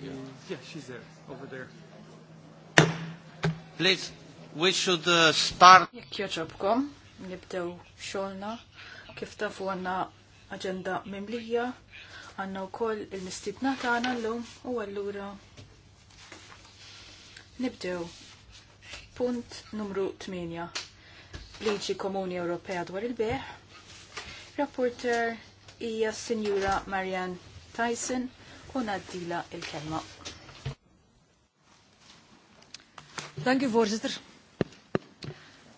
Yeah. she's there, over there. Please, we should uh, start. Jekk joġobkom, nibdew xolna, kif tafu għanna agenda mimlija, għanna u koll il-mistibna tagħna l-lum u għallura. Nibdew. Punt numru 8. Liġi Komuni Ewropea dwar il-beħ. Rapporter hija Sinjura Marianne Tyson u naddila il-kelma. Dank u voorzitter.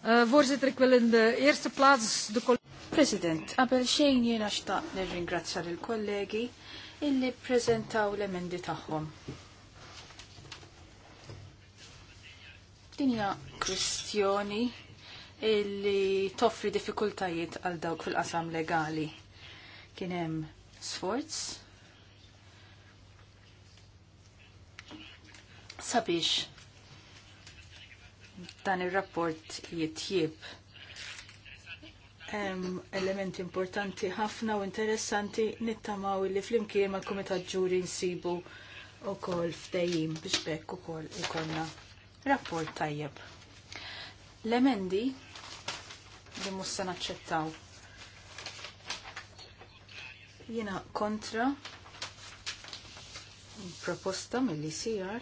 Uh, voorzitter, ik wil in de eerste plaats de President, qabel xejn jiena xtaqt nirringrazzjar il-kollegi illi ppreżentaw l-emendi tagħhom. Dinja hija illi toffri diffikultajiet għal dawk fil-qasam legali. Kien hemm sforz sabiex dan ir-rapport jitjieb elementi importanti ħafna u interessanti nittamaw li flimkien mal kumitat ġuri nsibu wkoll f'dejjim biex bekk ukoll ikollna rapport tajjeb. L-emendi li mhux se naċċettaw. Jiena kontra proposta mill-ICR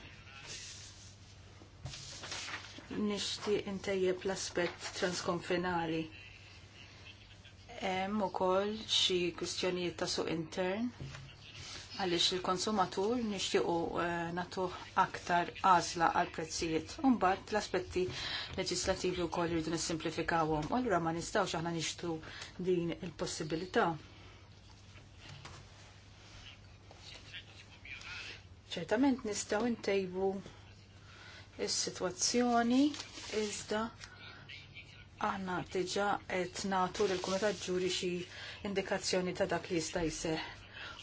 nixtieq intejjeb l-aspett transkonfinali. Hemm ukoll xi kwistjonijiet ta' suq intern għaliex il-konsumatur nixtiequ eh, nagħtuh aktar għażla għal prezzijiet. Imbagħad l-aspetti leġislattivi wkoll rridu nissimplifikawhom. Allura ma nistgħux aħna nixtu din il-possibilità. ċertament nistgħu ntejbu is-sitwazzjoni iżda aħna diġà qed nagħtu l kumitat Ġuri xi indikazzjoni ta' dak li jista' jseħħ.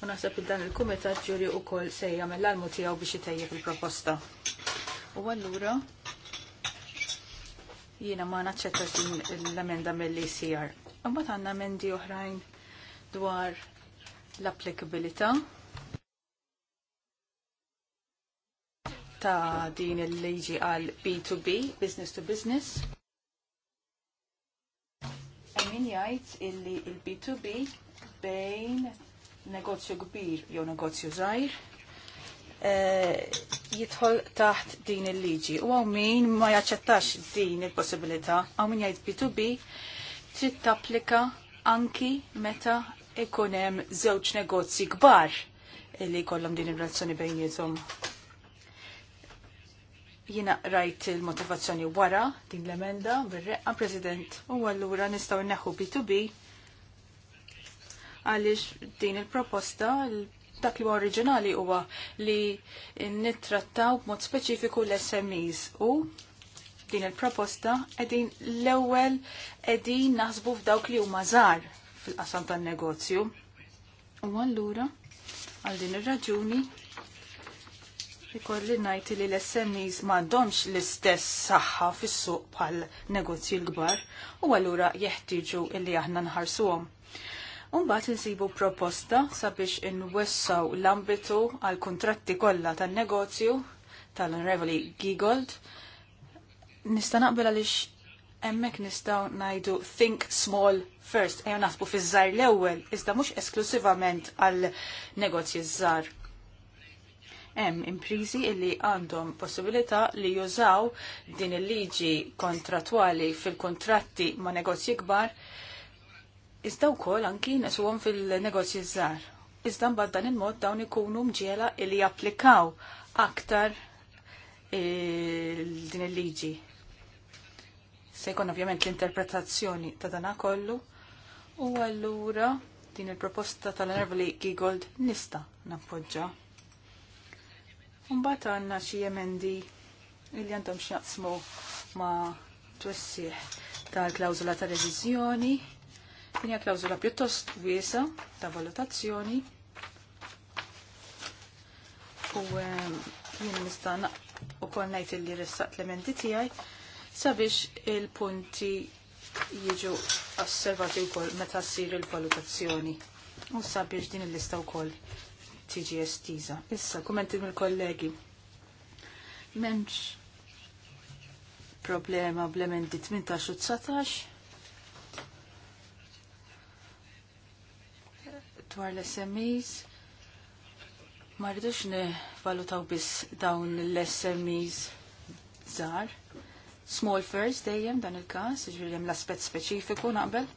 U naħseb id dan il-Kumitat Ġuri wkoll se jagħmel l-almu tiegħu biex itejjeb il-proposta. U allura jiena ma naċċettax l-emenda mill-ECR. ta' għandna emendi oħrajn dwar l-applikabilità ta' din il-liġi għal B2B, business to business. Min jajt illi il-B2B bejn negozju kbir jew negozju żgħir jitħol eh, jidħol taħt din il-liġi. U għaw min ma jaċċettax din il-possibilità, għaw jajt jgħid B2B, trid taplika anki meta ikun hemm żewġ negozji kbar li jkollhom din ir-relazzjoni jizom. Jina rajt il-motivazzjoni wara din l-emenda bir-reqqa President u allura nistgħu neħu B2B għaliex din il-proposta dak li oriġinali huwa li nittrattaw b'mod speċifiku l-SMEs u din il-proposta edin l-ewwel edin naħsbu f'dawk li huma żgħar fil-qasam tan-negozju. U allura għal din ir-raġuni Rikolli najti li l-SMEs m'għandhomx l-istess saħħa fis-suq bħal negozji l-kbar u allura jeħtieġu illi aħna nħarsuhom. Umbagħad insibu proposta sabiex n-wessaw l-ambitu għal kuntratti kollha tan-negozju tal revoli Gigold Nista' naqbel għaliex hemmhekk nistgħu ngħidu think small first, ejja nasbu fiż l-ewwel, iżda mhux esklusivament għal negozji żgħar Hemm imprizi illi għandhom possibilità li jużaw din il-liġi kontratwali fil-kontratti ma' negozji kbar iżda wkoll anki nesuhom fil-negozji żgħar. Iżda mbagħad dan il-mod dawn ikunu mġiela li japplikaw aktar din il-liġi. Se jkun ovvjament l-interpretazzjoni ta' dana kollu u allura din il-proposta tal-Nervli Gigold nista' nappoġġa. Mbagħad għandna xi emendi li għandhom x'jaqsmu ma' twessih tal klawzula ta' reviżjoni. Din hija klawżola pjuttost wiesa ta' valutazzjoni. U ehm, jiena nista' ukoll il li ressaqt l-emendi tiegħi sabiex il-punti jiġu osservati wkoll meta ssir il-valutazzjoni. U sabiex din il-lista wkoll tiġi estiza. Issa, kumenti mill-kollegi. Menċ problema bl 18 u 19. Dwar l-SMEs, ma rridux valutaw biss dawn l-SMEs żgħar. Small first dejjem dan il-każ, jiġri hemm l-aspett speċifiku naqbel.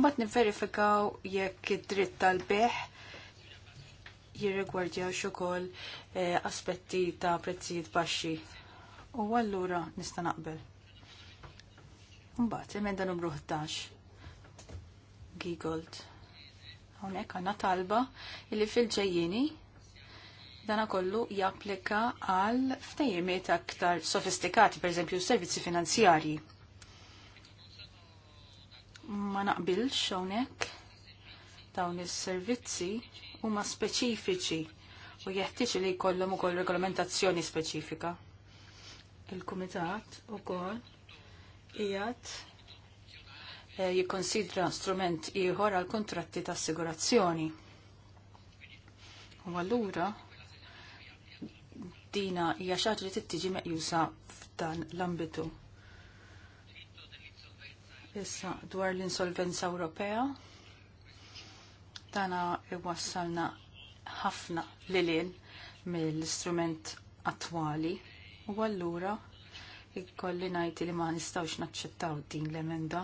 Mbagħad nivverifikaw jekk id-dritt tal-beħ jirregwardjaw xukol eh, aspetti ta' prezzijiet baxxi. U allura nista' naqbel. Mbagħad emenda numru 11. Gigold. Hawnhekk għandna talba illi fil-ġejjieni dana kollu japplika għal ftejjimiet aktar sofistikati, per eżempju, servizzi finanzjarji. Ma naqbilx hawnhekk dawn is-servizzi huma speċifiċi u jeħtieġ li jkollhom ukoll regolamentazzjoni speċifika. Il-Kumitat ukoll qiegħed eh, jikkonsidra strument ieħor għal kontratti ta' assigurazzjoni. U allura dina hija xi ħaġa li tittiġi meqjusa f'dan l-ambitu. Issa dwar l-insolvenza Ewropea, Tana iwassalna ħafna lilin mill-istrument attwali u allura ikkolli najti li ma nistgħux naċċettaw din l-emenda.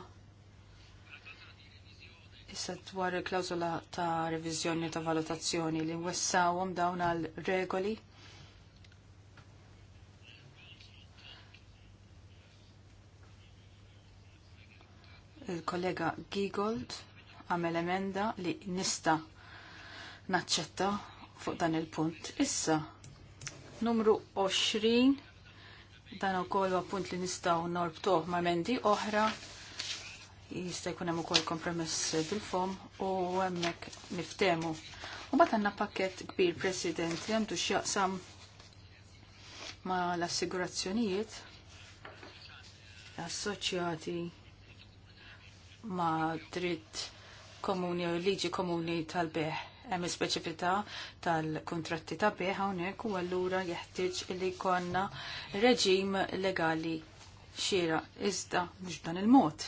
Issa dwar il-klawzola ta' revizjoni ta' valutazzjoni li wessawhom dawn għal regoli il-kollega Giegold għamel emenda li nista naċċetta fuq dan il-punt. Issa, numru 20, dan u kol punt li nistaw norbtuħ ma' mendi oħra, jista' jkun hemm ukoll kompromess bil-fom u hemmhekk niftemu. U bat għandna pakkett kbir President li għandu x'jaqsam ma' l-assigurazzjonijiet assoċjati ma' dritt komuni u liġi komuni tal-beħ. Hemm speċifità tal-kontratti ta' beħ hawnhekk u allura jeħtieġ li jkollna reġim legali xiera iżda mhux dan il-mod.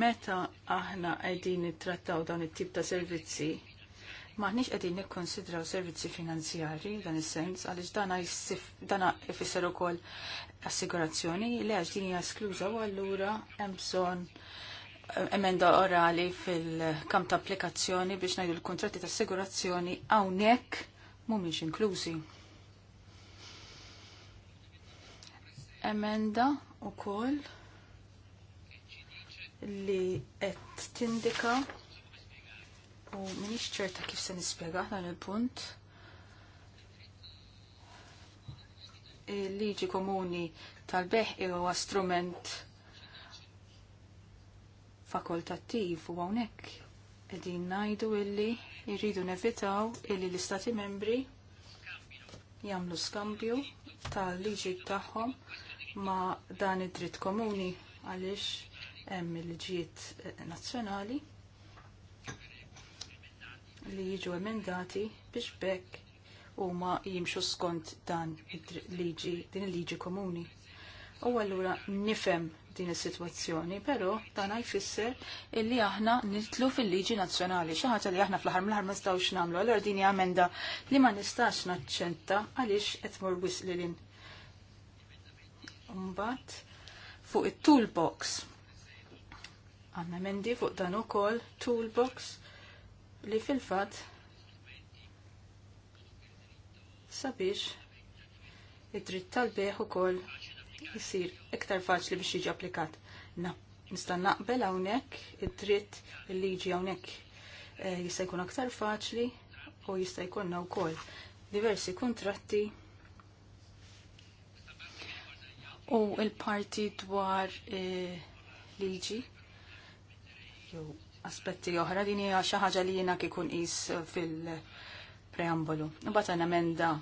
Meta aħna qegħdin nittrattaw dawn it-tip ta' servizzi, m'aħniex qegħdin nikkonsidraw servizzi finanzjari dan is-sens għaliex dana dana ifisser ukoll assigurazzjoni li għax din hija eskluża u allura hemm bżonn emenda orali fil-kam ta' applikazzjoni biex najdu l-kontratti ta' assigurazzjoni għawnek mumiex inklużi. Emenda u koll li qed tindika u minix ċerta kif se nispjega dan il-punt. Il-liġi komuni tal-beħ huwa strument fakultattiv u hawnhekk qegħdin ngħidu illi jridu nevitaw illi l-istati membri jagħmlu skambju tal-liġi tagħhom ma' dan id-dritt komuni għaliex hemm il-liġijiet eh, nazzjonali li jiġu emendati biex bekk huma jimxu skont dan liġi din il-liġi komuni. U allura nifhem din is-sitwazzjoni, però dan jfisser illi aħna nitlu fil-liġi nazzjonali, xi ħaġa li aħna fl-aħħar mill-aħħar ma nistgħux nagħmlu, allura din hija emenda li ma nistax naċċenta għaliex qed mur wislilin. Mbagħad fuq it-toolbox. Għandna emendi fuq dan ukoll toolbox li fil-fatt sabiex id-dritt tal-beħ ukoll jisir iktar faċli biex jiġi applikat. Na, nista' naqbel hawnhekk id-dritt il-liġi hawnhekk eh, jista' jkun aktar faċli u jista' jkollna wkoll diversi kontratti u l-parti dwar eh, liġi jew aspetti oħra din hija xi ħaġa li jiena kikun qis fil-preambolu. Imbagħad għandna emenda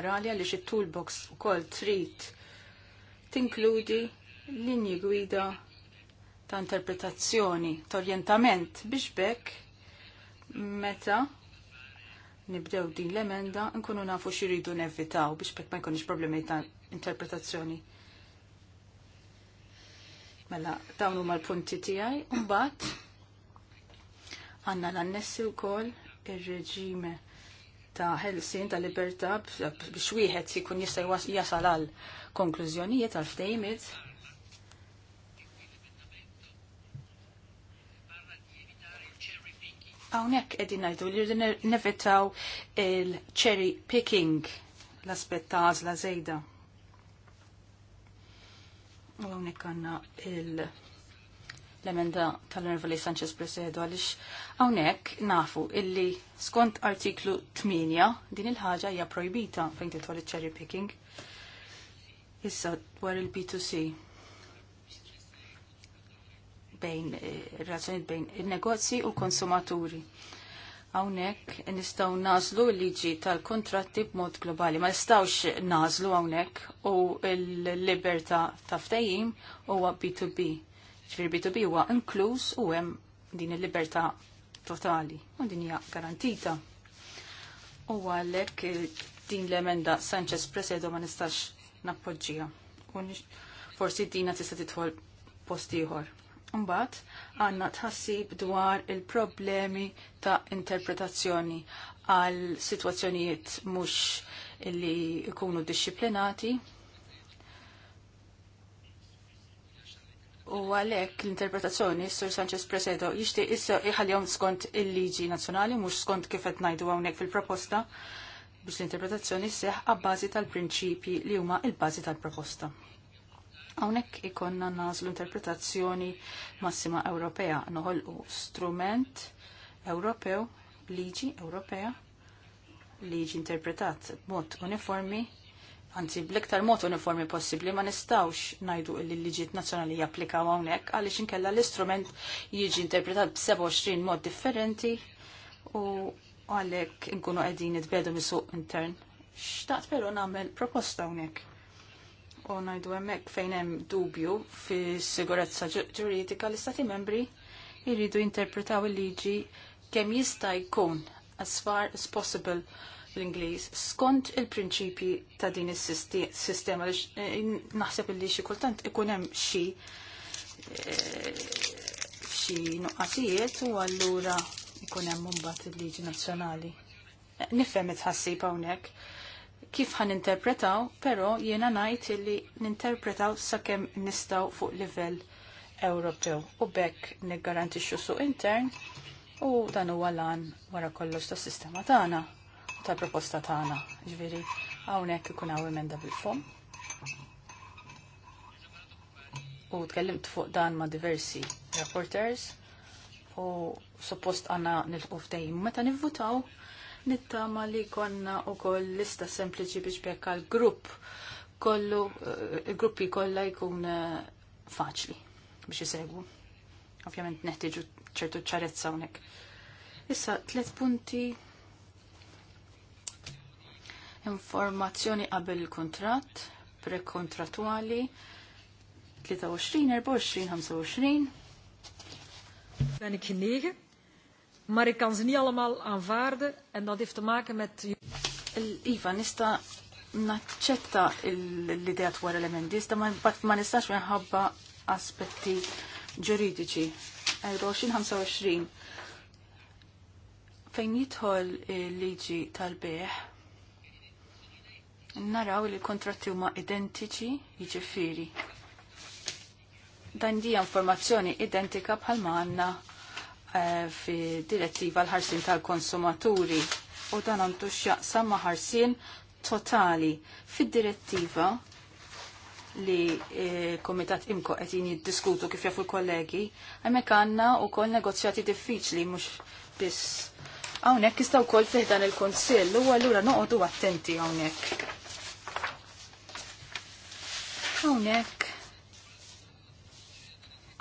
orali għaliex it-toolbox ukoll trid tinkludi linji gwida ta' interpretazzjoni, ta' orientament biex bekk meta nibdew din l-emenda nkunu nafu xiridu nevitaw biex bekk ma jkunx problemi ta' interpretazzjoni. Mela, dawn huma l-punti tiegħi, mbagħad għandna l-annessi wkoll ir-reġime ta' ħelsin ta' libertà biex wieħed jkun jista' jasal għal konklużjonijiet għal ftejmit. Hawnhekk qegħdin ngħidu li nevitaw il-cherry picking l-aspett ta' għażla żejda. U hawnhekk għandna il- l-emenda tal-Nervali Sanchez Presedo għalix għawnek nafu illi skont artiklu 8 din il-ħaġa hija projbita fejn titwal cherry picking. Issa dwar il-B2C bejn eh, raġunijiet bejn il-negozji u konsumaturi. Hawnhekk nistgħu nażlu l-liġi tal-kontratti b'mod globali. Ma nistgħux nażlu hawnhekk u l-libertà ta' ftehim huwa B2B fil B2B huwa inkluż u hemm din il-libertà totali u din hija garantita. U għalhekk eh, din l-emenda Sanchez Presedo ma nistax nappoġġija. Forsi dina tista' titħol post ieħor. Imbagħad għandna tħassib dwar il-problemi ta' interpretazzjoni għal sitwazzjonijiet mhux li jkunu dixxiplinati. U għalek l-interpretazzjoni, Sur Sanchez Presedo, jishti issa iħaljom skont il-liġi nazjonali, mux skont kifet najdu għawnek fil-proposta, biex l-interpretazzjoni seħ għabbazi tal-prinċipi li huma il-bażi tal-proposta. Għawnek ikonna l interpretazzjoni massima Ewropea, noħolqu strument Ewropew, liġi Ewropea, liġi interpretat mod uniformi anzi bl-iktar mod uniformi possibbli ma nistawx najdu li l-liġiet nazzjonali japplikaw hawnhekk għaliex inkella l-istrument jiġi interpretat b-27 mod differenti u għalhekk inkunu qegħdin id-bedu misu intern. Xtaqt però nagħmel proposta hawnhekk. U ngħidu hemmhekk fejn hemm dubju fis-sigurezza ġuridika l-istati membri jridu jinterpretaw il-liġi kemm jista' jkun as far as possible l-Ingliż skont il-prinċipji ta' din is-sistema li eh, naħseb li xi kultant ikun hemm xi eh, xi nuqqasijiet u allura ikun hemm mbagħad il-liġi nazzjonali. Eh, nifhem it-ħassib hawnhekk. Kif ħan interpretaw, però jiena ngħid li ninterpretaw sakemm nistaw fuq livell Ewropew u bekk niggarantixxu suq intern u dan huwa lan wara kollox tas-sistema tagħna tal-proposta tagħna. Ġifieri hawnhekk ikun hawn emenda bil-fom. U tkellimt fuq dan ma' diversi reporters u suppost għanna nilqu f'dejjem. Meta nivvutaw, nittama li konna u koll lista sempliċi biex bekka l-grupp kollu, eh, il-gruppi kollha jkun eh, faċli biex jisegwu. Ovvjament neħtieġu ċertu ċarezza hawnhekk. Issa, tliet punti informazzjoni qabel il-kontratt, prekontratwali, 23, 24, 25. Ben ik genegen, maar ik kan ze niet allemaal aanvaarden en dat heeft te maken met... Iva, nista naċċetta l-idea dwar elementi, iżda ma nistax minħabba aspetti ġuridiċi. 24-25 fejn jidħol liġi tal-beħ naraw li l-kontratti huma identiċi jiġifieri. Dan hija informazzjoni identika bħalma għandna fid eh, fi direttiva l-ħarsin tal-konsumaturi u dan għandu x'jaqsam ma' ħarsin totali fid-direttiva li eh, komitat imko qed jiddiskutu kif jafu l-kollegi, hemmhekk għandna wkoll negozjati diffiċli mhux biss. Hawnhekk jistgħu wkoll fih dan il-Kunsill u allura noqogħdu attenti hawnhekk. Hawnhekk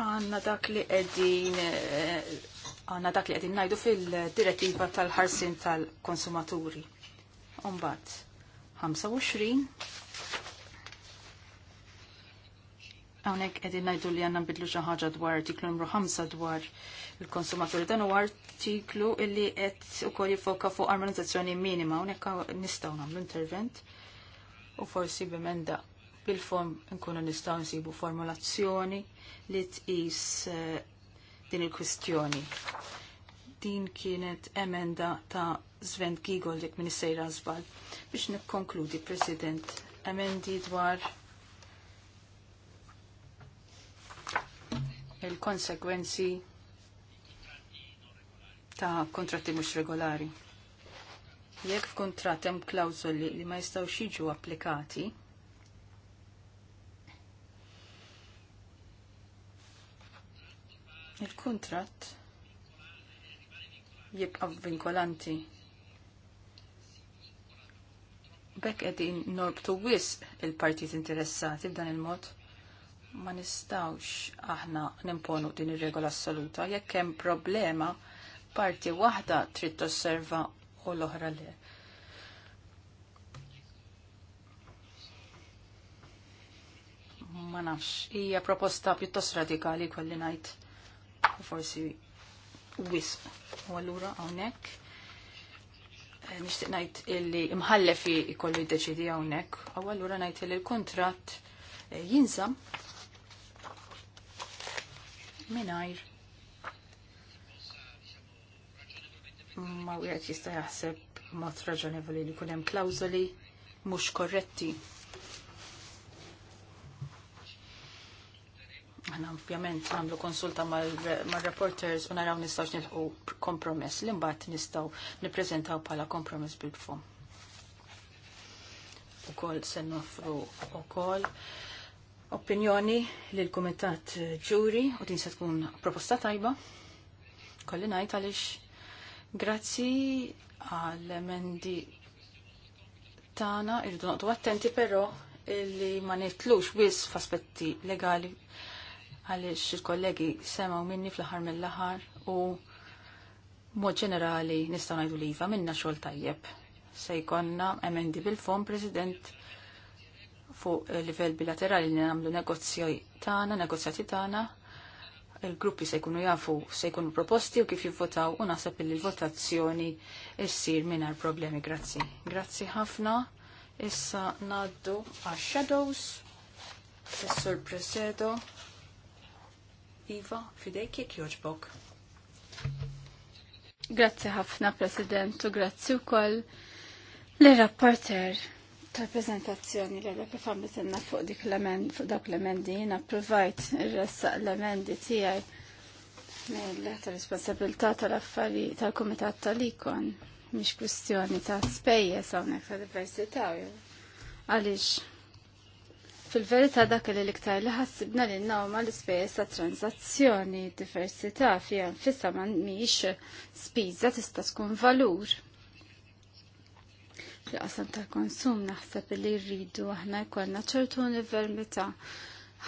għandna dak li qegħdin għandna dak li qegħdin ngħidu fil-direttiva tal-ħarsin tal-konsumaturi. Umbat, 25 Għonek qegħdin najdu li għanna bidlu ħaġa dwar artiklu numru 5 dwar il-konsumaturi. Dan u artiklu illi għed u koll jifoka fuq armonizzazzjoni minima. Għonek nistaw namlu intervent u forsi bimenda bil-form nkunu nistgħu nsibu formulazzjoni li tqis eh, din il-kwistjoni. Din kienet emenda ta' Sven Gigol dik sejra żbal. Biex nikkonkludi, President, emendi dwar il-konsekwenzi ta' kontratti mhux regolari. Jekk f'kuntratt hemm klawżoli li ma jistgħux jiġu applikati, il-kontrat jibqa' vinkolanti. Bekk qegħdin norbtu wisq il-partit interessati b'dan il-mod. Ma nistawx aħna nimponu din ir-regola assoluta jekk hemm problema parti waħda trid tosserva u l-oħra le. Ma nafx, hija proposta pjuttost radikali kolli ngħid forsi wisq. U allura hawnhekk eh, nixtieq ngħid illi imħallef ikollu jiddeċidi hawnhekk, u allura ngħid li l-kuntratt eh, jinsam mingħajr ma wieħed jista' jaħseb mod raġonevoli li jkun hemm mux mhux korretti Għana ovvjament għamlu konsulta mal-reporters u naraw nistaw xnilħu kompromess li mbagħad nistaw nippreżentaw bħala kompromess bil-fom. Ukoll se nofru kol. opinjoni l kumitat ġuri u din se tkun proposta tajba. Kolli ngħid għaliex grazzi għall-emendi Tana irridu noqtu attenti però illi ma nitlux wis f'aspetti legali għaliex il-kollegi semaw minni fl-aħħar mill-aħħar u mod ġenerali nistaw ngħidu li iva minna xogħol tajjeb. Se jkollna emendi bil-fond President fuq livell bilaterali li nagħmlu negozzjoj tagħna, negozjati tagħna, il-gruppi se jkunu jafu se jkunu proposti u kif jivvotaw u naħseb il votazzjoni ssir mingħajr problemi. Grazzi. Grazzi ħafna. Issa naddu għax-shadows. Professor Presedo. Iva, fidejk jek joġbok. Grazzi ħafna, President, u grazzi u koll l-rapporter tal-prezentazzjoni li kif kifamlet inna fuq dik l-emendi, fuq dak l-emendi, jina provajt il ressa l-emendi tijaj mill-letta responsabilta tal-affari tal-komitat tal-ikon, miex kwistjoni ta' spejjes għawnek ta' diversita' għalix Fil-verità dak li l-iktar li ħassibna li n-nawma l-ispejjeż ta' tranzazzjoni, diversità fija nfissa ma mhix spiża tista' tkun valur. Fil-qasam tal-konsum naħseb li rridu aħna jkollna ċertu livell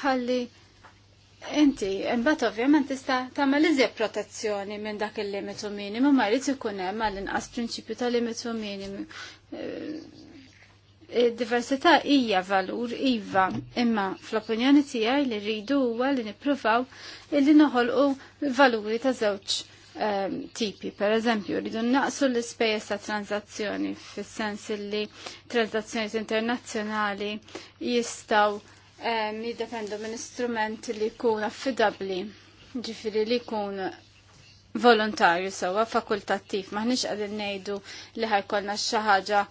ħalli Inti, imbagħad ovvjament tista' tagħmel iżjed protezzjoni minn dak il-limitu minimu ma jrid ikun hemm għall-inqas prinċipju ta' limitu minimu diversità hija valur iva, imma fl-opinjoni tiegħi li rridu huwa li nippruvaw illi noħolqu valuri ta' żewġ ehm, tipi. Per eżempju, rridu naqsu l-ispejjeż ta' tranzazzjoni fis-sens li tranzazzjoni internazzjonali jistgħu ehm, jiddependu minn istrumenti li jkun affidabbli, ġifieri li jkun volontarju sewwa fakultattiv, maħniex qegħdin ngħidu li ħajkollna xi ħaġa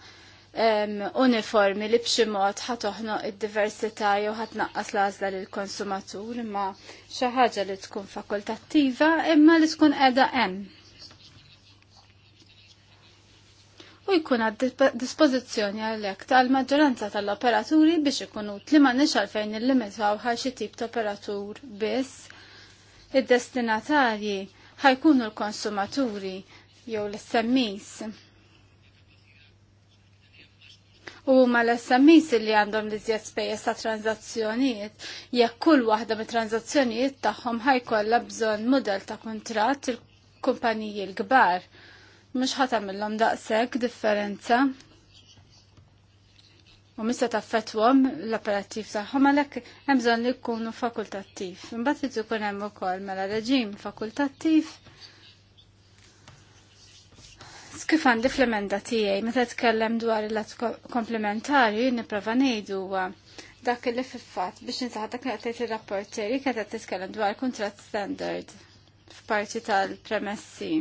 um, uniformi li b'xi mod ħatoħnoq id-diversità jew ħatnaqqas l-għażla lill konsumatur imma xi ħaġa li tkun fakultattiva imma li tkun qiegħda hemm. U jkun għad dispożizzjoni għalhekk tal-maġġoranza tal-operaturi biex ikun utli nix għalfejn illimitaw ħal xi tip ta' operatur biss id-destinatarji ħajkunu l-konsumaturi jew l semmis u ma l-SMEs li għandhom li zjed spejjeż ta' tranzazzjonijiet jekk kull waħda mit tranzazzjonijiet tagħhom ħajkollha bżonn mudell ta' kuntratt il-kumpaniji l-kbar. Mhux ħatamilhom daqshekk differenza u mista fetwom l operattiv tagħhom għalhekk hemm bżonn li jkunu fakultattiv. Imbagħad irid ikun hemm ukoll mela reġim fakultattiv Kif għandi fl-emenda tiegħi, meta tkellem dwar il-lat komplementari, nipprova nejdu uh, dak li fil-fatt biex ninsaħħa dak li il ir-rapporteri kien qed titkellem dwar kontrat standard f'parti tal-premessi.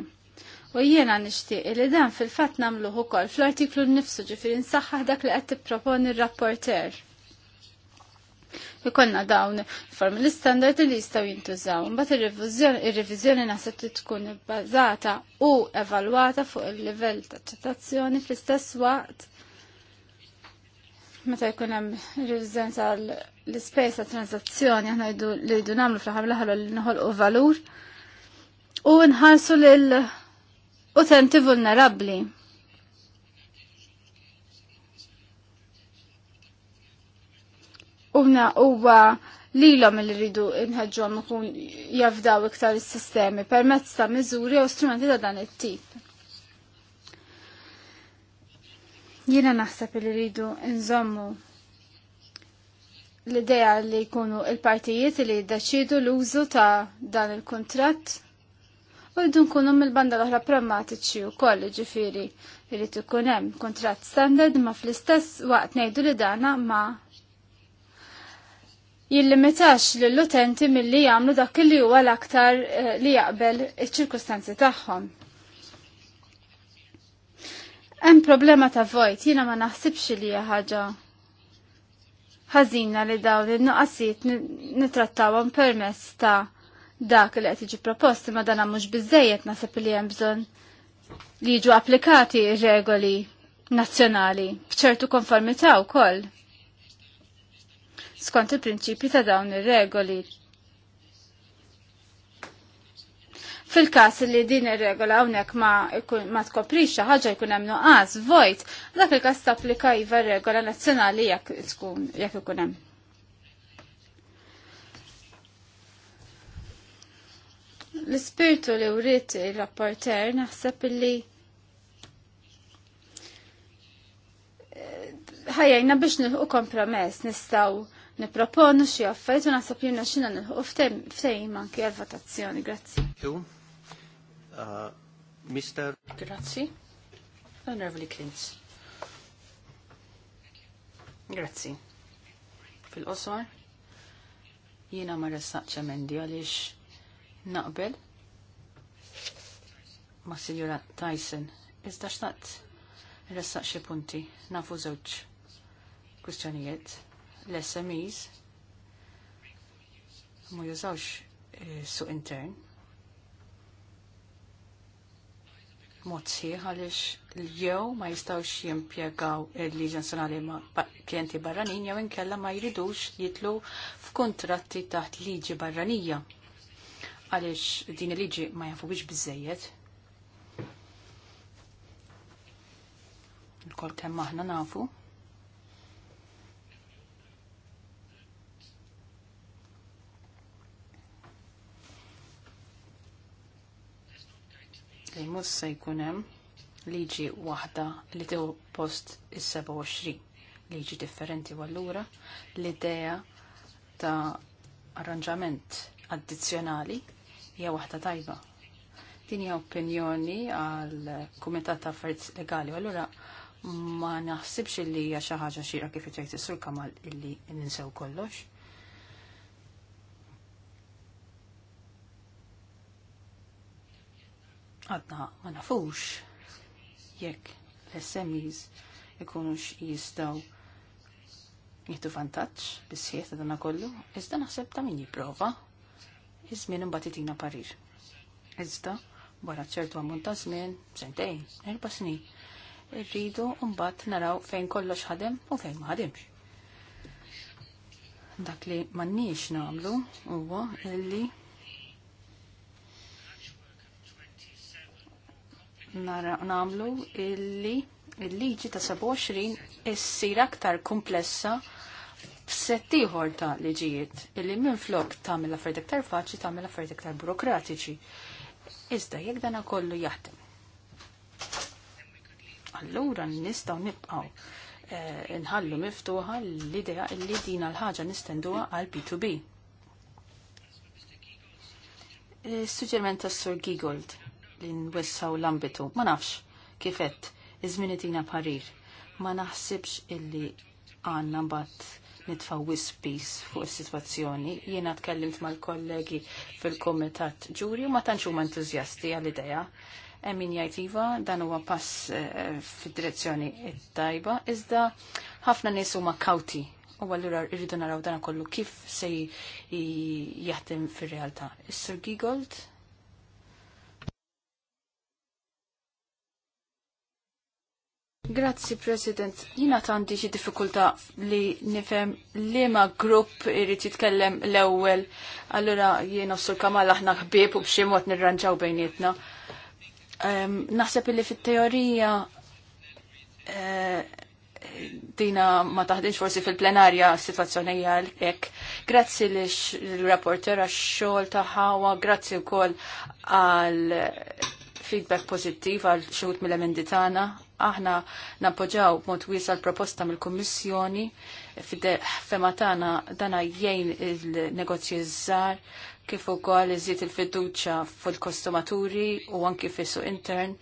U jiena nixtieq li dan fil-fatt nagħmluh ukoll fl-artiklu nnifsu ġifieri nsaħħa dak li qed tipproponi r-rapporter konna dawn form l-standard li jistaw jintużaw. Mbagħad il-revizjoni naħseb li tkun bbażata u evalwata fuq il-livell ta' ċitazzjoni fl-istess waqt meta jkun hemm revizjoni tal-ispejs ta' transazzjoni aħna li jdu nagħmlu fl-aħħar l li u valur u nħarsu lil utenti vulnerabbli. Umna huwa lilhom li rridu nħeġġhom ikun jafdaw iktar is-sistemi permezz ta' miżuri u strumenti ta' dan it-tip. Jiena naħseb li rridu nżommu l-idea li jkunu il-partijiet li jiddaċidu l-użu ta' dan il kontrat u jidun nkunu mill-banda l-oħra pragmatiċi u koll ġifiri irrid ikun hemm kontratt standard ma fl-istess waqt ngħidu li dana ma jillimitax lill-utenti milli jagħmlu dak li huwa l-aktar eh, li jaqbel iċ-ċirkustanzi tagħhom. Hemm problema ta' vojt, jiena ma naħsibx li hija ħaġa ħażina li dawn in-nuqqasijiet nittrattawhom permezz ta' dak li qed jiġi proposti ma dan mhux biżejjed naħseb li hemm bżonn li jiġu applikati regoli nazzjonali b'ċertu konformità wkoll skont il prinċipi ta' dawn ir-regoli. Fil-kas li din ir-regola hawnhekk ma, ma tkoprix xi ħaġa jkun hemm nuqqas vojt, dak il-każ tapplika iva r-regola nazzjonali jekk tkun jekk ikun hemm. L-ispirtu li wrid ir-rapporter naħseb illi eh, ħajjajna biex nilħu kompromess nistaw niproponu xi għaffajtu u naħseb xina nilħu ftehim anki għal-votazzjoni. Grazzi. Uh, Mr. Grazzi. Honorable Clintz. Grazzi. Fil-qosor, jiena ma ressaqċa mendi għaliex naqbel ma' Signora Tyson. Iżda xtaqt ressaq xi punti nafu żewġ kwistjonijiet l-SMEs ma jużawx eh, suq intern. Mod sħiħ għaliex jew ma jistawx jimpjegaw il-liġi nazzjonali ma' klienti barranin jew inkella ma jridux jitlu f'kuntratti taħt liġi barranija għaliex din il-liġi ma jafu biex bizzejiet. Il-kol kemm aħna nafu. li Mus se jkun hemm liġi waħda li tew post is-27 liġi differenti u allura l-idea ta' arranġament addizzjonali hija waħda tajba. Din hija opinjoni għal Kumitat ta' Affarijiet Legali allura ma naħsibx li hija xi ħaġa xira kif jgħid is-sur Kamal illi ninsew kollox. Għadna ma nafux jekk l-SMEs ikunux jistaw jittu vantaġġ bis-sieħ ta' dana kollu, iżda naħseb ta' min jipprova, iż-żmien imbagħad itina parir. Iżda wara ċertu ammont ta' żmien, sentejn, erba' snin, irridu mbagħad naraw fejn kollox ħadem u fejn ma ħademx. Dak li m'għandniex nagħmlu huwa illi namlu illi il-liġi ta' 27 issir aktar komplessa b'settiħor ta' liġijiet illi minn flok tagħmel affarijiet aktar faċli tagħmel affarijiet aktar burokratiċi. Iżda jekk dan kollu jaħdem. Allura nistgħu nibqgħu eh, nħallu miftuħa l-idea illi dina l-ħaġa nistenduha għal B2B. Eh, Suġġerment tas Sur Gigold li nwessaw l-ambitu. Ma nafx, kifet, iżmini tina parir. Ma naħsibx illi għanna bat nitfaw wispis fuq is-sitwazzjoni. Jiena tkellimt mal-kollegi fil-komitat ġuri u ma tantx huma entużjasti għall-idea. Emin jajtiva dan huwa pass eh, fid-direzzjoni tajba, iżda ħafna nisu ma kawti u għallura irridu naraw dana kollu kif se jaħdem fir-realtà. Is-Sir Gigold Grazzi, President. Jina tandi xi diffikultà li nifhem li ma grupp irid jitkellem l-ewwel. allora jien sur kamal aħna ħbieb u b'xi mod nirranġaw bejnietna. Um, Naħseb li fit-teorija eh, dina ma taħdinx forsi fil-plenarja situazzjoni hekk. Grazzi l-rapporter għax-xogħol tagħha, grazzi wkoll għal feedback pozittiv għal xogħol mill-emendi tagħna. Aħna nappoġġaw b'mod wiesa l-proposta mill-Kummissjoni fema tagħna dana jgħin il-negozji żgħar kif ukoll iżjed il-fiduċja fil-kostumaturi u anki fisu intern.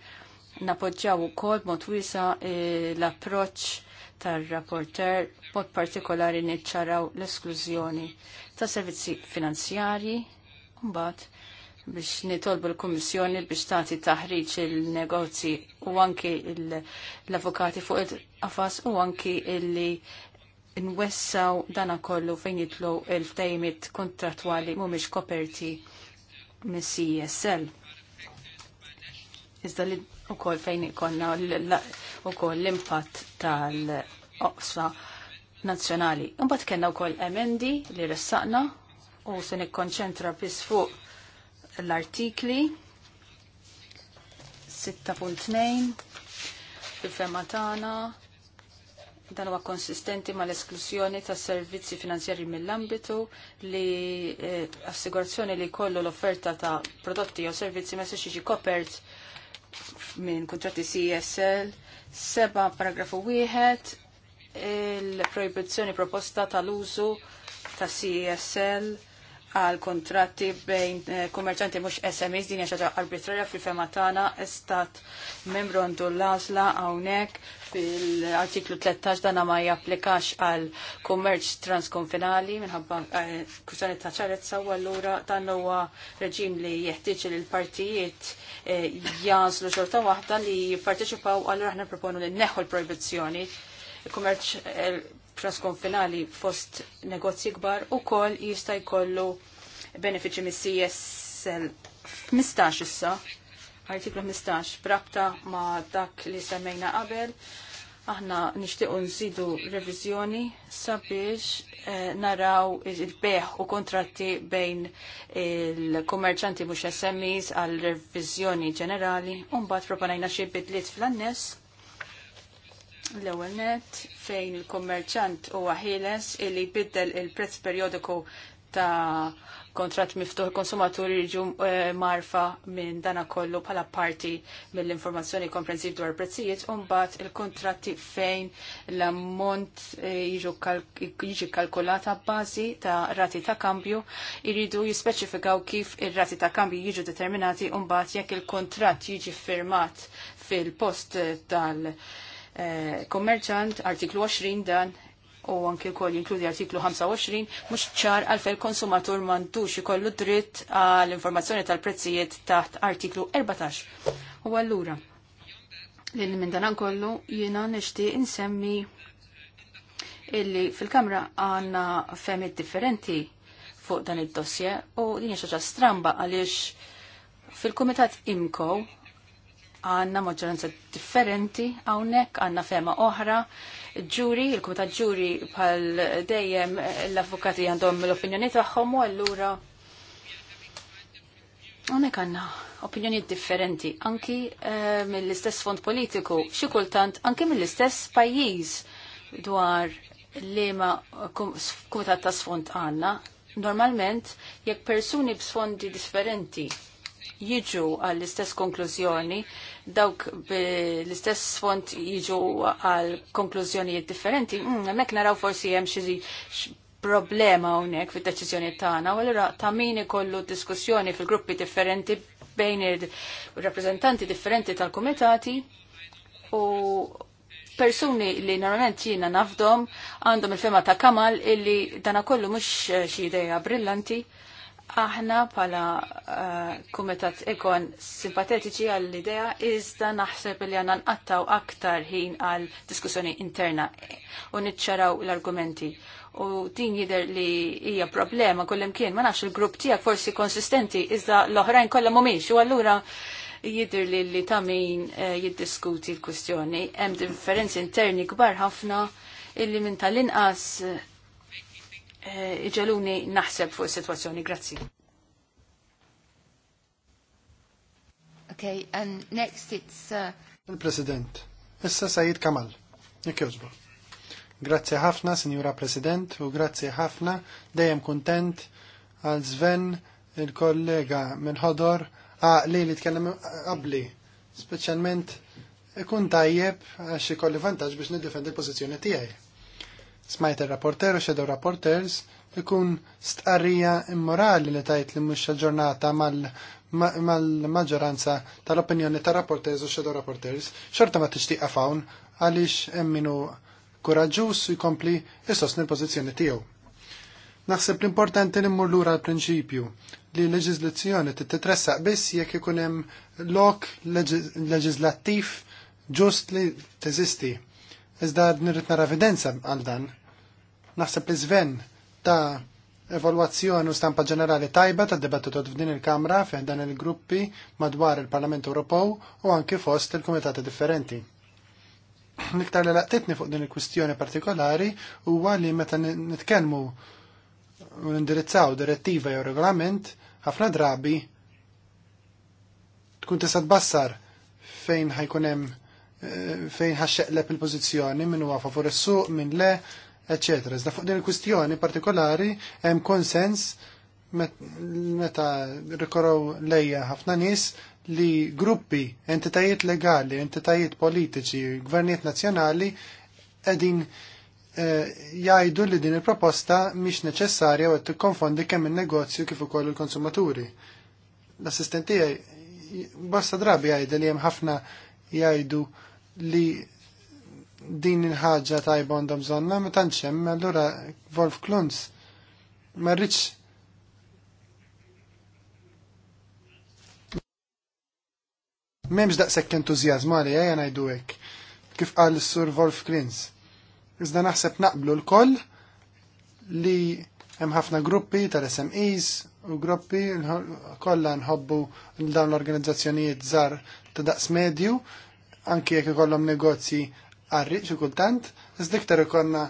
nappoġġaw ukoll b'mod wiesa eh, l-approċċ tar-rapporter b'mod partikolari niċċaraw l-esklużjoni ta' servizzi finanzjarji mbagħad biex nitolbu l-Kommissjoni biex tagħti taħriġ il-negozji u anki l-avukati fuq il-qafas u anki illi nwessaw dana kollu fejn jitlu il-ftejmit kontrattwali mhumiex koperti mis CSL. Iżda li wkoll fejn ikonna wkoll l-impatt tal-oqsa nazzjonali. Imbagħad kellna wkoll emendi li ressaqna u se nikkonċentra biss fuq l-artikli 6.2 fil-fema tagħna dan huwa konsistenti ma l-esklusjoni ta' servizzi finanzjari mill-ambitu li eh, assigurazzjoni li kollu l-offerta ta' prodotti jew servizzi ma s jiġi kopert minn kontratti CSL. Seba paragrafu wieħed il-proibizzjoni proposta tal-użu ta' CSL għal kontratti bejn eh, kummerċanti mux SMS din xaġa arbitrarja fil-fema tagħna membru għandu l-għażla hawnhekk fil-artiklu 13 dana ma japplikax għal kummerċ transkonfinali minħabba eh, kwistjoni ta' ċarezza u allura dan huwa reġim li jeħtieġ li l-partijiet eh, jażlu xorta waħda li jipparteċipaw allura aħna proponu li neħu l-proibizzjoni kummerċ finali fost negozji kbar u kol jista' kollu benefiċi mis CSL 15 issa, artiklu 15, brabta ma dak li semmejna qabel, aħna nixtiequ nżidu revizjoni sabiex eh, naraw il-beħ u kontratti bejn il-kummerċanti mhux SMEs għal reviżjoni ġenerali u mbagħad proponajna xi bidliet fl-annes l-ewwel net fejn il-kommerċant huwa ħieles illi jbiddel il-prezz periodiku ta' kontrat miftuħ konsumaturi jiġu eh, marfa minn dana kollu bħala parti mill-informazzjoni komprensiv dwar prezzijiet u mbagħad il-kontratti fejn l-ammont eh, jiġi kalkulata bbażi ta' rati ta' kambju jridu jispeċifikaw kif ir-rati ta' kambju jiġu determinati u mbagħad jekk il kontrat jiġi firmat fil-post tal- Eh, kommerċant, artiklu 20 dan u anki kol jinkludi artiklu 25, mux ċar għalfej konsumatur mandux ikollu dritt għal informazzjoni tal-prezzijiet taħt artiklu 14. U għallura, li minn dan kollu jina nishti insemmi illi fil-kamra għanna femmit differenti fuq dan id-dossier u dinja xaġa stramba għaliex fil-komitat IMCO għanna maġġoranza differenti għawnek, għanna fema oħra. Ġuri, il-Kumitat Ġuri bħal dejjem l-avukati għandhom l-opinjoni tagħhom u allura Għonek għanna opinjoni differenti, anki eh, mill-istess fond politiku, xi kultant anki mill-istess pajjiż dwar li ma kumitat ta' sfond għanna. Normalment, jekk persuni b'sfondi differenti jiġu għall-istess konklużjoni, dawk l-istess font jiġu għal konklużjonijiet differenti, mm, hemmhekk naraw forsi hemm xi problema hawnhekk fid deċizjoni tagħna, u allura ta' min ikollu diskussjoni fil-gruppi differenti bejn ir-rappreżentanti differenti tal-kumitati u persuni li normalment jina nafdom għandhom il-fema ta' kamal illi dana kollu mux xie brillanti Aħna pala uh, kumitat ikon simpatetiċi għall-idea iżda naħseb li għanan nqattaw aktar ħin għal diskussjoni interna u nitċaraw l-argumenti. U din jider li hija problema kollim kien, ma nafx il-grupp tijak forsi konsistenti iżda l-oħrajn kollha mhumiex u allura jider li li tamin eh, jiddiskuti l-kwistjoni. Hemm differenzi interni kbar ħafna illi minn tal-inqas Eh, iġaluni naħseb fuq is-sitwazzjoni. Grazzi. Okay, and next it's... Uh... Il-President, issa Sajid Kamal, nikjoġbu. Grazzi ħafna, Sinjura President, u grazzi ħafna, dejjem kontent għal Sven, il-kollega minn ħodor, għaqli ah, li tkellem għabli, specialment ikun tajjeb għax ikolli vantaġġ biex nidifend il pozizjoni tiegħi Smajt il-rapporter u xedew rapporters ikun stqarrija immorali li tajt li mhux ġurnata mal-maġġoranza tal-opinjoni tar rapporters u xedew rapporters, xorta ma tixtieq għafawn għaliex hemm kuraġus u jkompli jisosni l-pożizzjoni tiegħu. Naħseb l-importanti li mmur lura l-prinċipju li l-leġizlazzjoni titressaq biss jekk ikun hemm lok leġizlattiv ġust li teżisti iżda nirrit nara evidenza għal dan. Naħseb li żven ta' evalwazzjoni u stampa ġenerali tajba ta' debattitu f'din il-Kamra fejn dan il-gruppi madwar il-Parlament Ewropew u anki fost il-Kumitati differenti. L-iktar li laqtitni fuq din il-kwistjoni partikolari huwa li meta nitkellmu u nindirizzaw direttiva jew regolament, ħafna drabi tkun tista' tbassar fejn ħajkun hemm fejn ħaxxeqleb il-pożizzjoni minn huwa favur is-suq, minn le, eċetera. Iżda fuq din il-kwistjoni partikolari hemm konsens meta rikoraw lejja ħafna nies li gruppi, entitajiet legali, entitajiet politiċi, gvernijiet nazzjonali qegħdin eh, jgħidu li din il-proposta mhix neċessarja u qed tikkonfondi kemm in-negozju kif ukoll il-konsumaturi. L-assistenti bosta drabi jgħidu li hemm ħafna jgħidu li din il-ħagġa tajba għandhom zonna, ma tantx hemm allura Wolf Klunz ma rridx M'hemmx daqshekk entużjażma li ejja ngħidu hekk. Kif qal sur Wolf Klunz. Iżda naħseb naqblu l-koll li hemm ħafna gruppi tal-SMEs u gruppi kollha nħobbu dawn l-organizzazzjonijiet żar ta' daqs medju anke jekk ikollhom negozji għarri xi kultant, iżda iktar ikollna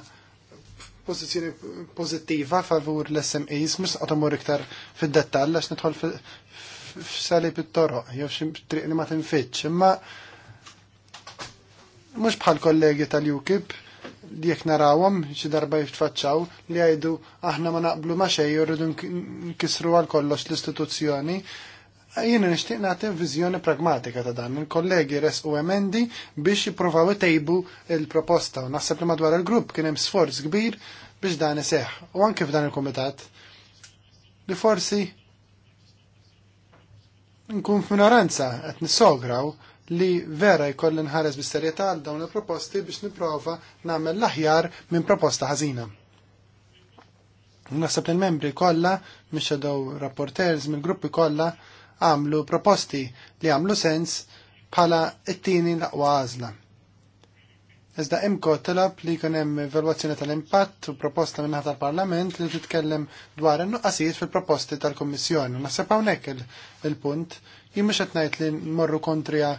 pożizzjoni pożittiva favur l-SMEs, mhux qed iktar fid-dettall għax nidħol f'sali pit-toroq jew xi triq li ma tinfittx imma mhux bħal kollegi tal-UKIP li jek narawom xi darba jitfaċċaw li jgħidu aħna ma naqblu ma xejn rridu nkisru għal kollox l-istituzzjoni Jiena nixtieq nagħti viżjoni pragmatika ta' dan. Il-kollegi resqu emendi biex jippruvaw itejbu il-proposta u naħseb li madwar il-grupp kien hemm sforz kbir biex dan iseħħ. U anke f'dan il-kumitat li forsi nkun f'minoranza qed nissograw li vera jkolli nħares bi serjetà għal dawn il-proposti biex nipprova nagħmel l-aħjar minn proposta ħażina. Naħseb il-membri kollha mhix rapporters mill-gruppi kollha għamlu proposti li għamlu sens bħala it-tieni l-aqwa għażla. Iżda imko telab li jkun hemm evalwazzjoni tal-impatt u proposta minn tal-Parlament li titkellem dwar in-nuqqasijiet fil-proposti tal-Kummissjoni. Naħseb hawnhekk il-punt jien mhux qed ngħid li nmorru kontrija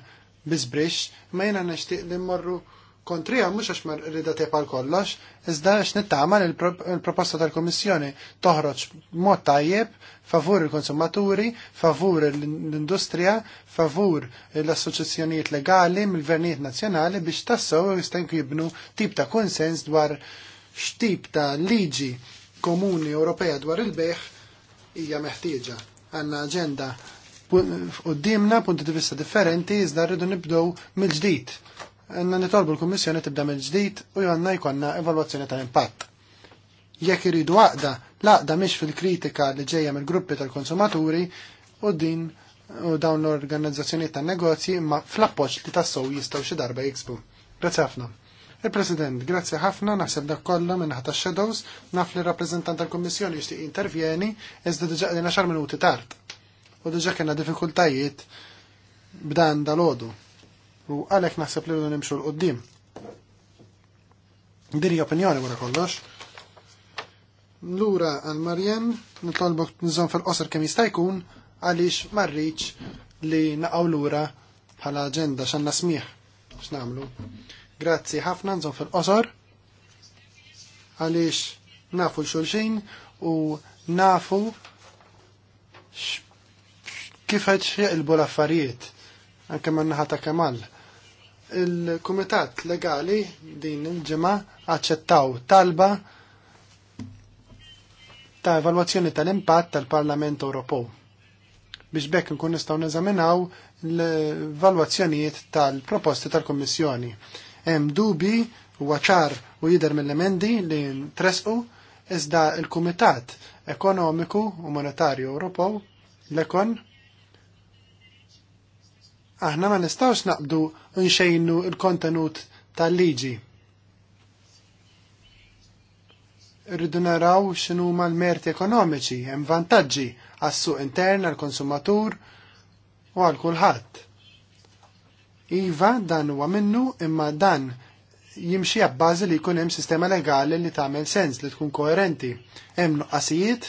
bizbrix, ma jiena nishtiq li mmorru kontrija mhux għax mar rida tepal kollox, iżda għax nittama il-proposta tal-Komissjoni toħroġ mod tajjeb favur il-konsumaturi, favur l-industrija, favur l-assoċjazzjonijiet legali mill-gvernijiet nazzjonali biex tassew jista' jibnu tip ta' konsens dwar x'tip ta' liġi komuni Ewropea dwar il-beħ hija meħtieġa. Għandna aġenda qudiemna punti di vista differenti iżda rridu nibdew mill-ġdid għanna nitolbu l-Kommissjoni tibda mill ġdid u għanna jkonna evalwazzjoni tal-impatt. Jekk iridu għaqda, laqda miex fil-kritika li ġejja mill-gruppi tal-konsumaturi u din u dawn l-organizzazzjoni tan-negozji imma fl-appoġġ li tassow jistgħu xi darba jiksbu. Grazzi ħafna. Il-President, grazzi ħafna, naħseb dak kollha minn ħata shadows naf li rappresentant tal-Kummissjoni jixtieq intervjeni iżda diġà xar minuti tard. U diġà kellna diffikultajiet b'dan dal-għodu u għalhekk naħseb li nimxu l-qoddim. Diri opinjoni wara kollox. Lura għal Marjem, nitlobok nizom fil-qosor kemm jista' jkun għaliex marriċ li naqgħu lura bħala aġenda x'għandna smih x'namlu. Grazzi ħafna nżom fil-qosor għaliex nafu l-xulxin u nafu kif qed l affarijiet anke man-naħa ta' Kemal il-Kumitat Legali din il-ġimgħa aċċettaw talba ta' evalwazzjoni tal-impatt tal-Parlament Ewropew biex bekk nkun nistgħu neżaminaw l-valwazzjonijiet tal-proposti tal-Kummissjoni. Hemm dubi u ċar u jidher mill-emendi li tresqu iżda l-Kumitat Ekonomiku u Monetarju Ewropew l-Ekon Aħna ma nistawx naqbdu nxejnu il-kontenut tal-liġi. Rridu naraw x'inhu l-merti ekonomiċi, hemm vantaġġi għas-suq intern għall-konsumatur u għal kulħadd. Iva dan huwa minnu imma dan jimxi għabbażi li jkun hemm sistema legali li tagħmel sens li tkun koerenti. Hemm nuqqasijiet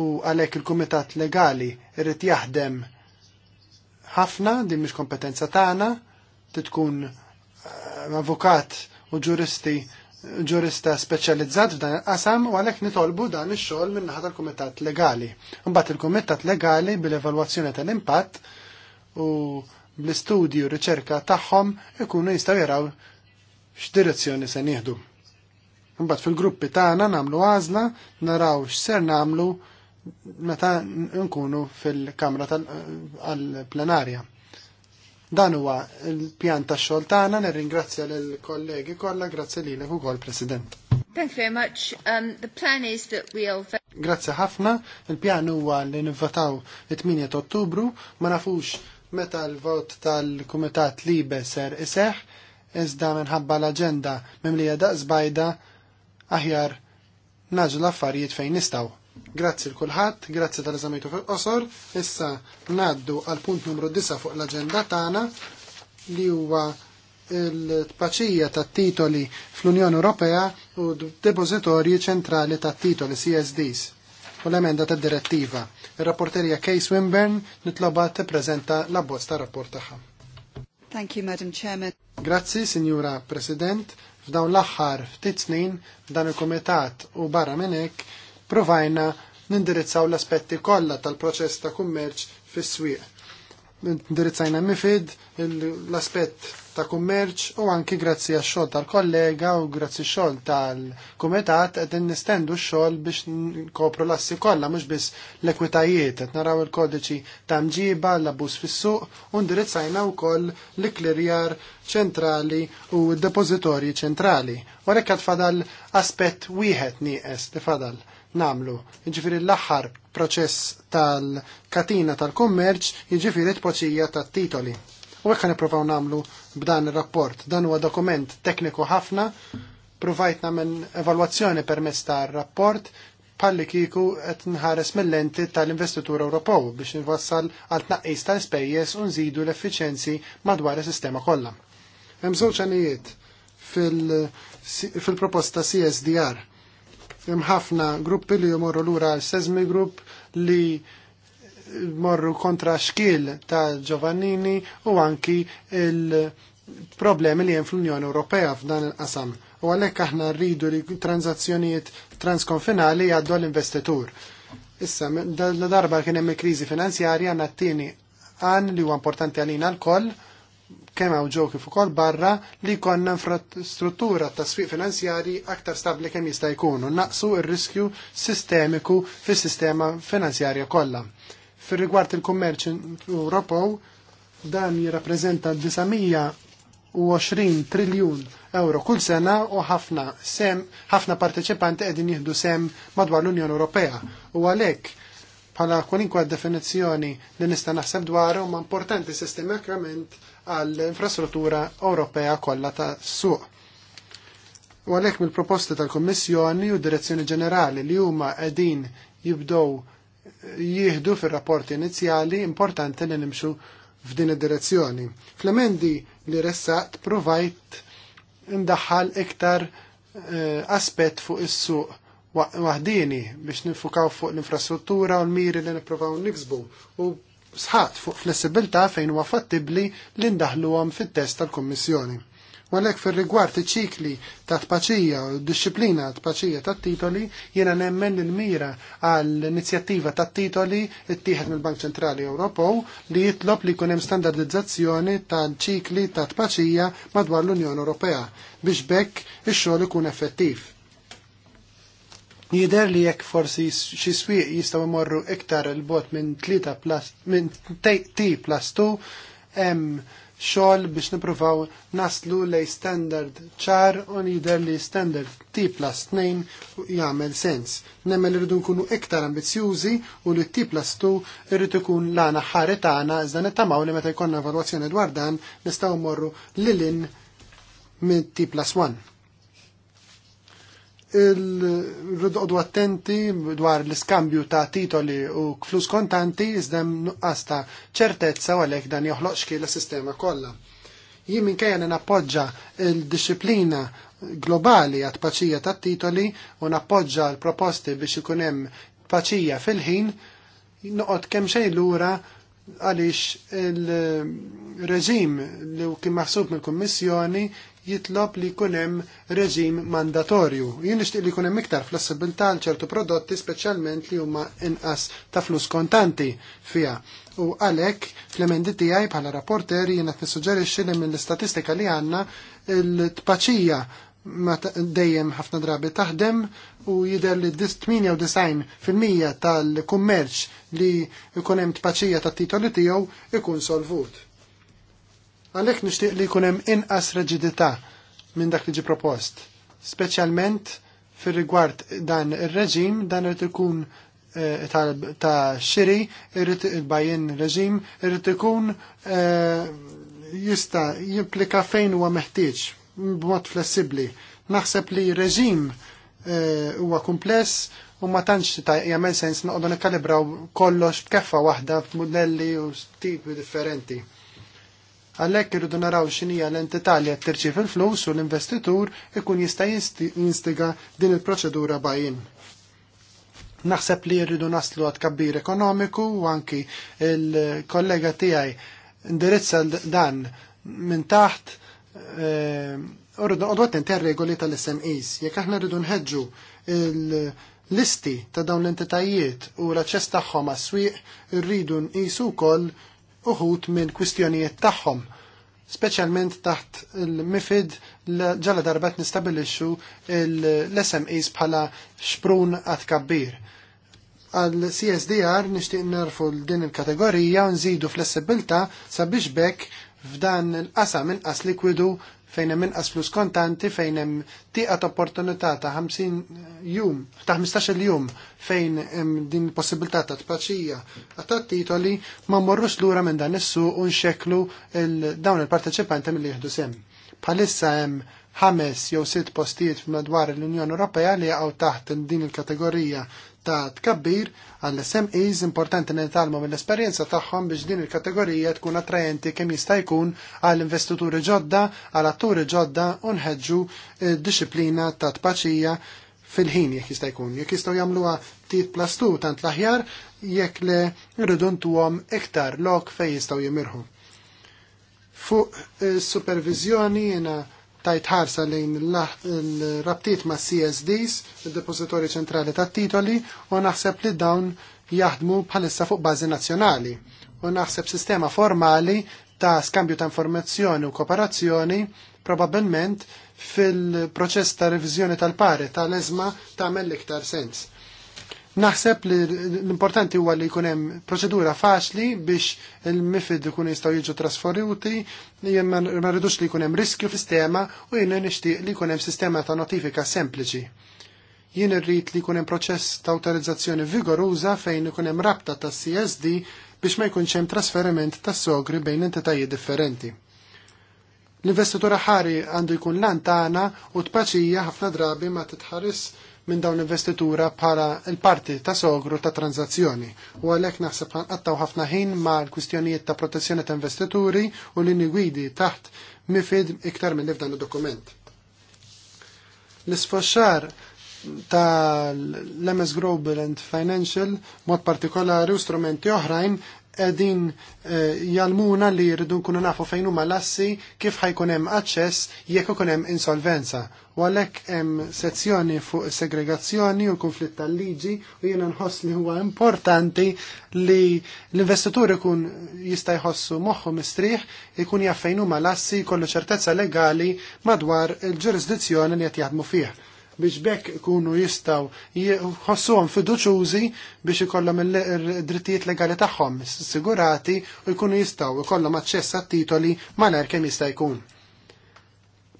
u għalhekk il-kumitat legali irrid jaħdem ħafna, din mhix kompetenza tagħna, titkun eh, avukat u ġuristi ġurista speċjalizzat f'dan il-qasam u għalhekk nitolbu dan ix-xogħol minn naħa tal-kumitat legali. Imbagħad il-kumitat legali bil-evalwazzjoni tal-impatt u bl-istudju riċerka tagħhom ikunu jistgħu jaraw x'direzzjoni se nieħdu. Imbagħad fil-gruppi tagħna nagħmlu għażla naraw x'ser nagħmlu meta nkunu fil-Kamra tal-Plenarja. Dan huwa l-pjan ta' xogħol tagħna, nirringrazzja lill kollegi kollha, grazzi lilek ukoll President. Thank you very much. Um, the plan is that all... Grazzi ħafna, il-pjan huwa li nivvotaw it-8 Ottubru, ma nafux meta l-vot tal-Kumitat Libe ser iseħ, iżda minħabba l-aġenda mimlija daqs bajda aħjar naġu l-affarijiet fejn nistaw. Grazzi l-kulħadd, grazzi tal-eżamitu fuq qosor. Issa naddu għal punt numru 9 fuq l-aġenda tagħna li huwa il-tpaċija ta' titoli fl-Unjoni Ewropea u depozitorji ċentrali ta' titoli CSDs u l-emenda ta' direttiva. Il-rapporterja Kay Swinburne nitloba tippreżenta prezenta la ta' rapport taħħa. Thank you, Madam Chairman. Grazzi, Signora President. F'dawn l-axħar ftit snin dan il-Komitat u barra minnek provajna nindirizzaw l-aspetti kollha tal-proċess ta' kummerċ fis-swieq. Indirizzajna mifid l-aspett ta' kummerċ u anki grazzi għax xogħol tal-kollega u grazzi xogħol tal-kumitat qed nistendu x-xogħol biex nkopru l-assi kollha mhux biss l-ekwitajiet qed naraw il-kodiċi ta' mġiba l-abbuż fis-suq u ndirizzajna wkoll l-iklerjar ċentrali u d-depożitorji ċentrali. Warek qed fadal aspett wieħed nieqes li fadal namlu. Jiġifieri l-aħħar proċess tal-katina tal-kummerċ jiġifieri t-poċija tat-titoli. U hekk nipprovaw namlu b'dan ir-rapport. Dan huwa dokument tekniku ħafna, provajt nagħmel evalwazzjoni permezz tar-rapport palli kiku qed nħares mill-lenti tal-investitur Ewropew biex nwassal għal tnaqqis tal-ispejjeż u nżidu l-effiċjenzi madwar is-sistema kollha. Hemm żewġ fil-proposta CSDR Hemm ħafna gruppi li jmorru lura sezmi grupp li morru kontra xkil ta' Giovannini u anki il-problemi li hemm fl-Unjoni Ewropea f'dan il-qasam. U għalhekk aħna rridu li tranzazzjonijiet transkonfinali għaddu l-investitur. Issa, darba kien hemm kriżi finanzjarja għanna t-tieni għan li huwa importanti għalina l-koll kemm hawn ġew kif ukoll barra li jkollna infrastruttura ta' swieq finanzjari aktar stabbli kemm jista' jkun u naqsu r-riskju sistemiku fis-sistema finanzjarja kollha. Fir-rigward il-kummerċ Ewropew dan jirrappreżenta 920 triljun euro kull sena u ħafna sem ħafna parteċipanti qegħdin jieħdu sem madwar l-Unjoni Ewropea. U għalhekk bħala kwalinkwa definizzjoni li nista' naħseb dwaru ma importanti sistemikament għall-infrastruttura Ewropea kollha ta' suq. U għalhekk mill-proposti tal-Kummissjoni u Direzzjoni Ġenerali li huma qegħdin jibdow jieħdu fir-rapporti inizjali importanti li nimxu f'din id-direzzjoni. Fl-emendi li ressaqt provajt ndaħħal iktar eh, aspett fuq is-suq waħdini biex nifukaw fuq l-infrastruttura u l-miri li nippruvaw niksbu u sħat fuq flessibilità fejn huwa fattibbli li ndaħluhom fit-test tal-Kummissjoni. Walek fil rigward ċikli ta' tpaċija u disċiplina tpaċija ta' titoli, jena nemmen il-mira għall-inizjattiva ta' titoli ittieħed mill-Bank Ċentrali Ewropew li jitlob li kunem standardizzazzjoni ta' ċikli ta' tpaċija madwar l-Unjoni Ewropea biex bekk ix-xogħol ikun effettiv. Jider li jekk forsi xi swieq jistgħu jmorru iktar il bot minn 3 plus minn T plus 2 hemm xogħol biex nippruvaw naslu lej standard ċar u jider li standard T plus 2 jagħmel sens. Nemmel irridu nkunu iktar ambizzjużi u li T plus 2 irrid ikun lana ħari tagħna iżda nittamaw li meta jkollna evalwazzjoni dwar dan nistgħu mmorru lilin minn T plus 1 il-ridqodu attenti dwar l-iskambju ta' titoli u flus kontanti iżdem nuqqasta ċertezza u għalek dan joħloq xkiel sistema kollha. Jien n nappoġġa il-disciplina globali għat paċija ta' titoli u nappoġġa l-proposti biex ikun hemm paċija fil-ħin, noqgħod kemm xejn lura għaliex il-reġim li kien maħsub mill-Kummissjoni jitlob li jkun hemm reġim mandatorju. Jien nixtieq li jkun hemm iktar flessibilità għal ċertu prodotti speċjalment li huma inqas ta' flus kontanti fiha. U għalhekk fl-emendi tiegħi bħala rapporter jien qed nissuġġerixxi li mill-istatistika li għandna l-tpaċija dejjem ħafna drabi taħdem u jidher li 98% tal-kummerċ li jkun hemm tpaċija tat-titoli tiegħu ikun solvut Għalhekk nixtieq li jkun hemm inqas reġidità minn dak li ġi propost, speċjalment fir-rigward dan ir-reġim dan irid ikun eh, ta' xiri, irrid il-bajjen reġim, irrid ikun eh, jista jimplika fejn huwa meħtieġ b'mod flessibbli. Naħseb li reġim eh, huwa kumpless u ma tantx ta' jagħmel sens noqogħdu nikkalibraw kollox b'keffa waħda f'modelli u tipi differenti. Għalhekk irridu naraw x'inhija l-entità li qed fil flus u l-investitur ikun jista' jinstiga din il-proċedura bajin. Naħseb li rridu naslu għad kabbir ekonomiku u anki il-kollega tiegħi indirizza dan minn taħt eh, u rridu għodwet regoli tal-SMEs. Jekk aħna rridu nħedġu l-listi ta' dawn l-entitajiet u l-aċċess tagħhom għas-swieq rridu nqisu wkoll uħut minn kwistjonijiet tagħhom, speċjalment taħt il-MIFID ġala darbat nistabilixxu l-SMEs bħala xprun għad kabbir. Għal CSDR nixtieq narfu din il-kategorija nżidu flessibilta sabiex bekk f'dan l-qasam inqas likwidu fejn hemm inqas flus kontanti fejn hemm ta' opportunità ta' 50 jum, ta' 15 jum fejn hemm din possibilità ta' tpaċija ta' titoli ma mmorrux lura minn dan is-suq u nxeklu dawn il-parteċipanti milli jieħdu sem. Bħalissa hemm ħames jew sitt postijiet madwar l-Unjoni Ewropea li jaqgħu taħt din il-kategorija ta' tkabbir għall-SMEs importanti nitalmu mill-esperjenza tagħhom biex din il-kategorija tkun attrajenti kemm jista' jkun għall investituri ġodda, għall atturi ġodda u nħeġġu eh, disciplina ta' tpaċija fil-ħin jekk jista' jkun. Jekk jistgħu jagħmluha tit plastu tant l-aħjar jekk le irriduntuhom iktar lok fejn jistgħu jimirħu. Fuq eh, supervizjoni jiena tajt ħarsa lejn l-rabtiet ma' CSDs, il-Depozitorju Ċentrali tat Titoli, u naħseb li dawn jaħdmu bħalissa fuq bażi nazzjonali. U naħseb sistema formali ta' skambju ta' informazzjoni u kooperazzjoni probabbilment fil-proċess ta' revizjoni tal-pari tal-ezma ta' l-iktar sens Naħseb li l-importanti huwa li jkun hemm proċedura faċli biex il-mifid ikun jistgħu jiġu trasforuti, ma rridux li jkun hemm riskju fis-sistema u jien nixtieq li jkun hemm sistema ta' notifika sempliċi. Jien irrid li jkun hemm proċess ta' awtorizzazzjoni vigoruża fejn ikun hemm rabta tas CSD biex ma jkunx hemm trasferiment tas sogri bejn entitajiet differenti. L-investitura ħari għandu jkun lantana u tpaċija ħafna drabi ma titħares minn dawn investitura bħala l-parti ta' sogru ta' tranzazzjoni u għalhekk naħseb għattaw ħafna ħin ma' l-kwistjonijiet ta' protezzjoni ta' investituri u l gwidi taħt mifid iktar minn f'dan id-dokument. l sfosċar ta' l-MS Global and Financial mod partikolari u strumenti oħrajn edin eh, jalmuna li rridu nkunu nafu fejn huma lassi kif ħajkun hemm aċċess jekk ikun hemm insolvenza. U għalhekk hemm sezzjoni fuq segregazzjoni u konflitt tal-liġi u jiena nħoss li huwa importanti li l-investitur ikun jista' jħossu moħħu mistrieħ ikun jaf fejn huma lassi jkollu ċertezza legali madwar il-ġurisdizzjoni li qed jaħdmu fih biex bekk ikunu jistaw jħossuhom fiduċużi biex ikollhom id-drittijiet legali tagħhom sigurati u jkunu jistaw ikollhom aċċess għat-titoli malajr kemm jista' jkun.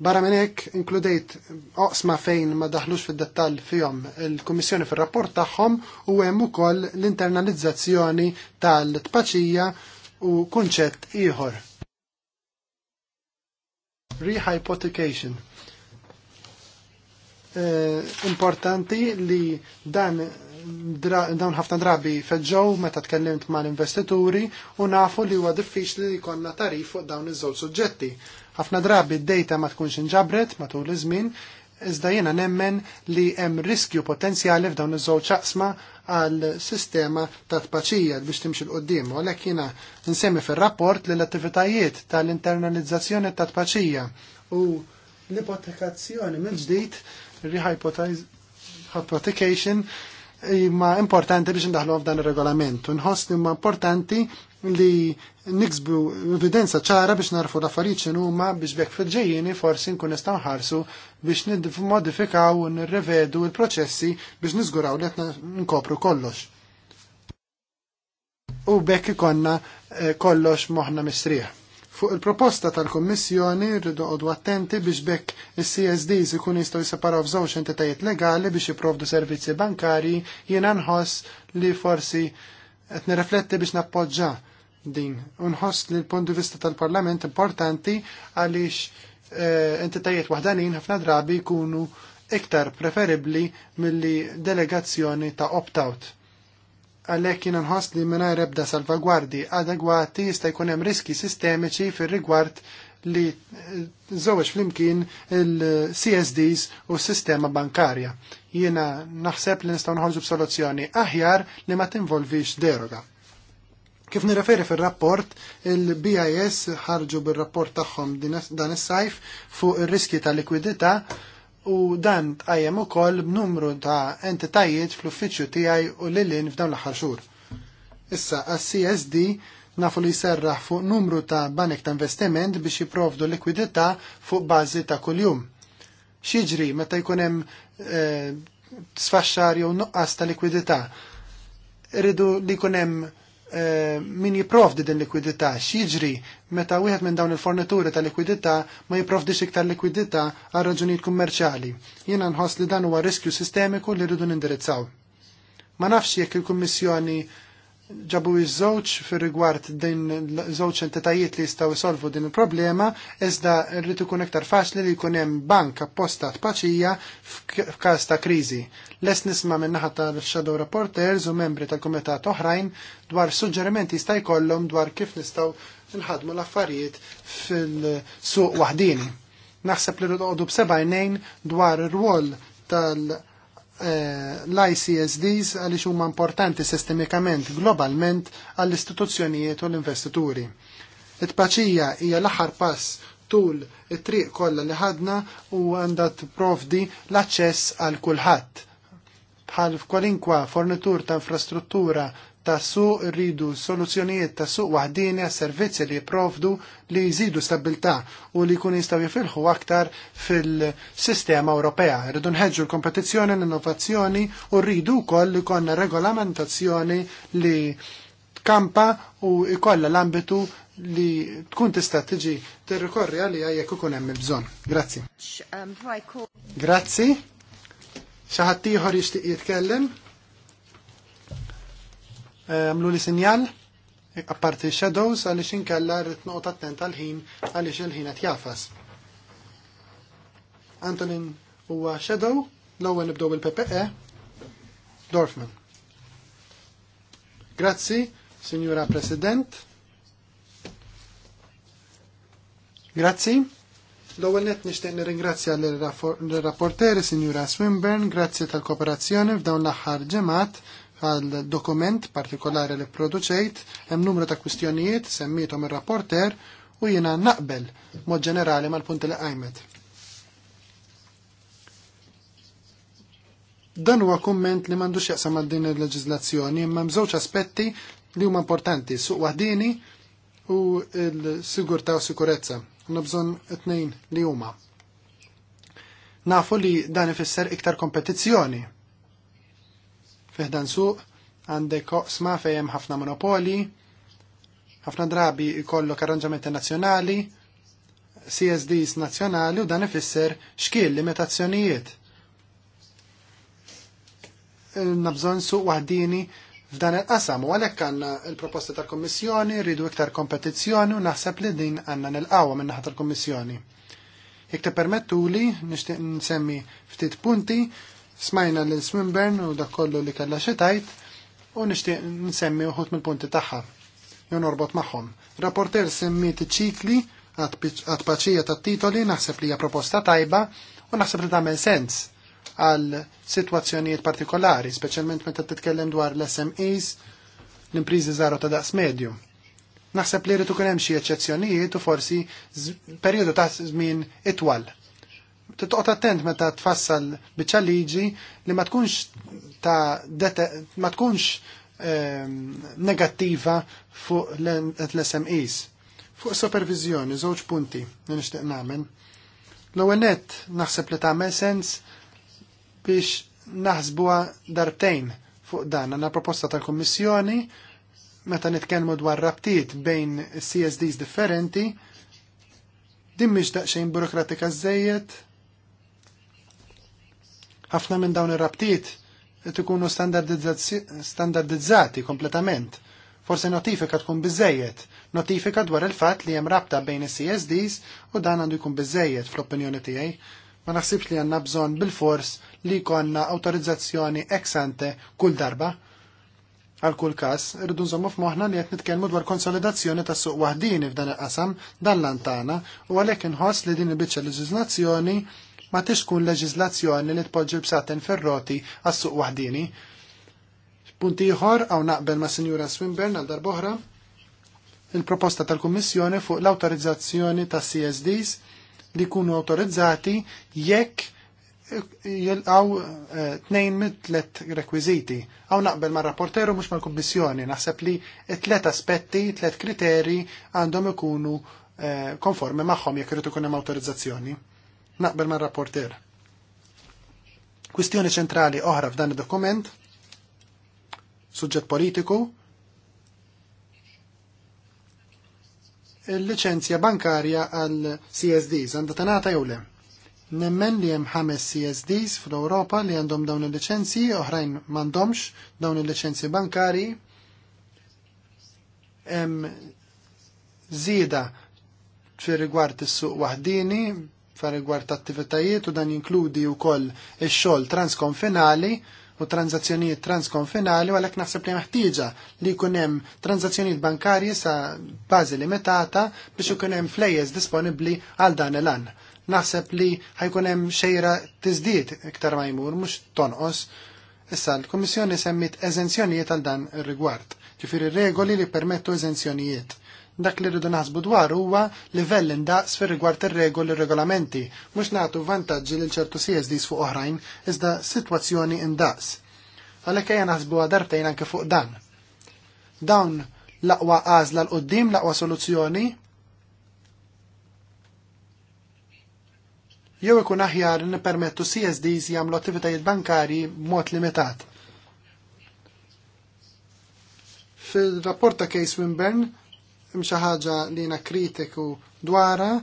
Barra minn hekk inkludejt oqsma fejn ma daħlux fid-dettall fihom il-Kummissjoni fir-rapport tagħhom u hemm ukoll l-internalizzazzjoni tal-tpaċija u kunċett ieħor. Rehypothecation Eh, importanti li dan dawn ħafna drabi feġġow meta tkellimt mal-investituri u nafu li huwa diffiċli li jkollna tarif fuq dawn iż-żewġ suġġetti. Ħafna drabi d-dejta ma tkunx inġabret matul iż-żmien, iżda jiena nemmen li hemm riskju potenzjali f'dawn iż-żewġ ċaqsma għal sistema ta' tpaċija biex timxil qoddim. U għalhekk jiena nsemmi fir-rapport li l-attivitajiet tal-internalizzazzjoni ta' tpaċija u l-ipotekazzjoni mill-ġdid rehypothecation imma importanti biex ndaħlu f'dan ir-regolament. Nħoss li importanti li niksbu evidenza ċara biex narfu l-affarijiet x'inhuma biex bekk fil-ġejjieni forsi nkun nistgħu nħarsu biex nimmodifikaw u nirrevedu l-proċessi biex niżguraw li qed nkopru kollox. U bekk ikonna eh, kollox moħna mistrieħ. Fuq il-proposta tal-Kommissjoni rridu għodu attenti biex bekk il-CSDs ikun jistaw jisaparaw f'żewġ entitajiet legali biex jiprovdu servizzi bankari jiena nħoss li forsi qed nirrifletti biex nappoġġa din. Unħoss li l-punt di vista tal-Parlament importanti għaliex eh, entitajiet waħdanin ħafna drabi jkunu iktar preferibbli milli delegazzjoni ta' opt-out għalhekk jina nħoss li mingħajr ebda salvagwardi adegwati jista' jkun hemm riski sistemiċi fir-rigward li eh, żewġ flimkien il-CSDs u s-sistema bankarja. Jiena naħseb li nistgħu nħolġu b'soluzzjoni aħjar li ma tinvolvix deroga. Kif nirreferi fil-rapport, il-BIS ħarġu bil-rapport tagħhom dan is-sajf fuq ir-riski tal likwidità u dan tqajjem ukoll b'numru ta' entitajiet fl-uffiċċju tiegħi u lilin f'dawn l-aħħar xhur. Issa għas-CSD nafu li jserraħ fuq numru ta' banek ta' investiment biex jiprovdu likwidità fuq bażi ta' kuljum. Xiġri meta jkun hemm e, sfaxxar jew nuqqas ta' likwidità. rridu li jkun hemm Eh, min jiprofdi din likwidità x'jiġri meta wieħed minn dawn il-fornituri ta' likwidità ma jiprofdix iktar likwidità għal raġunijiet kummerċjali. Jiena nħoss li dan huwa riskju sistemiku li rridu nindirizzaw. Ma nafx jekk il-Kummissjoni ġabu iż-żewġ fir rigward din żewġ entitajiet li jistgħu jsolvu din il-problema, iżda rrid ikun iktar faċli li jkun hemm bank apposta tpaċija f'każ ta' kriżi. Les nisma' min-naħa tal-Shadow Reporters u membri tal-kumitat oħrajn dwar suġġerimenti jista' jkollhom dwar kif nistgħu nħadmu l-affarijiet fil-suq waħdini. Naħseb li rridu b'seba' dwar ir-rwol tal- Eh, l-ICSDs għaliex huma importanti sistemikament globalment għall-istituzzjonijiet u l-investituri. It-paċija hija l-aħħar pass tul it-triq kollha li ħadna u għandha tipprovdi l-aċċess għal kulħadd bħal f'kwalinkwa fornitur ta' infrastruttura ta' su rridu soluzzjonijiet ta' su waħdini għas servizzi li jiprovdu li jżidu stabilta u li kun jistaw jifilħu aktar fil-sistema Ewropea. Rridu nħedġu l-kompetizzjoni, l-innovazzjoni u rridu koll li konna regolamentazzjoni li kampa u ikolla l-ambitu li tkun tista' tiġi tirrikorri għalija jekk ikun hemm il-bżonn. Grazzi. Um, Grazzi. Xi ħadd ieħor jixtieq jitkellem? għamlu li sinjal, apparti shadows għaliex inkella rrit noqgħod attent għal ħin għaliex il-ħin qed jafas. Antonin huwa shadow, l-ewwel nibdew bil-PPE, Dorfman. Grazzi, Signora President. Grazzi. L-ewwel nett nixtieq nirringrazzja l-rapporteri Signora Swinburne, grazzi tal-kooperazzjoni f'dawn l-aħħar ġemat għal dokument partikolari li produċejt, hemm numru ta' kwistjonijiet semmietom ir-rapporter u jiena naqbel mod ġenerali mal-punti li qajmet. Dan huwa kumment li m'għandux jaqsam għal din il-leġiżlazzjoni, imma żewġ aspetti li huma importanti, suq waħdini u l-sigurtà u sikurezza. Nabżon it-tnejn li huma. Nafu li dan ifisser iktar kompetizzjoni Fiħdan suq għandek oqsma fejem ħafna monopoli, ħafna drabi jkollok arranġamenti nazzjonali, CSDs nazzjonali u dan ifisser xkien limitazzjonijiet. Nabżon suq wahdini f'dan il-qasam u għalhekk għandna l-proposta tal-Kommissjoni rridu iktar kompetizzjoni u naħseb li din għandna nil-qawa naħa tal-Kommissjoni. Jekk permettuli nixtieq nsemmi ftit punti Smajna l swimburn u dak kollu li kellha xi tajt u nixtieq nsemmi uħut mill-punti tagħha jew norbot magħhom. Rapporter semmiet iċ-ċikli għad paċija tat titoli naħseb li hija proposta tajba u naħseb li tagħmel sens għal sitwazzjonijiet partikolari, speċjalment meta titkellem dwar l-SMEs, l-imprizi żaru ta' daqs medju. Naħseb li rritu hemm xi eċċezzjonijiet u forsi perjodu ta' żmien itwal titqgħod attent meta tfassal biċċa liġi li ma tkunx ta' ma tkunx ehm, negattiva fuq l-SMEs. Fuq supervizjoni, żewġ punti li nixtieq nagħmel. L-ewwel nett naħseb li ta' sens biex naħsbuha dartejn fuq dan. Għanna proposta tal-Kummissjoni meta nitkellmu dwar rabtiet bejn CSDs differenti, din mhix burokratika żejjed Ħafna minn dawn ir-rabtiet qed ikunu standardizzati kompletament. Forse notifika tkun biżejjed, notifika dwar il-fatt li hemm rabta bejn is-CSDs u dan għandu jkun biżejjed fl-opinjoni tiegħi. Ma naħsibx li għandna bżonn bil-fors li jkollna awtorizzazzjoni ex ante kull darba. Għal kull każ, irridu nżommu f'moħħna li qed nitkellmu dwar konsolidazzjoni tas suq waħdini f'dan il-qasam dan l-antana u għalhekk inħoss li din il-biċċa leġiżlazzjoni ma tix tkun leġizlazzjoni li tpoġġi b'saten ferroti għas-suq waħdini. Punti ieħor hawn naqbel ma' Sinjura Swinburne għal darboħra il-proposta tal-Kummissjoni fuq l-autorizzazzjoni ta' CSDs li kunu autorizzati jekk jilqaw eh, tnejn mit tlet rekwiziti. Għaw naqbel ma' rapporteru mux ma' kommissjoni, naħseb li tlet aspetti, tlet kriteri għandhom ikunu eh, konformi magħhom jekk irid ikun hemm awtorizzazzjoni. Naqbel ma' rapporter. Kwistjoni ċentrali oħra f'dan id-dokument, suġġett politiku, il-licenzja bankarja għal CSDs, għandha tanata jew le. Nemmen li hemm ħames CSDs fl-Ewropa li għandhom dawn il-licenzji, oħrajn m'għandhomx dawn il-licenzji bankari. Hemm żieda fir rigward is-suq waħdini far rigward attivitajiet u dan jinkludi wkoll ix-xogħol transkonfinali u tranzazzjonijiet transkonfinali u għalhekk naħseb li meħtieġa li jkun hemm tranzazzjonijiet bankarji sa bażi limitata biex ikun hemm flejes disponibbli għal dan il-an. Naħseb li ħajkun hemm xejra tizdiet iktar ma jmur mhux tonqos. Issa l-Kummissjoni semmit eżenzjonijiet għal dan il rigward Ġifiri regoli li permettu eżenzjonijiet Dak li rridu naħsbu dwar huwa livell indaqs fir rigward ir-regoli regolamenti, mhux nagħtu vantaġġi lil ċertu CSDs fuq oħrajn iżda sitwazzjoni indaqs. Għalhekk ejja naħsbu għadartejn anke fuq dan. Dawn l-aqwa għażla l-qoddim, l-aqwa soluzzjoni jew ikun aħjar nippermettu CSDs jagħmlu attivitajiet bankarji b'mod limitat. Fil-rapport ta' Case Winburn xi ħaġa li jiena kritiku dwara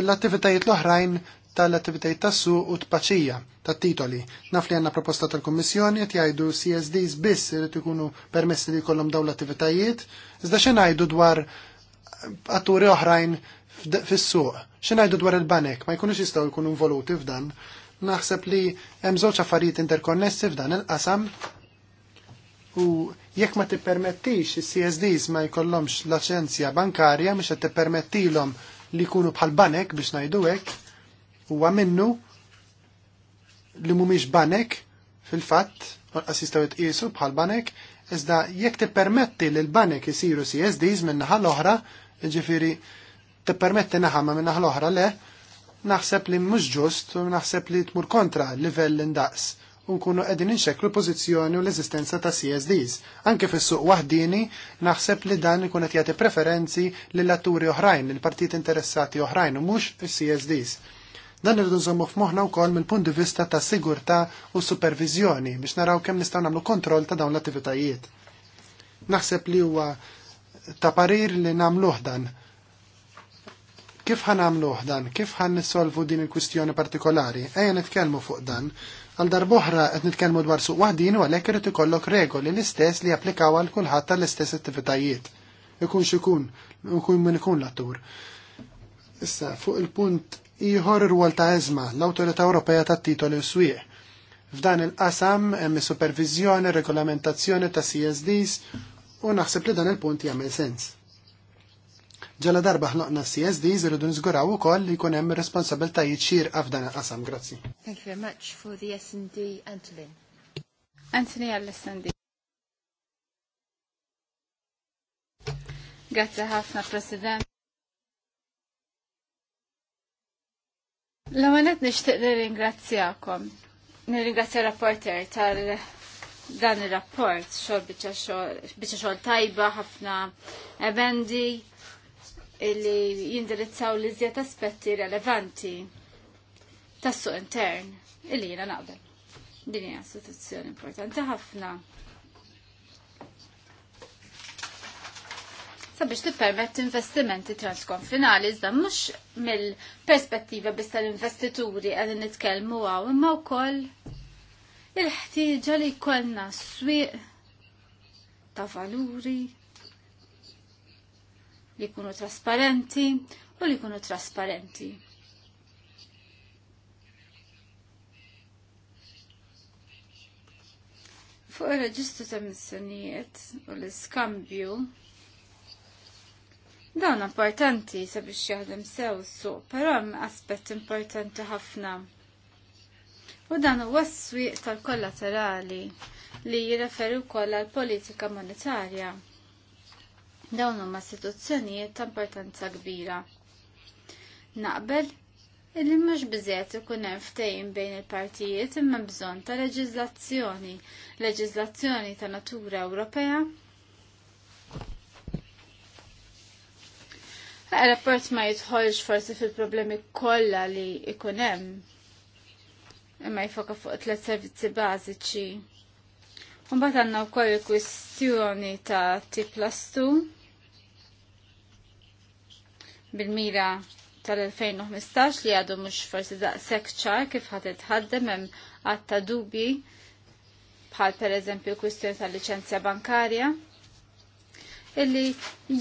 l-attivitajiet l-oħrajn tal-attivitajiet tas-suq u paċija tat-titoli. Naf li għandna proposta tal-Kummissjoni qed jgħidu CSDs biss irid ikunu permessi li jkollhom dawn l-attivitajiet, iżda xi ngħidu dwar atturi oħrajn fis-suq. Xinajdu dwar il-banek, ma jkunux jistgħu jkunu involuti f'dan. Naħseb li hemm żewġ affarijiet interkonnessi f'dan il-qasam u Jekk ma tippermettix is-CSDs ma jkollhomx laċenzja bankarja biex qed tippermettilhom li jkunu bħal banek biex ngħidu hekk huwa minnu li mhumiex banek fil-fatt orqas jistgħu jitqiesu bħal banek iżda jekk tippermetti li l-banek isiru CSDs minn naħa l-oħra, jiġifieri tippermetti naħa ma minn l-oħra le, naħseb li mhux ġust u naħseb li tmur kontra l-livell indaqs u nkunu qegħdin inxeklu l-pożizzjoni u l ezistenza ta' CSDs. Anke fis-suq waħdini naħseb li dan ikun qed jagħti preferenzi lil atturi oħrajn, lil partit interessati oħrajn u mhux is-CSDs. Dan irdu nżommu f'moħħna wkoll mill-punt di vista ta' sigurtà u supervizjoni biex naraw kemm nistgħu nagħmlu kontroll ta' dawn l-attivitajiet. Naħseb li huwa ta' parir li nagħmluh dan kif ħan għamlu dan, kif ħan nissolvu din il-kwistjoni partikolari, ejja nitkellmu fuq dan, Għal darboħra qed nitkellmu dwar suq waħdin u għalhekk irid ikollok regoli l-istess li japplikaw għal kulħadd tal-istess attivitajiet. Ikun xikun, ikun min ikun l-attur. Issa, fuq il-punt ieħor ir-rwol ta' eżma l autorita Ewropea tat-titoli u swieq. F'dan il-qasam hemm supervizjoni, regolamentazzjoni ta' CSDs u naħseb li dan il-punt jagħmel sens. Ġala darba ħloqna CSD irridu nżguraw ukoll li jkun hemm responsabiltajiet xierqa f'dan il-qasam. Grazzi. Thank you very much for the S&D Anthony. Anthony Alessandi. Grazie ħafna President. l għamanet nishtiq li ringrazzjakom. Nirringrazzja rapporter tal- dan il-rapport, xol bieċa xol tajba, ħafna ebendi, li jindirizzaw li zjed aspetti relevanti tas-suq intern illi jina naqbel. Din hija istituzzjoni importanti ħafna. sabiex tippermett investimenti transkonfinali, iżda mhux mill-perspettiva biss tal-investituri qegħdin nitkellmu għaw, imma wkoll il-ħtieġa li jkollna swieq ta' valuri li kunu trasparenti u li jkunu trasparenti. Fuq il-reġistru ta' missjonijiet u l-iskambju dawn importanti sabiex jaħdem sew suq, però hemm aspett importanti ħafna. U dan huwa s-swieq tal-kollaterali li jirreferi wkoll għall politika monetarja. Dawn huma istituzzjonijiet ta' importanza kbira. Naqbel illi mhux biżiet ikun hemm ftehim bejn il-partijiet imma bżonn ta' leġiżlazzjoni, leġiżlazzjoni ta' natura Ewropea. Rapport ma jitħolx forsi fil-problemi kollha li ikun hemm imma jfoka fuq tliet servizzi bażiċi. Mbagħad għandna wkoll il-kwistjoni ta' tip plus 2 bil-mira tal-2015 li għadu mux forsi daqsek ċar kif ħat ħaddem hemm għatta dubi bħal per eżempju kwistjoni tal-licenzja bankarja illi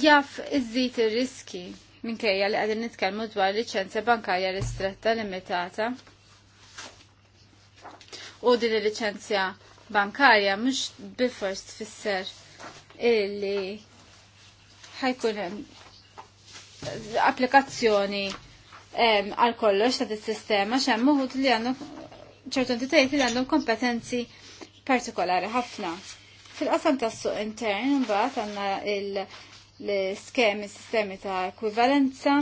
jaff iżżid ir-riski minkejja li qegħdin nitkellmu dwar licenzja bankarja ristretta limitata. U din il-licenzja bankarja mhux bifors tfisser illi ħajkun hemm applikazzjoni għal kollox ta' dis-sistema xemm uħud li għandhom ċertu entitajiet li għandhom kompetenzi partikolari ħafna. Fil-qasam tas-suq intern imbagħad għandna l-skemi sistemi ta' ekwivalenza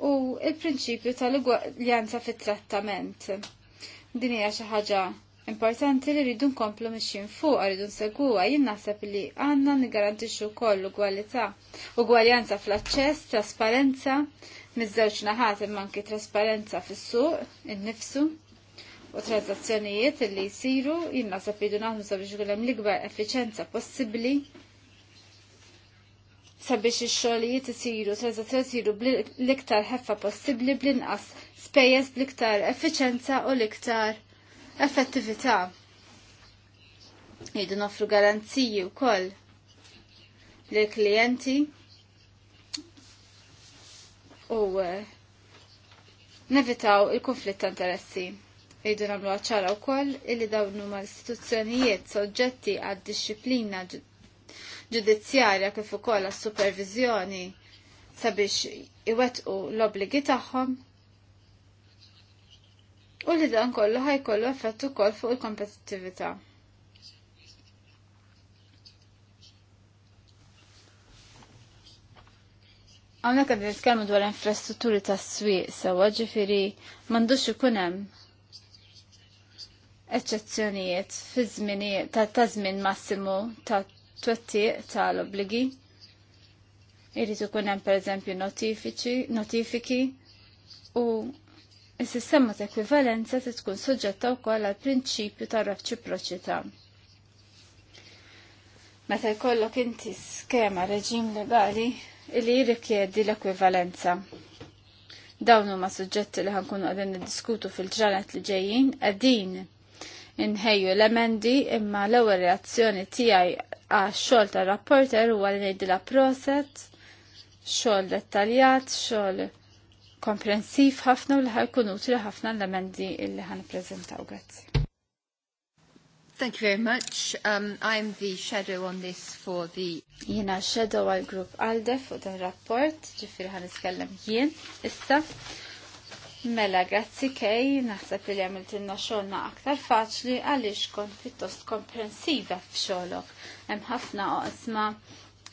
u il-prinċipju tal-ugwaljanza fit-trattament. Din hija xi ħaġa importanti li rridu nkomplu mixin fuq, rridu nsegwa, jien naħseb li għanna nigarantixxu kollu gwalità u gwaljanza fl-aċċess, trasparenza, miż-żewġ naħat imma anki trasparenza fis-suq innifsu u tranzazzjonijiet li jsiru jien naħseb li jdu naħdmu sabiex ikun l-ikbar effiċenza possibbli sabiex ix-xogħlijiet isiru, tranzazzjoni isiru l-iktar heffa possibbli bl-inqas spejjeż bl-iktar effiċenza u l-iktar effettività. Jidu noffru garanziji u koll l-klienti u nevitaw il-konflitt ta' interessi. Jidu namlu għacċara u koll illi dawnu ma' istituzzjonijiet soġġetti għad disciplina ġudizzjarja kif ukoll għas supervizjoni sabiex iwettqu l-obligi tagħhom u li dan kollu ħajkollu effett ukoll fuq il-kompetittività. Għamna kad nitkellmu dwar infrastrutturi ta' swieq sewa ġifiri m'għandux ikun hemm eċċezzjonijiet fi żminijiet ta' żmien massimu ta' twettiq tal-obligi. Irid ikun hemm pereżempju notifiki u Is-sistema ta' ekwivalenza se tkun suġġetta wkoll għal prinċipju ta' reċiproċità. Meta jkollok inti skema reġim legali li jirrikjedi l-ekwivalenza. Dawn huma suġġetti li ħankunu qegħdin niddiskutu fil-ġranet li ġejjin qegħdin inħejju l-emendi imma l-ewwel reazzjoni tiegħi għax-xogħol tar-rapporter huwa li ngħidilha proset, xogħol dettaljat, xogħol komprensiv ħafna u li ħajkun utri ħafna l-amendi illi ħan prezentaw. Grazzi. Thank you very much. Um, I'm the shadow on this for the... Jena shadow għal grupp ALDE fuq dan rapport, ġifiri ħan iskellem jien, issa. Mela, grazzi kej, naħseb li għamil tinna xolna aktar faċli għalix kon pittost komprensiva f'xolok. Hemm ħafna oqsma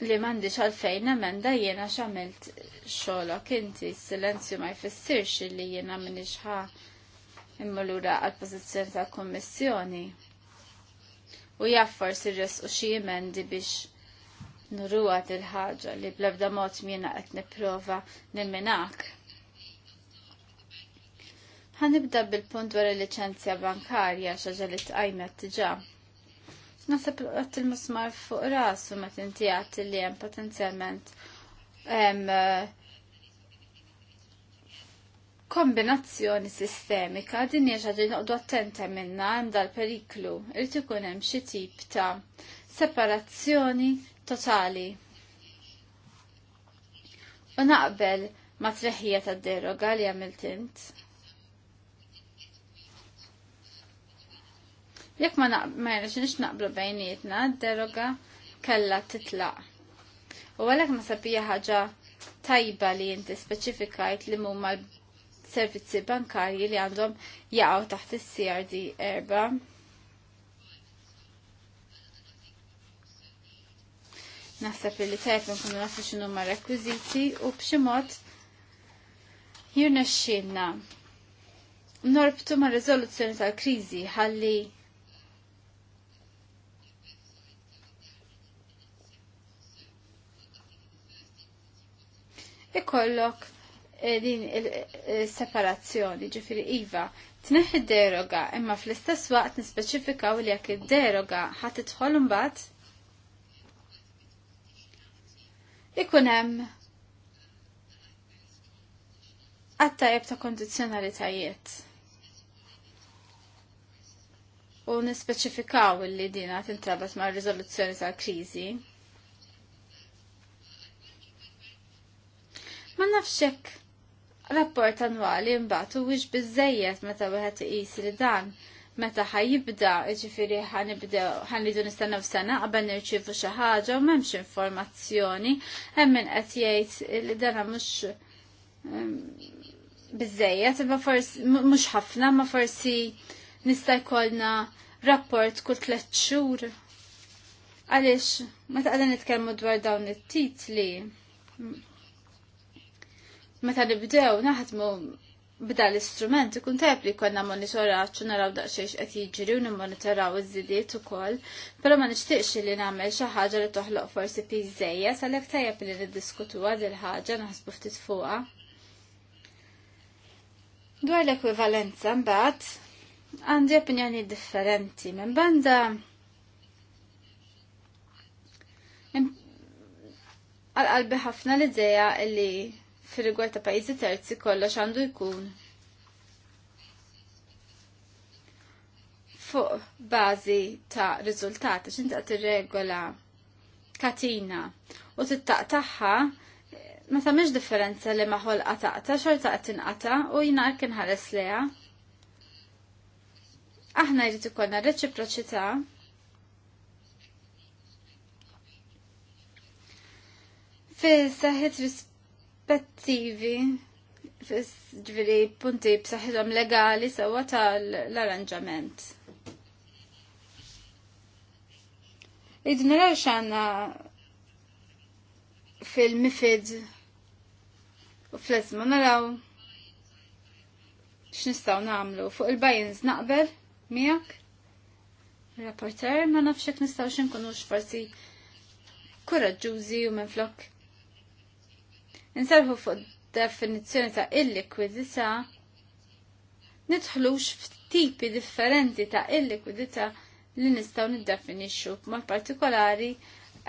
li mandiċ għalfejn emenda jiena xamilt xolok inti silenzju ma jfissirx li jiena minix ħa immulura għal-pozizjoni ta' kommissjoni. U jaffar sirres u xie emendi biex nurruwa til-ħagġa li blabda mot jiena qed niprofa nil-minak. Għanibda bil-punt dwar il-licenzja bankarja xaġa li tqajmet t-ġam. Nasab għat il-musmar fuq rasu ma tinti għat li jem potenzjalment eh, kombinazzjoni sistemika din hija ġaġi noqdu attenta minna hemm dal-periklu irid ikun hemm xi tip ta' separazzjoni totali. U naqbel ma treħija tad-deroga li għamilt int. Jekk ma naqmerx nix naqblu bejnietna, deroga kella titlaq. U għalek ma sabija ħaġa tajba li jinti specifikajt li mumma servizzi bankarji li għandhom jaqaw taħt is-CRD erba. Naħseb li tajf nkunu nafu xinu ma' rekwiżiti u b'xi jurnaxxinna. Norbtu ma' riżoluzzjoni tal-kriżi ħalli ikollok eh, din il-separazzjoni, ġifiri Iva, tneħ id-deroga, imma fl-istess waqt nispeċifikaw li jekk id-deroga ħat itħolum mbagħad ikun hemm jibta ta' kondizjonalitajiet. U nispeċifikaw li dina tintrabat ma' rizoluzzjoni tal-krizi. Ma nafxek rapport annwali mbagħad huwiex biżejjed meta wieħed iqis li dan meta ħajibda ġifiri ħanibdew ħanridu nistennew sena qabel nirċievu xi ħaġa u m'hemmx informazzjoni hemm min qed jgħid li dan mhux ehm, biżejjed imma forsi mhux ħafna ma forsi nista' jkollna rapport kull tliet xhur. Għaliex, meta qegħdin nitkellmu dwar dawn it-titli, meta nibdew naħdmu b'da l-istrument ikun tajb li konna monitoraċ u naraw daqxiex qed jiġri u nimmonitoraw iż-żidiet ukoll, però ma nixtieqx li nagħmel xi ħaġa li toħloq forsi piżejja għalhekk tajjeb li niddiskutuha dil ħaġa naħsbu ftit fuqha. Dwar l-ekwivalenza mbagħad għandi opinjoni differenti minn banda għalqalbi ħafna l-idea li fil-rigward ta' pajizi terzi kollox għandu jkun fuq bażi ta' riżultati x'intaq tirregola katina u tagħha ma tagħmilx differenza li ma ħolqa taqta xorta qed tinqata u jingħar kien ħares leha. Aħna jrid ikollna reċiproċità fi saħħet rispett pettivi fis ġviri punti b'saħħithom legali sewwa tal-arranġament. Id naraw x'għandna fil-mifid u fl ezmu naraw x'nistgħu nagħmlu fuq il-bajins naqbel miegħek. Rapporter ma nafx nistgħu x'inkunux forsi kuraġġużi u minflok inserħu fuq definizzjoni ta' illikwidità nidħlux f'tipi differenti ta' illikwidità li nistgħu niddefinixxu b'mod partikolari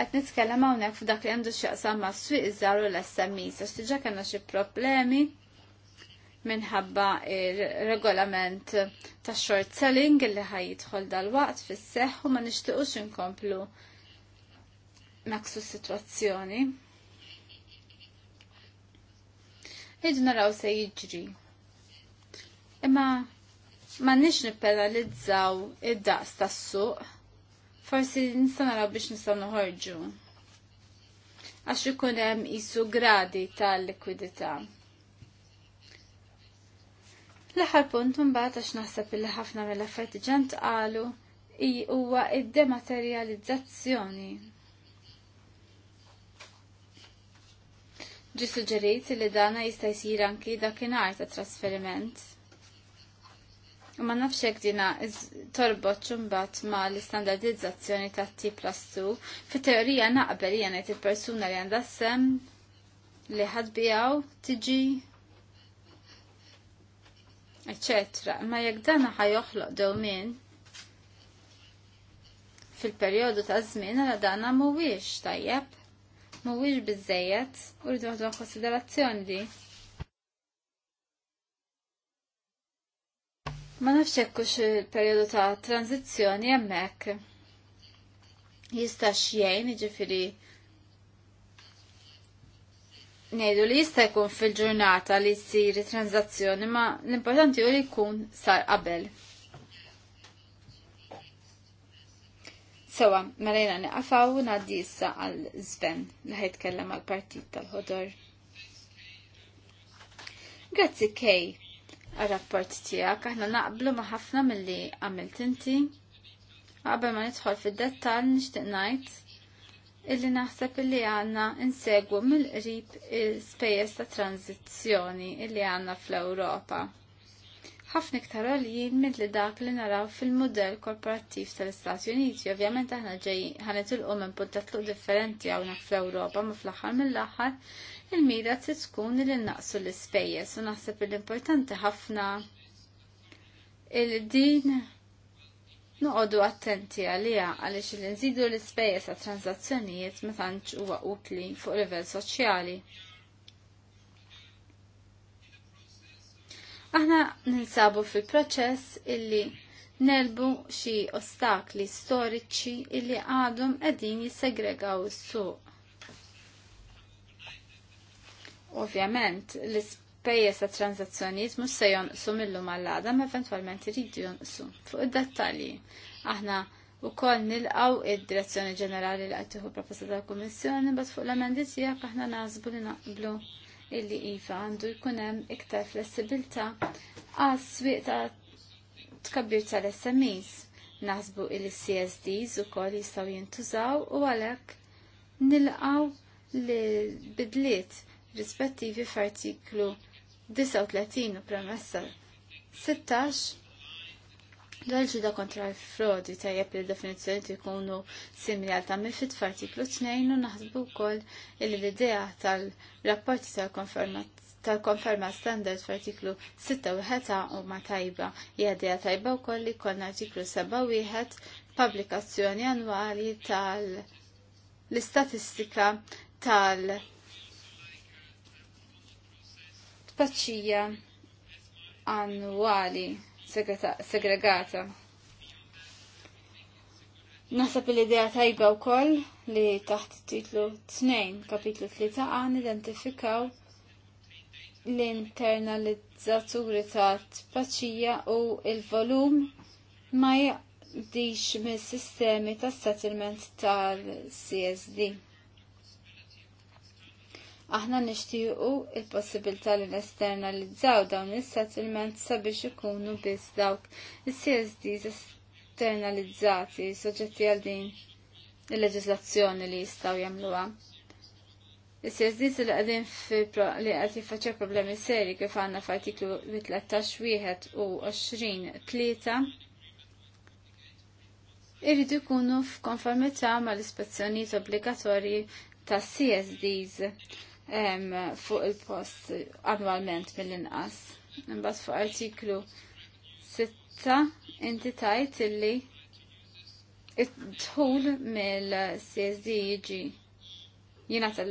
qed nitkellem hawnhekk f'dak li għandu x'jaqsam ma' swieq iż-żgħar u l-SMEs għax diġà kellna xi problemi minħabba regolament ta' short selling li ħajjidħol dal-waqt fis-seħħ u ma nixtiequx inkomplu naqsu s-sitwazzjoni. Iġu naraw se jiġri. Imma ma nix nipenalizzaw id-daqs tas-suq, forsi nista' naraw biex nistgħu noħorġu. Għax ikun hemm isu gradi tal-likwidità. L-aħħar punt mbagħad għax naħseb li ħafna mill-affarijiet ġant qalu huwa id-dematerializzazzjoni ġi suġġerit li dana jista' jsir anki dakinhar ta' trasferiment. U ma nafx hekk dina torbot mbagħad ma l-istandardizzazzjoni ta' T plus 2. Fit-teorija naqbel hija ngħid il-persuna li għandha sem li ħadbijaw tiġi Eċetra, Ma jekk dana ħajoħloq dewmien fil-perjodu ta' żmien għal dana mhuwiex tajjeb mhuwiex bizzejet u rridu naħdu konsiderazzjoni di. Ma nafx hekk il-perjodu ta' tranzizjoni hemmhekk jista' xjejn, jiġifieri Nejdu li jista' jkun fil-ġurnata li jsiri tranzazzjoni ma l-importanti u li jkun sar qabel. Sewa, marajna mela jena niqafaw naddi issa għal Sven li ħajtkellem għal partit tal-ħodor. Grazzi Kej għal rapport tiegħek aħna naqblu ma ħafna mill-li għamilt inti. Qabel ma nidħol fid dettall nixtieq ngħid illi naħseb illi għandna insegwu mill-qrib il-spejjeż ta' tranzizzjoni illi għandna fl-Ewropa ħafna iktar għalijin minn li dak li naraw fil-modell korporattiv tal-Istati Uniti. Ovvjament aħna ġej ħanet il minn puntat luq differenti hawnhekk fl-Ewropa ma fl-aħħar mill-aħħar il-mira t tkun li naqsu l-ispejjeż u naħseb l-importanti ħafna il-din nuqodu attenti għalija għaliex l nżidu l-ispejjeż għal tranzazzjonijiet ma tantx huwa utli fuq livell soċjali. Aħna ninsabu fil-proċess illi nelbu xi ostakli storiċi illi għadhom qegħdin jissegregaw is-suq. Ovvjament, l-ispejjeż ta' tranzazzjonijiet mhux se jonqsu mill-lum għall ma eventwalment iridu jonqsu fuq id-dettalji. Aħna wkoll nilqgħu id-direzzjoni ġenerali li qed tieħu proposta tal kummissjoni bad fuq l-emendi tiegħek aħna nażbu li naqblu illi iva għandu jkun hemm iktar flessibilità għas swieq ta' tkabbir tal-SMEs. Naħsbu illi CSDs ukoll jistgħu jintużaw u għalhekk nilqaw li bidliet rispettivi f'artiklu 39 u premessa 16 Dal-ġida kontra l-frodi tajjeb li l-definizjoni kunu simili għal ta' mifid f'artiklu 2 u naħsbu wkoll l idea tal-rapporti tal-konferma standard f'artiklu 6 u ma tajba. Jgħadija tajba wkoll li kon artiklu 7 wieħed pubblikazzjoni annwali tal-istatistika tal-, -tal annuali. annwali segregata. Nasab l-idea tajba u koll li taħt titlu 2, kapitlu 3 għan identifikaw l-internalizzaturi ta' tpaċija u il-volum ma jaqdix mis-sistemi ta' settlement tal-CSD. Aħna nixtiequ il-possibilità li nesternalizzaw dawn is-settlement sabiex ikunu biss dawk is-CSDs esternalizzati soġġetti għal din il-leġislazzjoni li jistgħu jagħmluha. Is-CSDs li għadin li qed jiffaċċa problemi seri kif għandna f'artiklu 13 wieħed u 20 tlieta irridu ikunu f'konformità mal ispezzjonijiet obbligatorji ta' CSDs fuq il-post annwalment mill-inqas. Imbagħad fuq artiklu 6 inti tajt illi it-tħul mill-CSD jiġi jina tal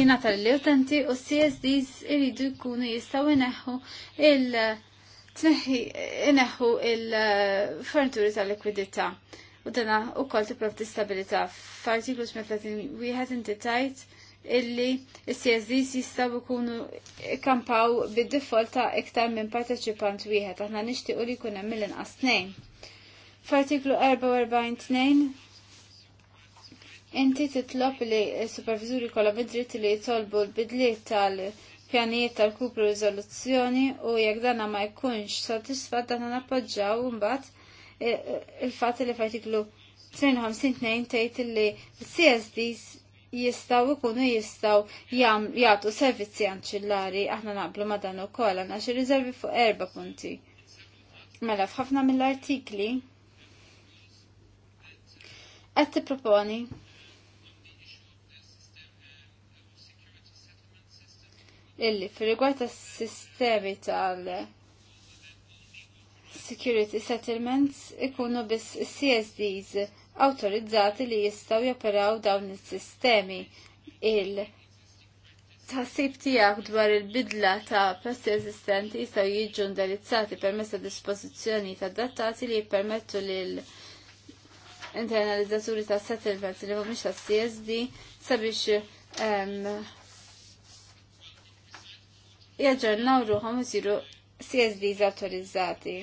jina tal utenti u CSDs iridu jkunu jistaw ineħu il- tneħi ineħu il-fornituri tal-likwidità u dana u kol tiprof stabilita. F'artiklu 31 inti tajt illi s-CSDs jistaw kunu kampaw bid-default ta' iktar minn parteċipant wieħed. Aħna nixtiequ li jkun hemm mill-inqas tnejn. F'artiklu 44.2 inti titlob li s-supervizuri kollha id li jitolbu l-bidliet tal-pjanijiet tal-kupru riżoluzzjoni u jekk dana ma jkunx satisfatt dan nappoġġaw mbagħad il-fat li f'artiklu 52 tgħid li CSDs jistaw ikunu jistaw jagħtu servizzi anċillari aħna naqblu ma dan ukoll għandna xi riservi fuq erba' punti. Mela f'ħafna mill-artikli qed tipproponi illi fil-rigward tas-sistemi tal- security settlements ikunu biss CSDs autorizzati li jistaw joperaw dawn is-sistemi il tħassib tijak dwar il-bidla ta' prezzi eżistenti jistaw jiġu indirizzati permessa dispożizzjoni ta' dattati li jippermettu lil internalizzaturi ta' settlements li mhumiex ta' CSD sabiex ehm, jaġġornaw ruħom isiru CSVs autorizzati.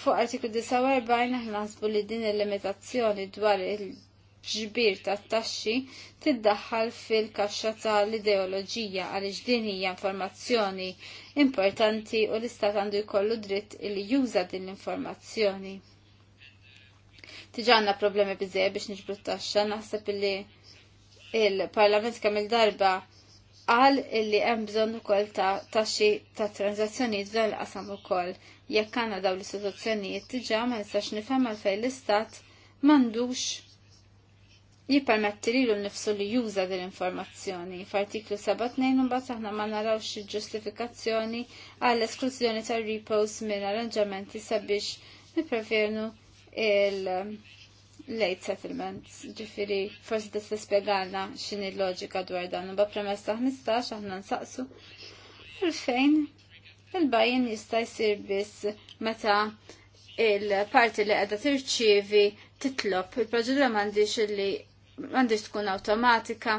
Fuq artiklu 49 aħna ħasbu li din il-limitazzjoni dwar il-ġbir ta' taxxi tiddaħħal fil-kaxxa tal-ideoloġija għaliex din hija informazzjoni importanti u l-istat għandu jkollu dritt li juża din l-informazzjoni tiġanna problemi bizzej biex nġbru taxxa, naħseb li il-parlament kamil darba qal illi hemm bżonn ukoll ta' taxxi ta' tranzazzjonijiet f'dan il-qasam ukoll. Jekk għandna dawn l-istituzzjonijiet diġà ma nistax nifhem għalfejn l-istat m'għandux jippermetti lilu nnifsu li juża din l-informazzjoni. F'artiklu 7.2 mbagħad aħna ma narawx ġustifikazzjoni għall esklużjoni tar repos minn arranġamenti sabiex niprevenu il- late settlement, ġifiri forsi tista' spjegalna x'inhi l-loġika dwar dan. Ba ta' 15 aħna nsaqsu fil-fejn il bajin jista' jsir biss meta il-parti li qiegħda tirċievi titlob. Il-proċedura m'għandix li m'għandix tkun awtomatika.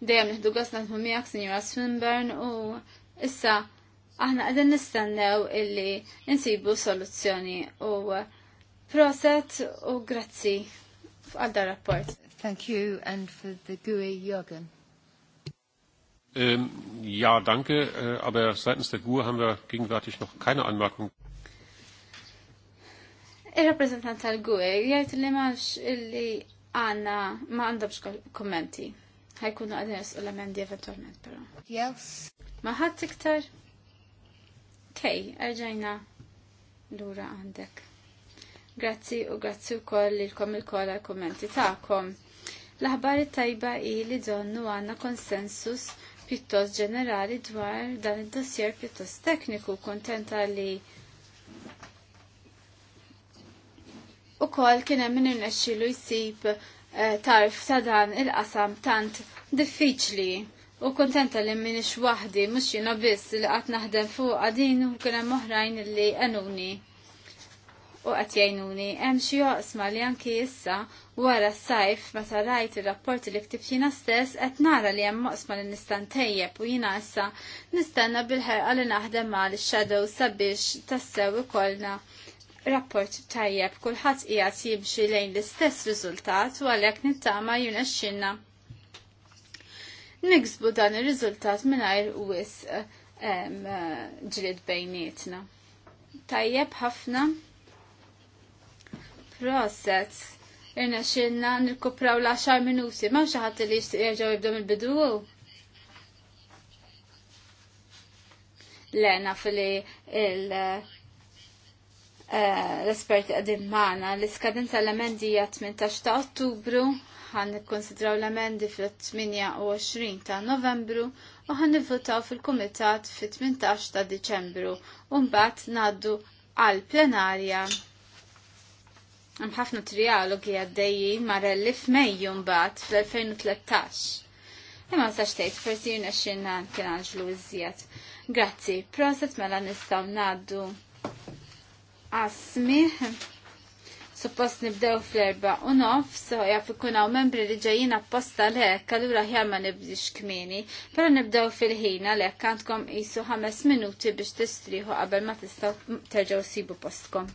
Dejjem nieħdu gosna miegħek, Sinjora Swinburne, u issa aħna għadin nistennew illi insibu soluzzjoni u proset u grazzi għal dar rapport. Thank you and for the GUI Jürgen. Ähm, ja, danke, äh, aber seitens der GUE haben wir gegenwärtig noch keine Anmerkung. Il-rappresentant tal-GUE jgħid li max illi għanna ma għandabx kommenti. Ħajkunu għadin l-emendi eventualment, pero. Yes. Ma iktar? Kej, erġajna lura għandek. Grazzi u grazzi u koll il-kom il-koll għal-kommenti ta'kom. L-aħbari tajba i li donnu għanna konsensus pjuttost ġenerali dwar dan id-dossier pjuttost tekniku kontenta li u koll kienem minn irnexxilu jisib eh, tarf ta' dan il-qasam tant diffiċli U kontenta li minix wahdi, mux jina biss li għat naħdem fuq għadin u kena moħrajn li għanuni. U għat jajnuni, hemm xi joqsma li anki issa wara s-sajf meta rajt ir-rapporti li ktib jina stess qed nara li hemm moqsma li nista' tejjeb u jina issa nistenna bil-ħerqa li naħdem mal shadow sabiex tassew ikollna rapport tajjeb kulħadd qiegħed jimxi lejn l-istess riżultat u għalhekk nittama xinna niksbu dan ir-riżultat mingħajr wis eh, eh, ġrid bejnietna. Tajjeb ħafna process irna xilna nirkupraw l-10 minuti, ma xaħat li jirġaw jibdu mil bidu Lena fili il- eh, l-esperti għadim maħna, l-iskadenza l-emendi 18 ta' ottubru, ħan nikkonsidraw l-emendi fil-28 ta' novembru u ħan nivvotaw fil-Kumitat fil-18 ta' Deċembru u mbagħad ngħaddu għal plenarja. Hemm ħafna trialogi għaddejjin marelli f'Mejju mbagħad fl-2013. Imma sa x'tejt forsi jirnexxinna kien għanġlu iżjed. Grazzi, proset mela nistgħu ngħaddu asmi. Suppost nibdew fl-erba u nof, so jaf ikun hawn membri li ġejjin apposta lek, allura ħjar ma nibdix kmini, però nibdew fil-ħina lek għandkom qisu ħames minuti biex t-istriħu qabel ma tistgħu terġgħu sibu postkom.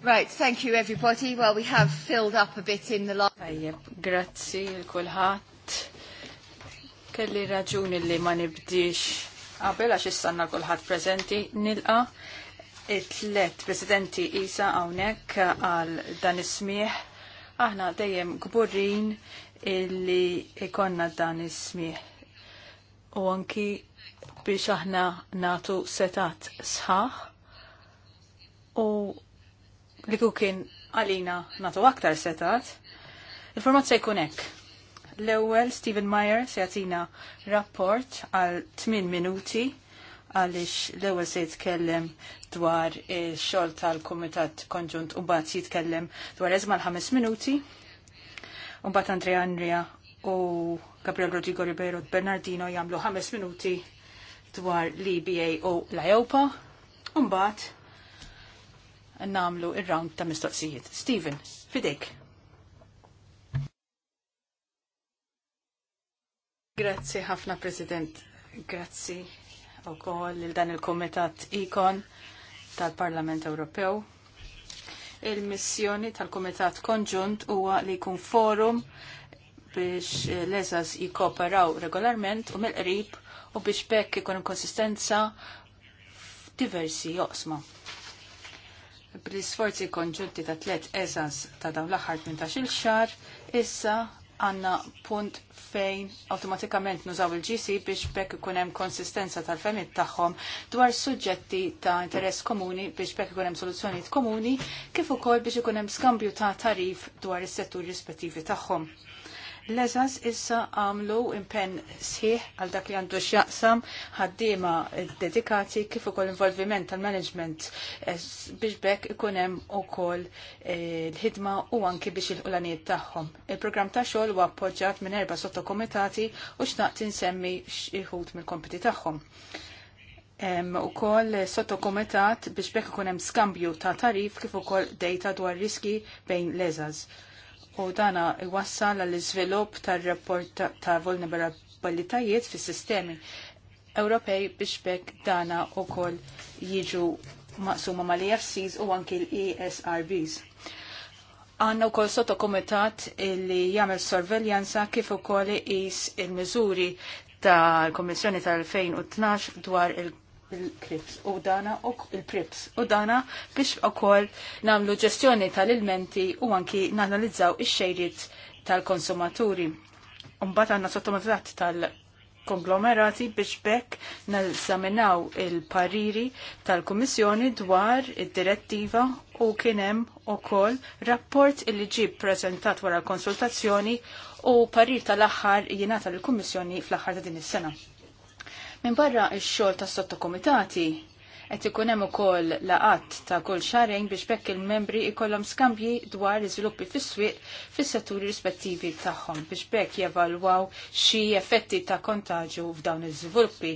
Right, thank you everybody. Well, we have filled up a bit in the last... Tajjeb, grazzi l-kulħat. Kelli raġuni li ma nibdix qabel għax istanna kulħat prezenti nilqa it let presidenti Isa hawnhekk għal dan ismiħ. Aħna dejjem gburin illi ikonna dan ismiħ. U anki biex aħna natu setat sħaħ u li kien għalina natu aktar setat, il-format se jkun hekk. L-ewwel Stephen Meyer se jagħtina rapport għal 8 minuti għaliex l-ewwel se jitkellem dwar ix-xogħol tal-Kumitat Konġunt u mbagħad jitkellem dwar ezma l-5 minuti. U mbagħad Andrea Andrea u Gabriel Rodrigo Ribeiro Bernardino jagħmlu 5 minuti dwar l-EBA u l iopa U mbagħad namlu il-round ta' mistoqsijiet. Steven, fidek. Grazzi ħafna, President. Grazzi u koll il-dan il-Komitat Ikon tal-Parlament Ewropew. Il-missjoni tal-Komitat Konġunt huwa li jkun forum biex l-eżas jikoperaw regolarment u mill-qrib u biex bekk ikun konsistenza f'diversi joqsma bl-isforzi konġunti ta' tlet eżans ta' dawn l-aħħar 18 xar, issa għanna punt fejn automatikament nużaw il-GC biex bekk ikunem konsistenza tal-femit tagħhom dwar suġġetti ta' interess komuni biex bekk ikunem soluzzjonijiet komuni kif ukoll biex ikunem skambju ta' tarif dwar is settur rispettivi tagħhom. L-eżas issa għamlu impenn sħiħ għal dak li għandu x'jaqsam ħaddiema dedikati kif ukoll involviment tal-management biex bekk ikun hemm ukoll eh, l-ħidma u anki biex il-qulanijiet tagħhom. Il-programm ta' xogħol huwa appoġġjat minn erba' komitati u x'naqt insemmi xieħut mill-kompiti tagħhom. U koll sotto komitat biex bekk ikun hemm skambju ta' tarif kif ukoll data dwar riski bejn l-eżas u dana iwassal għall iżvilupp tar-rapport ta' vulnerabilitajiet fis-sistemi Ewropej biex bekk dana wkoll jiġu maqsuma mal-EFCs u anki l-ESRBs. Għanna u kol sotto komitat li jagħmel sorveljanza kif ukoll is il-miżuri tal komissjoni tal-2012 dwar il- il-krips u dana u il-prips u dana biex ukoll namlu ġestjoni tal-ilmenti u anki nanalizzaw ix-xejriet tal-konsumaturi. Umbat għanna sottomazzat tal-konglomerati biex bekk nal-saminaw il-pariri tal-Komissjoni dwar id-direttiva u kienem u kol rapport il-li ġib prezentat wara l-konsultazzjoni u parir tal-axħar jiena l komissjoni fl-axħar ta' din is-sena. Minn barra il xogħol tas sottokomitati qed ikun hemm ukoll laqat ta' kull xarajn biex bekk il-membri ikollom skambji dwar iżviluppi fis-swieq fis-setturi rispettivi tagħhom biex bekk jevalwaw xi effetti ta' kontaġu f'dawn iż-żviluppi.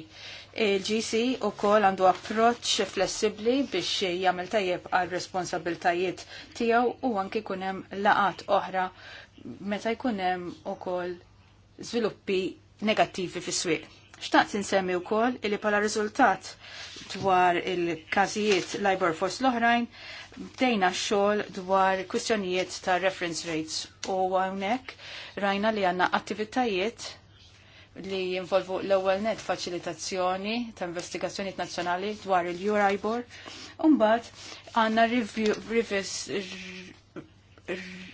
Il-GC u kol għandu approċ flessibli biex jagħmel tajjeb għal responsabiltajiet tiegħu u anki kunem laqat oħra meta jkunem u kol żviluppi negattivi fis-swieq. Xtaqt insemmi wkoll illi pala riżultat dwar il-każijiet LIBOR force l-oħrajn bdejna xogħol dwar kwistjonijiet ta' reference rates u hawnhekk rajna li għandna attivitajiet li jinvolvu l-ewwel net faċilitazzjoni ta' investigazzjonijiet nazzjonali dwar il-Euribor u mbagħad għandna review,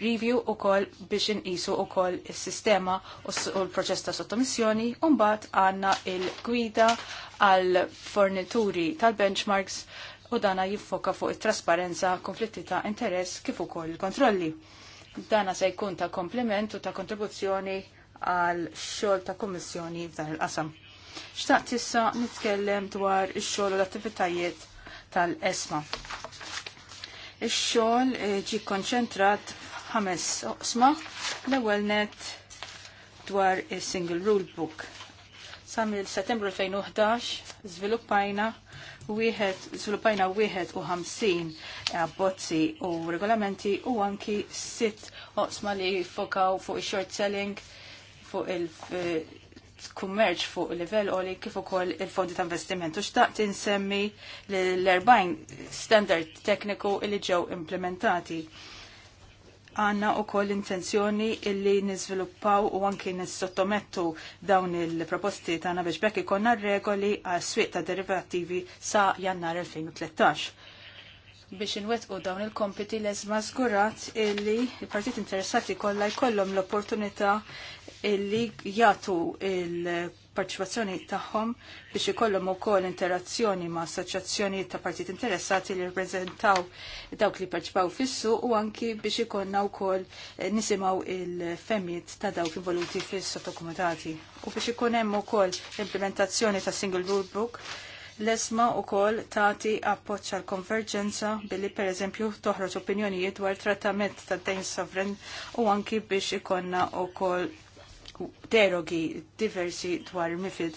review u kol biex inqisu u kol il-sistema u l-proċess ta' sottomissjoni, unbat għanna il-gwida għal fornituri tal-benchmarks u dana jiffoka fuq il-trasparenza, konflitti ta' interess kif ukoll il-kontrolli. Dana se jkun ta' kompliment u ta' kontribuzzjoni għal xogħol ta' kommissjoni f'dan il-qasam. Xtaqt issa nitkellem dwar ix-xogħol u l-attivitajiet tal-ESMA Ix-xogħol eh, ġi konċentrat ħames oqsma l-ewwel net dwar is-Single Rule Book. Sam mill-Settembru 2011 zviluppajna wieħed żviluppajna wieħed u ħamsin abbozzi u regolamenti u anki sitt oqsma li fokaw fuq ix-short selling fuq il-vuotia. Eh, kummerċ fuq livell oli kif ukoll il-fondi ta' investiment. U xtaqt insemmi l-40 standard tekniku li ġew implementati. Għanna u koll intenzjoni illi nizviluppaw u anki nissottomettu dawn il-proposti tagħna biex bekk ikonna regoli għal swieq ta' derivativi sa' jannar 2013 biex inwetqu dawn il-kompiti l-ezma zgurat illi il-partit interessati kollha jkollhom l-opportunità illi jagħtu il-parċipazzjoni tagħhom biex ikollhom ukoll interazzjoni ma' assoċjazzjoni ta' partit interessati li rrepreżentaw dawk li parċipaw fissu u anki biex ikonna wkoll eh, nisimgħu il femmiet ta' dawk involuti fis-sottokomitati. U biex ikun hemm ukoll implementazzjoni ta' single rule book L-esma u kol tati appoċ għal konverġenza billi per eżempju toħroġ opinjonijiet dwar trattament ta' dejn sovren u anki biex ikonna u kol derogi diversi dwar il-mifid.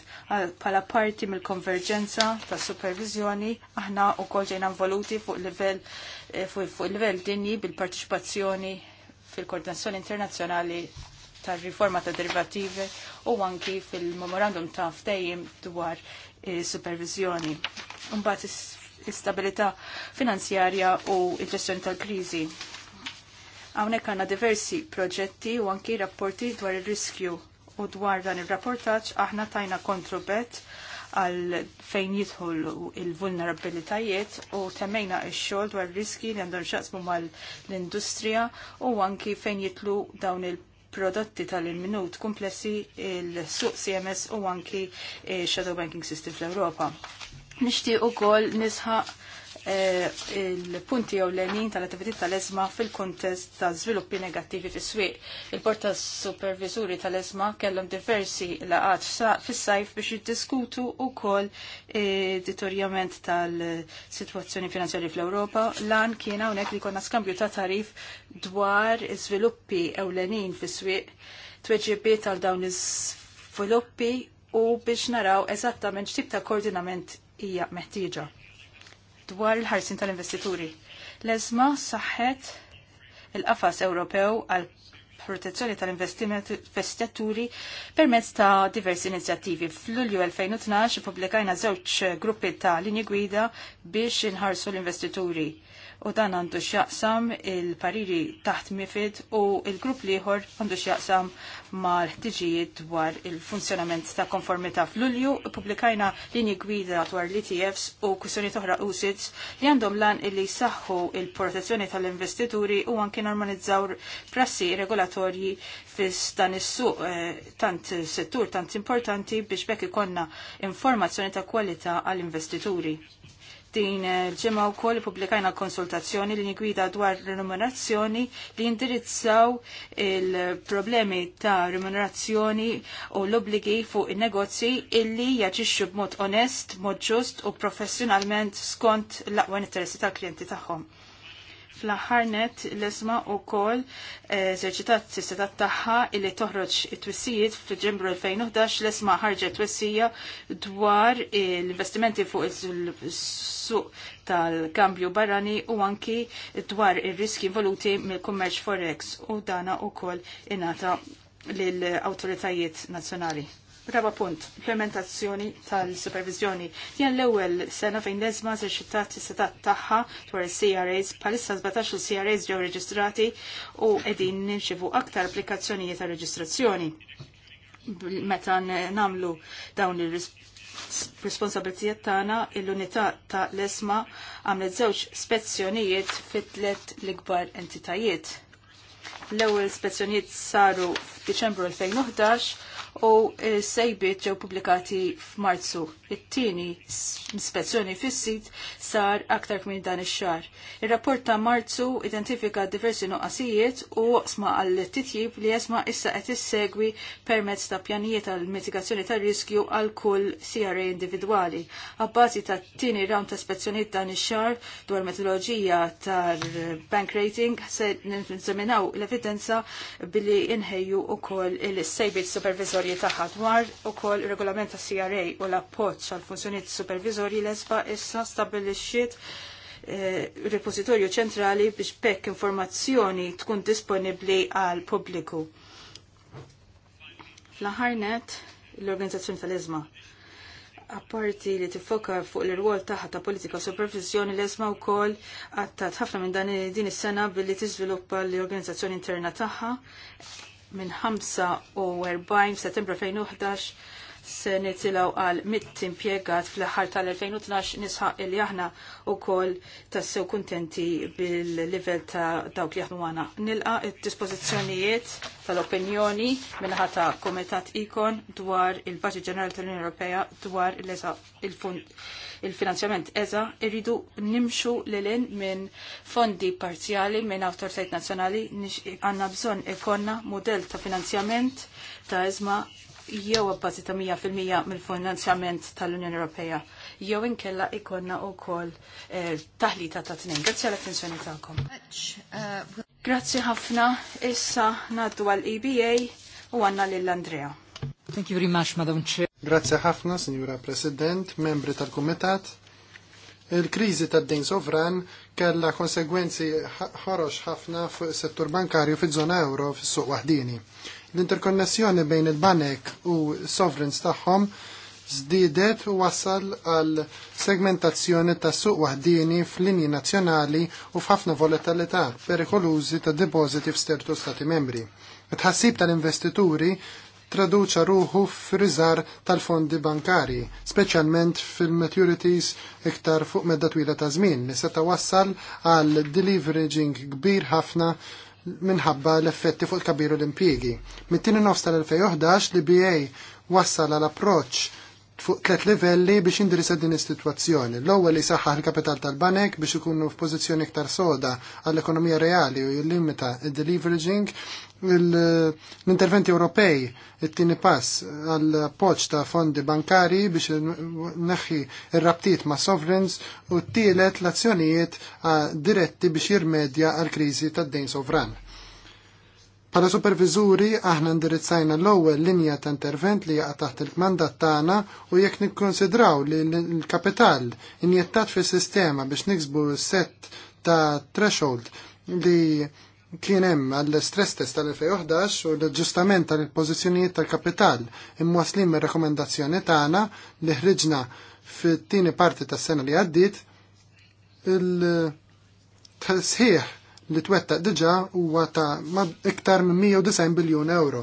Pala parti mill-konverġenza ta' supervizjoni, aħna u kol ġejna involuti fuq il eh, fuq, fuq livell dinji bil-partiċipazzjoni fil-koordinazzjoni internazzjonali tar riforma ta' derivative u anki fil-memorandum ta' ftejim dwar eh, supervizjoni. Mbagħad istabilità finanzjarja u l-ġestjoni tal-kriżi Hawnhekk għandna diversi proġetti u anki rapporti dwar ir-riskju u dwar dan ir rapportaċ aħna tajna kontrobet għal fejn jidħol il-vulnerabilitajiet u temmejna il xogħol dwar riski li għandhom xaqsmu mal-industrija u anki fejn jitlu dawn il-prodotti tal-minut komplessi il-suq CMS u anki shadow banking system fl-Ewropa. Nishti u kol nisħa Eh, il-punti jew l-enin tal-attività tal-ezma fil-kontest ta' sviluppi negattivi fis swieq Il-Porta Supervisuri tal-ezma kellhom diversi laqat fis-sajf biex jiddiskutu wkoll editorjament tal-sitwazzjoni finanzjarji fl-Ewropa. Lan kien hawnhekk li konna skambju ta' tarif dwar żviluppi ewlenin fis swieq tweġibiet għal dawn iż-sviluppi u biex naraw eżattament x'tip ta' koordinament hija meħtieġa dwar il-ħarsin tal-investituri. L-ezma saħħet il-qafas Ewropew għal protezzjoni tal-investituri permezz ta' diversi inizjattivi. F'Lulju 2012 publikajna żewġ gruppi ta' linji gwida biex inħarsu l-investituri u dan għandu xjaqsam il-pariri taħt mifid u il-grupp liħor għandu xjaqsam mal-ħtiġijiet dwar il-funzjonament ta' konformita f'Lulju u publikajna linji gwida dwar l-ETFs u kwistjoni toħra usits li għandhom lan illi saħħu il-protezzjoni tal-investituri u anki normalizzaw prassi regolatorji fis dan is-suq eh, tant settur tant importanti biex bekk ikonna informazzjoni ta' kwalità għall-investituri din ġemma u koll publikajna konsultazzjoni li nigwida dwar remunerazzjoni li indirizzaw il-problemi ta' remunerazzjoni u l-obligi fuq in negozji illi jaġixxu b'mod onest, mod ġust u professionalment skont l-aqwa interessi tal-klijenti tagħhom. Fl-ħarnet l-isma u kol eh, eżerċitat s-setat taħħa illi toħroġ it-twissijiet fl-ġembru 2011 l-isma ħarġet twissija dwar l-investimenti fuq il-suq tal-kambju barrani u anki dwar il-riski involuti mill-kummerċ forex u dana u kol inata l-autoritajiet nazjonali. Raba punt, implementazzjoni tal-supervizjoni. Jien l-ewwel sena fejn leżma eżerċitat is-setat tagħha dwar il-CRAs bħalissa 17 il-CRAs ġew reġistrati u qegħdin nirċevu aktar applikazzjonijiet ta' reġistrazzjoni. Meta namlu dawn il-responsabilitijiet tagħna l-unità ta' l-esma għamlet żewġ spezzjonijiet fitlet l-ikbar entitajiet. L-ewwel spezzjonijiet saru f'Diċembru 2011 u eh, sejbiet ġew publikati f'Marzu. It-tieni inspezzjoni fis-sit sar aktar minn dan ix-xahar. Ir-rapport ta' Marzu identifika diversi noqqasijiet u oqsma għall titjib li jesma issa qed issegwi permezz ta' pjanijiet għal mitigazzjoni tar riskju għal kull CRA individwali. Abbażi ta' tieni round ta' spezzjonijiet dan ix-xahar dwar metodoloġija tal-bank rating se nżeminaw l-evidenza billi inħejju ukoll il sejbit supervisorji tagħha dwar ukoll regolament ta' CRA u l-appoġġ għal-funzjoniet supervizorji l-esba issa stabilixiet eh, repozitorju ċentrali biex pekk informazzjoni tkun disponibli għal pubbliku. Fl-ħarnet l-organizzazzjoni tal ezma apparti li tifoka fuq l-rwol taħħa ta' politika supervizjoni l-ezma u kol għattat ħafna minn dan din is-sena billi tiżviluppa l-organizzazzjoni interna taħħa minn 45 settembru 2011 se nitilaw għal mitt impiegat fl-ħar tal-2012 nisħaq il aħna u kol tassew kontenti bil-level ta' dawk li aħna għana. Nilqa il-dispozizjonijiet tal-opinjoni minn ħata komitat ikon dwar il-Baġi Ġenerali tal-Unjoni Ewropea dwar il-finanzjament eza irridu nimxu l-lin minn fondi parzjali minn autorsajt nazjonali għanna bżon ikonna model ta' finanzjament ta' izma jew abbażi ta' 100% mill-finanzjament tal-Unjoni Ewropea jew inkella ikonna wkoll eh, taħlita ta' tnejn. Grazzi għal attenzjoni tal-kom. Grazzi ħafna. Issa ngħaddu għal EBA u għanna lil Andrea. Thank you very much, Madam Chair. Grazzi ħafna, Signora President, membri tal-Kumitat. Il-kriżi tad-dejn sovran kellha konsegwenzi ħorox ħafna fuq settur bankarju fiż-żona euro fis-suq waħdini. L-interkonnessjoni bejn il-banek u sovereigns tagħhom zdidet u wassal għal segmentazzjoni ta' suq waħdini f'linji nazzjonali u f'ħafna volatilità perikolużi ta' depositi f'stertu stati membri. Tħassib tal-investituri traduċa ruħu f'rizar tal-fondi bankari, speċjalment fil-maturities iktar fuq medda twila ta' żmien li seta wassal għal deleveraging kbir ħafna minħabba l-effetti fuq il-kabiru l-impjegi. Mit-tieni nofs tal-2011 l-BA wassal għal approċ fuq tlet livelli biex indirisa din is-sitwazzjoni. L-ewwel li saħħaħ il-kapital tal-banek biex ikunu f'pożizzjoni iktar soda għall-ekonomija reali u jillimita il-deleveraging, l-interventi Ewropej, it-tieni pass għall-appoġġ ta' fondi bankari biex neħħi ir-rabtiet ma' sovereigns u t-tielet l-azzjonijiet ah, diretti biex jirmedja għall kriżi tad-dejn sovran. Pala supervizuri aħna ndirizzajna l-ewwel linja ta' intervent li jaqa' taħt il-mandat tagħna u jekk nikkonsidraw li l-kapital injettat fis-sistema biex niksbu set ta' threshold li kien hemm għall-stress test tal-2011 u l-ġustament tal-pożizzjonijiet tal-kapital imwaslin mir-rekomendazzjoni tagħna li ħriġna fit-tieni parti tas-sena li għaddiet il-tħelsħieħ li twettaq diġà huwa ta' iktar minn 190 biljun euro.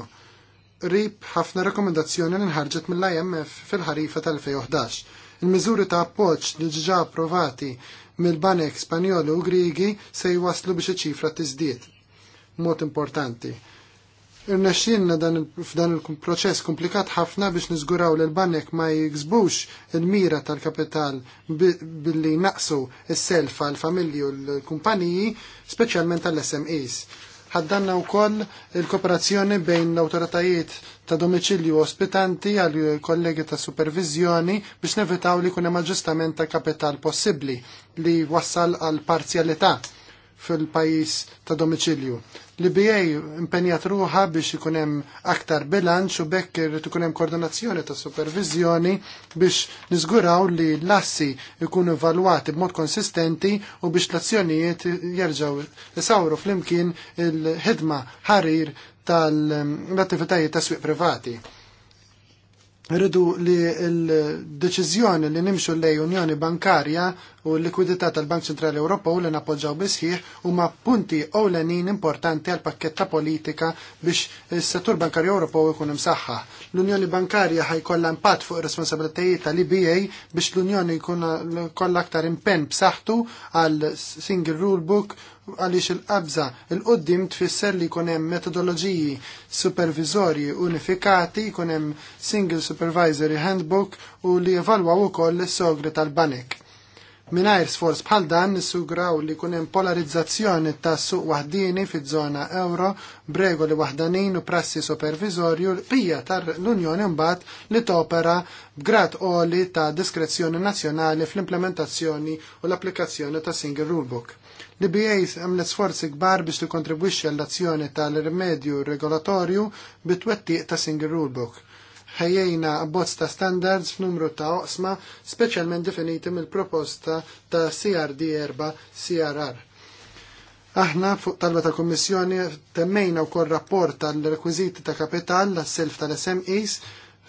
Rib ħafna rekomendazzjoni li nħarġet mill-IMF fil-ħarifa tal-2011. Il-miżuri ta' appoġġ li ġġa approvati mill-banek Spanjoli u Grigi se jwaslu biex iċifra tiżdied. Mod importanti Irnexxinna f'dan il-proċess komplikat ħafna biex niżguraw l banek ma jiksbux il-mira tal-kapital billi naqsu s-self għal familji u l-kumpaniji, speċjalment tal-SMEs. Ħaddanna wkoll il-kooperazzjoni bejn l-awtoritajiet ta' domiċilju ospitanti għal kollegi ta' supervizjoni biex nevitaw li kunem aġġustament ta' kapital possibbli li wassal għal parzjalità fil-pajis ta' domiċilju. L-IBA impenjat ruħa biex ikun hemm aktar bilanċ u bekk ikunem hemm koordinazzjoni ta' supervizjoni biex niżguraw li l-assi ikunu evalwati b'mod konsistenti u biex l-azzjonijiet jerġgħu isawru flimkien il-ħidma ħarir tal-attivitajiet ta' swieq privati. Rridu li l-deċiżjoni li nimxu lej Unjoni Bankarja u l-likwidità tal-Bank Ċentrali Ewropew li napoġġaw bisħieħ huma punti ewlenin importanti għal pakketta politika biex is-settur bankarju Ewropew ikun imsaħħa. L-Unjoni Bankarja ħajkollha impatt fuq ir-responsabbiltajiet tal iba biex l-Unjoni jkun kollha aktar impenn b'saħħtu għal single rule book għaliex il-qabża il-qoddim tfisser li jkun hemm metodoloġiji supervizorji unifikati, jkun hemm single supervisory handbook u li jevalwaw ukoll is sogri tal-banek. Minajr sforz bħal dan nissugraw li kunem polarizzazzjoni ta' suq wahdini fi zona euro bregoli wahdanin u prassi supervizorju pija tar l-Unjoni mbagħad li topera b'grat oli ta' diskrezzjoni nazzjonali fl-implementazzjoni u l-applikazzjoni ta' Single Rulebook. L-BA għamlet sforzi kbar biex li kontribwixxi għall-azzjoni tal-rimedju regolatorju bit bitwettiq ta' Single Rulebook ħejjejna bozz ta' standards f'numru ta' oqsma speċjalment definiti mill-proposta ta' CRD 4 CRR. Aħna fuq talba ta' kommissjoni temmejna wkoll rapport tal-rekwiżiti ta' kapital tas-self tal-SMEs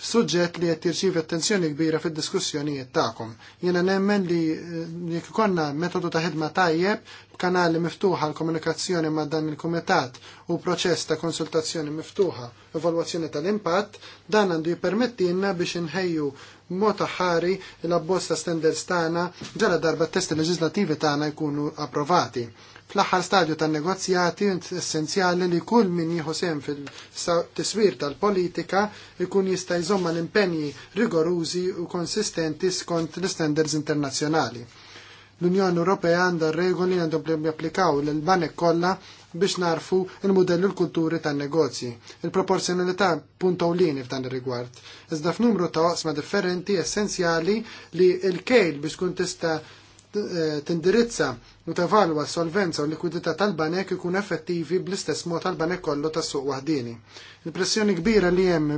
suġġett li qed jirċievi attenzjoni kbira fid-diskussjonijiet tagħkom. Jiena nemmen li eh, jekk ikollna metodu ta' ħidma tajjeb b'kanali miftuħa l komunikazzjoni ma' dan il-kumitat u proċess ta' konsultazzjoni miftuħa, evalwazzjoni tal-impatt, dan għandu jippermettilna biex inħejju mod ħari l abbozza standards tagħna ġara darba testi leġislattivi tagħna jkunu approvati. Fl-aħħar stadju tan-negozjati essenzjali li kull min jieħu sehem fil-tiswir tal-politika ikun jista' jżomma l-impenji rigorużi u konsistenti skont l-standards internazzjonali. L-Unjoni Ewropea għandha regoli għandhom japplikaw l-banek kollha biex narfu il modellu l-kulturi tan negozji Il-proporzjonalità punta u lini f'dan ir-rigward. Iżda f'numru ta' oqsma differenti essenzjali li l-kejl biex kun tista' tindirizza u tevalwa s-solvenza u l tal-banek ikun effettivi bl-istess mod tal-banek kollu tas-suq wahdini. Il-pressjoni kbira li hemm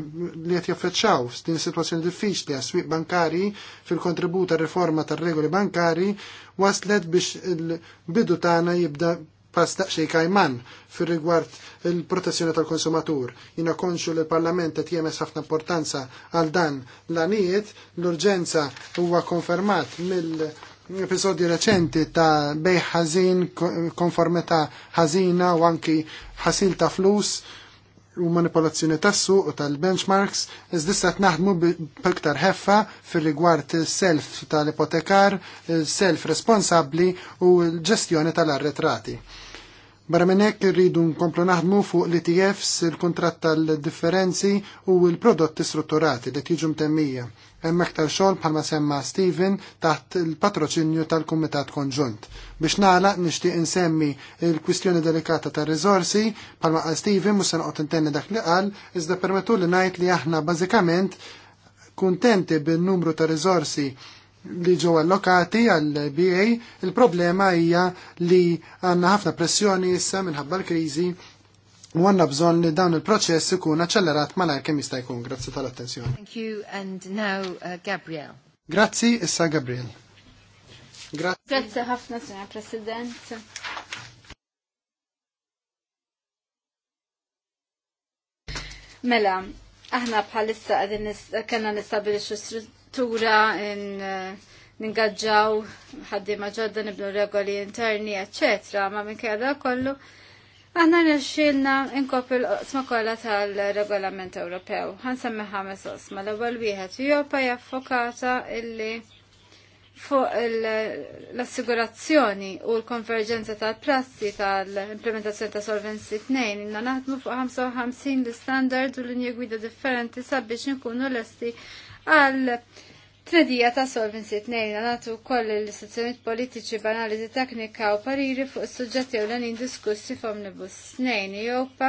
li qed jaffeċċaw f'din sitwazzjoni diffiċli għas-swieq bankari fil-kontribut għar-riforma tar-regoli bankari waslet biex il-bidu tagħna jibda pass daqxej kajman fir rigward il-protezzjoni tal-konsumatur. Jina konxu li l-Parlament qed jemes ħafna importanza għal dan l-anijiet, l-urġenza huwa konfermat mill- episodi recenti ta' bej ħażin, konformità ħażina u anki ħasil ta' flus u manipolazzjoni su u tal-benchmarks, iżdissa t-naħdmu b'iktar ħeffa fil-rigward self tal-ipotekar, self responsabli u l-ġestjoni tal-arretrati. Barra minnek rridu nkomplu naħdmu fuq l-ETFs, il-kontrat tal-differenzi u l-prodotti strutturati li tiġu mtemmija hemm aktar xogħol bħalma semma Steven taħt il-patroċinju tal-Kumitat Konġunt. Biex nagħlaq nixtieq insemmi l-kwistjoni delikata ta' riżorsi bħalma qal Steven mhux se noqgħod intenni dak li qal, iżda permettu li ngħid li aħna bażikament kuntenti bin-numru ta' riżorsi li ġew allokati għall ba il-problema hija li għandna ħafna pressjoni issa minħabba l-kriżi U għanna bżon li dawn il-proċess ikun aċċellerat malajr kemm jista' jkun. Grazzi tal-attenzjoni. Thank you and now uh, Gabriel. Grazzi issa Gabriel. Grazzi ħafna, Sena President. Mela, aħna bħalissa għadin kena nistabilixu struttura uh, ningaġġaw ħaddiema ġodda nibnu regoli interni, eccetera, ma minn kera kollu Aħna nirxilna nkopru l-qosma kollha tal-regolament Ewropew. semmi ħames osma l-ewwel wieħed Europa hija illi fuq l-assigurazzjoni u l-konverġenza tal-prassi tal-implementazzjoni ta' Solvency 2 inna naħdmu fuq 55 l-standard u l-linja gwida differenti sabiex nkunu l-esti għal Tnedija ta' Solvency tnejna natu koll l-istazzjoniet politiċi b'analiżi teknika u pariri fuq is-suġġetti u l-għanin diskussi nibus 2 Jopa.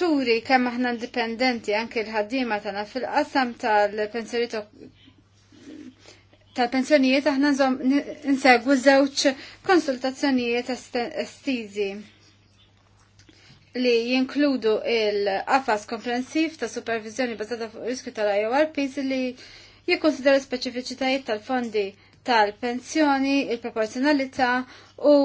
Turi kemm aħna indipendenti anke l-ħaddiema tagħna fil-qasam tal tal-pensjonijiet aħna insegwu żewġ konsultazzjonijiet estizi li jinkludu il-qafas komprensiv ta' supervizjoni bazzata fuq riskju tal iorp li jikkonsidera speċifiċitajiet tal-fondi tal-pensjoni, il-proporzjonalità u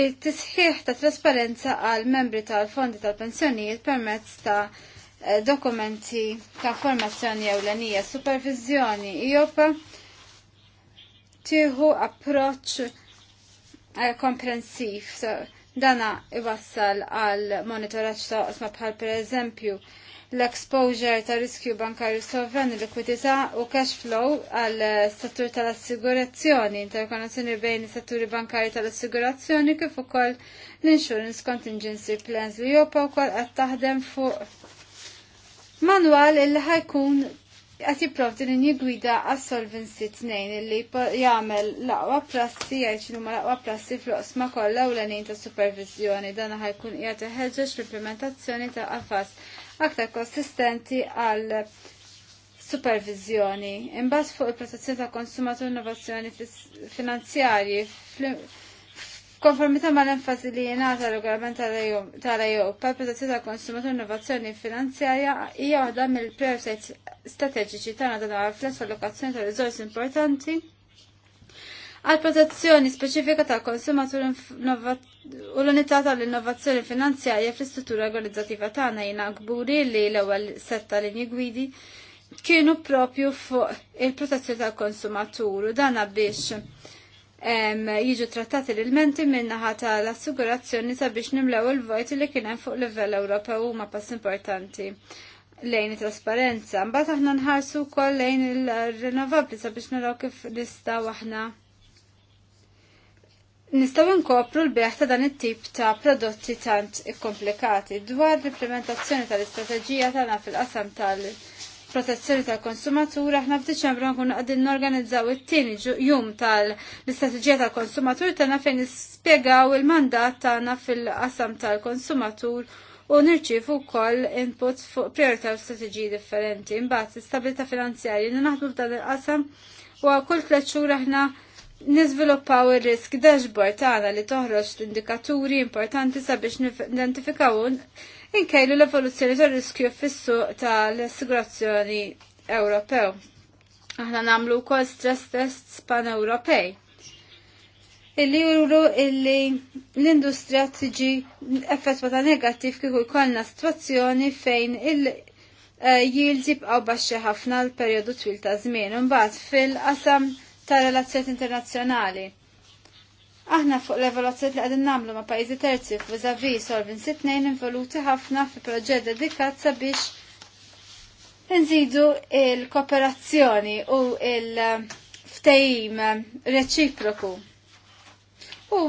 il-tisħiħ ta' trasparenza għal membri tal-fondi tal-pensjonijiet permezz ta' eh, dokumenti ta' formazzjoni ewlenija, supervizjoni, IOPA, tieħu approċ eh, komprensiv. Dana iwassal għal monitoraċ ta' osma bħal per eżempju l-exposure ta' riskju bankarju sovran, likwidità u cash flow għal settur tal-assigurazzjoni, interkonnazzjoni bejn is-setturi bankarji tal-assigurazzjoni kif ukoll l-insurance contingency plans li jopa wkoll qed taħdem fuq manwal il ħajkun għat jiprovdi li njigwida għas-solvency 2 li jgħamil laqwa prassi għajċinu ma laqwa prassi fl-osma kolla u l-għanin ta' supervizjoni dan ħajkun jgħat ħedġeġ l-implementazzjoni ta' għafas aktar konsistenti għal supervizjoni. Imbagħad fuq il-protezzjoni ta' konsumatur innovazzjoni finanzjarji Konformità ma l-enfasi li jenata regolament tal-Ejopa, protezzjoni tal-konsumatur innovazzjoni finanzjarja hija waħda mill-prioritajiet strateġiċi tagħna dan għal-fless allokazzjoni ta' riżorsi importanti għal protezzjoni speċifika tal-konsumatur u l-unità tal-innovazzjoni finanzjarja fl-istruttura organizzativa tagħna jiena gburi li l-ewwel setta linji gwidi kienu propju fuq il-protezzjoni tal-konsumatur u dana biex jiġu trattati l-menti minnaħa tal-assigurazzjoni sabiex nimlew il-vojt li kien hemm fuq livell Ewropew huma pass importanti lejn it-trasparenza. Mbagħad aħna nħarsu wkoll lejn il-rinnovabbli sabiex naraw kif nistgħu aħna Nistgħu nkopru l-beħ ta' dan it-tip ta' prodotti tant ikkomplikati dwar l-implementazzjoni tal-istrateġija tagħna fil-qasam tal-istrateġija protezzjoni tal-konsumatur, aħna f'Diċembru nkunu qegħdin norganizzaw it-tieni jum tal-istrateġija tal-konsumatur tagħna fejn nispjegaw il-mandat tagħna fil-qasam tal-konsumatur u nirċifu wkoll input fuq priorità u strateġiji differenti. Imbagħad l-istabilità finanzjarji li naħdmu f'dan il-qasam u kull tliet xhur aħna Nizviluppaw il-risk dashboard tagħna li toħroġ indikaturi importanti sabiex nidentifikaw inkejlu l-evoluzzjoni tal-riskju fis-suq tal-assigurazzjoni Ewropew. Aħna namlu wkoll stress tests pan-Ewropej. Illi juru illi l-industrija tiġi effettwata negattiv kieku jkollna situazzjoni fejn il- eh, yields jibqaw baxxi ħafna l-perjodu twil ta' żmien. Imbagħad fil-qasam ta' relazzjoni internazzjonali. Aħna fuq l evoluzzjoni li għadin namlu ma' pajjiżi terzi f'vizavi solvin tnejn involuti ħafna fi proġett dedikat sabiex nżidu il-kooperazzjoni u il-ftejim reċiproku. U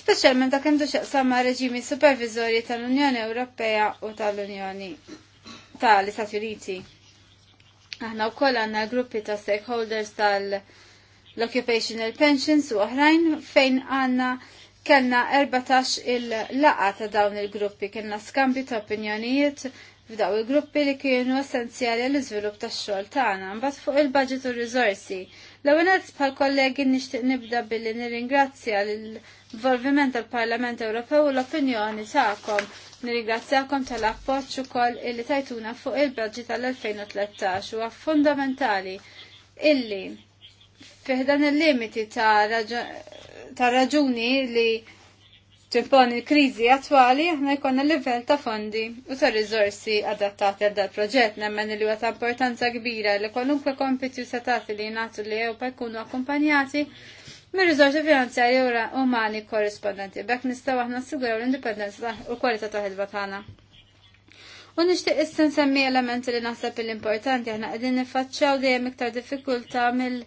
speċjalment dak għandu xaqsam reġimi superviżorji tal-Unjoni Ewropea u tal-Unjoni tal-Istati Uniti. Aħna wkoll għandna gruppi ta' stakeholders tal-Unjoni l-occupational pensions u oħrajn fejn għanna kellna 14 il-laqa ta' dawn il-gruppi, kellna skambju ta' opinjonijiet f'daw il-gruppi li kienu essenzjali għall iżvilupp tax-xogħol tagħna. Mbagħad fuq il-budget u r-riżorsi. L-ewwel bħal kollegi nixtieq nibda billi nirringrazzja l-involviment tal-Parlament Ewropew u l-opinjoni tagħkom Nirringrazzjakom tal-appoċ ukoll illi tajtuna fuq il-budget tal-2013 huwa fundamentali illi Fiħdan il-limiti ta' raġuni li timpon il-krizi attwali aħna il livell ta' fondi u ta' rizorsi adattati għad proġett nemmen li huwa ta' importanza kbira li kwalunkwe kompiti u setati li jnatu li Ewpa jkunu akkumpanjati mir rizorsi finanzjari u umani korrispondenti. Bek nistaw aħna siguraw l-indipendenza u kwalità ta' ħidba tagħna. U nixtieq issa nsemmi elementi li naħseb l-importanti aħna qegħdin nifaċċaw dejjem iktar diffikultà mill-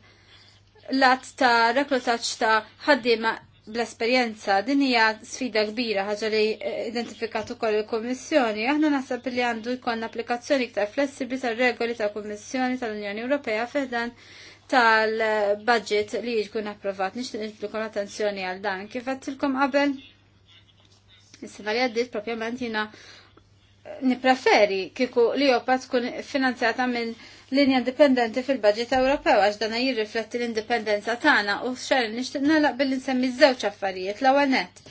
lat ta' reklutaċ ta' ħaddima bl-esperienza din hija sfida kbira ħaġa li eh, identifikat ukoll il-Kummissjoni. Aħna naħseb li għandu jkun applikazzjoni iktar flessibbli tar-regoli tal Kummissjoni tal-Unjoni Ewropea fiħdan tal-budget li jkun approvat. Nixtieq nitlukom attenzjoni għal dan. Kif għattilkom qabel? Is-sena li għaddiet propjament jiena nippreferi kieku li tkun finanzjata minn linja indipendenti fil-budget Ewropew għax dana jirrifletti l-indipendenza tagħna u xejn nixtieq nagħlaq billi nsemmi żewġ affarijiet l-ewwel nett.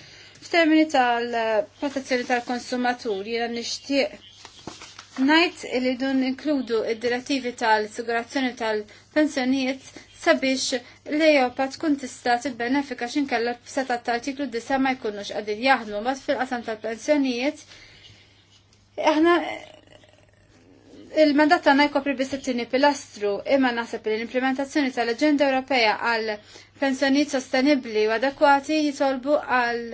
F'termini tal-protezzjoni tal-konsumatur jiena nixtieq ngħid li dun inkludu id-direttivi tal-assigurazzjoni tal-pensjonijiet sabiex l-Ejopa tkun tista tibbenefika xinkella bsetat tal-artiklu disa ma jkunux qegħdin jaħdmu, bat fil-qasam tal-pensjonijiet, aħna Il-mandat ta' najko bis it-tieni pilastru imma naħseb li l-implementazzjoni tal-Aġenda Ewropea għal pensjonijiet sostenibbli u adekwati jitolbu għal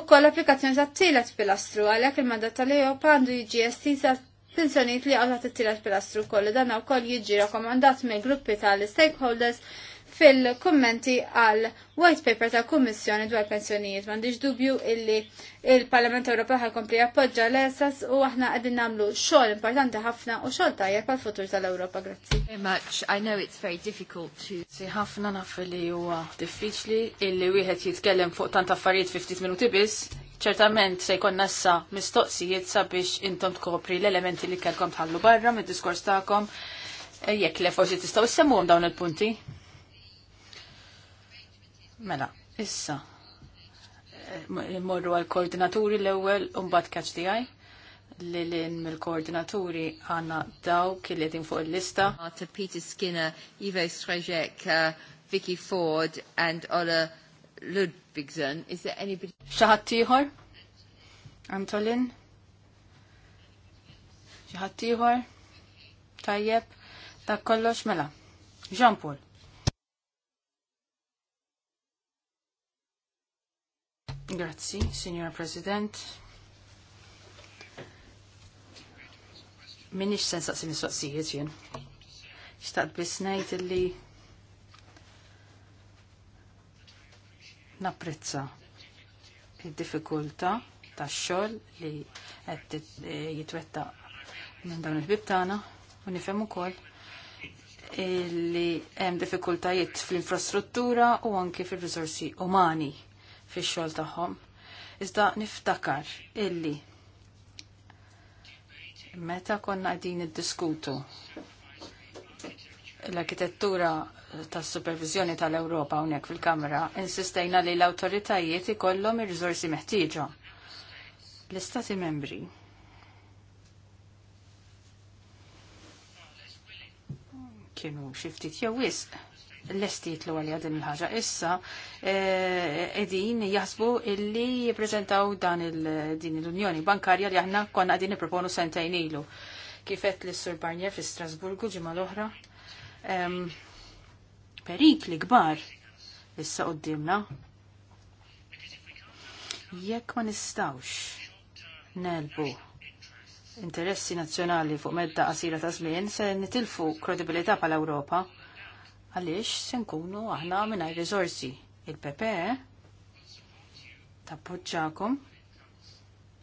ukoll applikazzjoni tat-tielet pilastru għalhekk il-mandat tal-EOP għandu jiġi estiża pensjonijiet li għal t-tielet pilastru koll dan koll jiġi rakomandat mill-gruppi tal-stakeholders fil-kommenti għal white paper ta' kummissjoni dwar pensjonijiet. M'għandix dubju illi il-Parlament Ewropew ħajkompli jappoġġa l essas u aħna qegħdin nagħmlu xogħol importanti ħafna u xogħol tajjeb għal futur tal-Ewropa. Grazzi. Very much. I know it's very difficult to see ħafna naf li huwa diffiċli illi wieħed jitkellem fuq tant affarijiet 50 minuti biss. Ċertament se jkun nassa mistoqsijiet sabiex intom tkopri l-elementi li kellkom tħallu barra mid-diskors tagħkom e, jekk le forsi tistgħu issemmuhom dawn il-punti. Mela, issa. Eh, morru għal koordinaturi l-ewel un bad kaċ di għaj. Lilin mill-koordinaturi għanna daw killetin fuq il-lista. Arta Peter Skinner, Ivo Strejek, uh, Vicky Ford and Ola Ludvigsen. Is there anybody? Xaħat tiħor? Antolin? Xaħat tiħor? Tajjeb? Ta' kollox mela. Jean-Paul. Grazzi, Signora President. Minix sen saqsi mistoqsijiet jien. Xtaqt biss ngħid illi napprezza id-diffikultà tax-xogħol li qed e, jitwettaq minn dawn il-ħbib tagħna u nifhem ukoll li hemm diffikultajiet fl-infrastruttura u anke fir-riżorsi umani fix-xogħol tagħhom. Iżda niftakar illi meta konna qegħdin iddiskutu l-arkitettura tas-supervizjoni tal-Ewropa hawnhekk fil-Kamra, insistejna li l-awtoritajiet ikollhom ir-riżorsi meħtieġa. L-Istati membri kienu xiftit ftit jew wisq l estit l għalija din il-ħagġa. Issa, eh, edin jasbu illi jiprezentaw dan din l-Unjoni Bankarja li aħna konna għadin niproponu sentajn ilu. Kifet li sur Barnier fi Strasburgu ġimma l-oħra. li gbar issa qoddimna. Jekk ma nistawx nelbu interessi nazzjonali fuq medda qasira ta' żmien se nitilfu kredibilità pal Ewropa għaliex se nkunu aħna mingħajr riżorsi. il ta' podġakum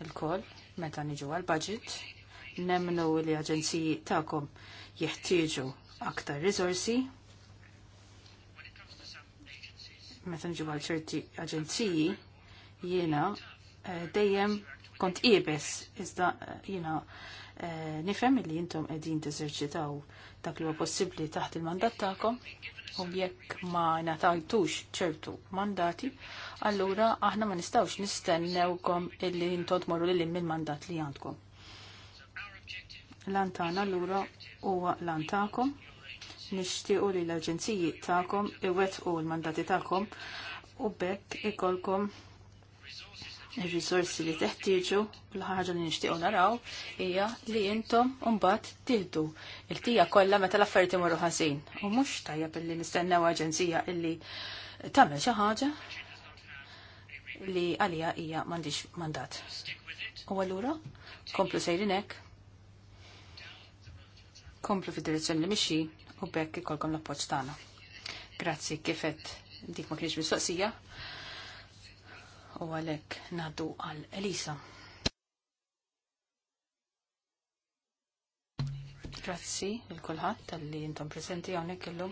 il kol meta niġu għal-budget nemmnu li aġenziji tagħkom jeħtieġu aktar rizorsi meta niġu għal ċerti aġenziji jiena eh, dejjem kont ibes eh, jiena Eh, nifhem li intom qegħdin teżerċitaw dak li huwa possibbli taħt il-mandat tagħkom u jekk ma natajtux ċertu mandati, allura aħna ma nistgħux nistennewkom illi intom tmorru lil mill-mandat li għandkom. Lantana allura huwa lantakom nixtiequ li l-aġenziji tagħkom iwettqu l-mandati tagħkom u bekk ikolkom il-risorsi li teħtieġu l-ħaġa li nixtiequ naraw hija li intom mbagħad tieħdu il-tija kollha meta l-affarijiet imorru ħażin. U mhux tajjeb illi nistennew aġenzija illi tagħmel xi ħaġa li għalija hija m'għandix mandat. U allura komplu sejrin hekk. Komplu fid-direzzjoni li mixi u bekk ikolkom l-appoġġ tagħna. Grazzi kifet dik ma kienx mistoqsija, u għalhekk ngħaddu għal Elisa. Grazzi lil kulħadd talli intom prezenti hawnhekk illum.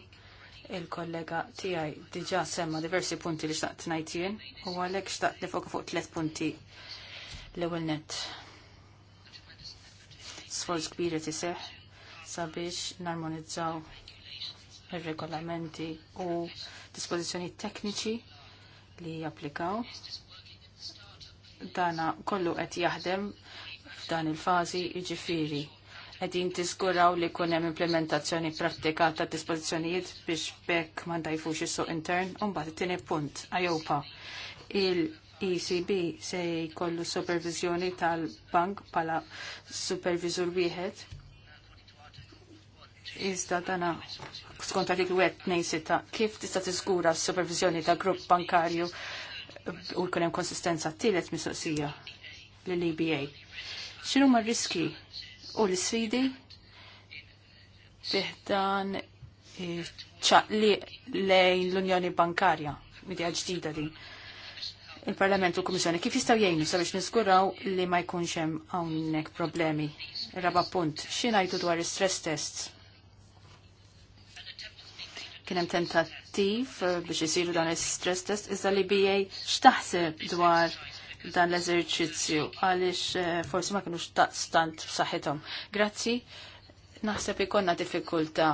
Il-kollega tiegħi diġa' semma diversi punti li xtaqt ngħid jien u għalhekk xtaqt nifoka fuq tliet punti l-ewwel nett. Sforz kbira tiseħ iseħħ sabiex narmonizzaw ir-regolamenti u dispozizjoni tekniċi li japplikaw dana kollu qed jaħdem f'dan il-fażi jiġifieri. Qegħdin tiżguraw li jkun hemm implementazzjoni prattika ta' dispożizzjonijiet biex bekk ma ndajfux is-suq intern u mbagħad it-tieni punt ajopa. Il-ECB se jkollu supervizjoni tal-bank bħala supervisur wieħed Iżda dana skont għalik u għet nejsita, kif tista tiżgura s-supervizjoni ta' grupp bankarju u jkun hemm konsistenza t-tielet mistoqsija lill-EBA. X'inhu huma riski u l fih dan eh, ċaqli lejn l-Unjoni Bankarja, midja ġdida din. Il-Parlament u l-Kummissjoni kif jistgħu jgħinu sabiex niżguraw li ma jkunx hemm hawnhekk problemi. Raba punt, X'ingħidu dwar is-stress tests Kien hemm tentattiv eh, biex isiru dan is-stress test iżda li BA x'taħseb dwar dan l-eżerċizzju għaliex eh, forsi ma kienux stant f'saħħithom. Grazzi. Naħseb ikonna diffikulta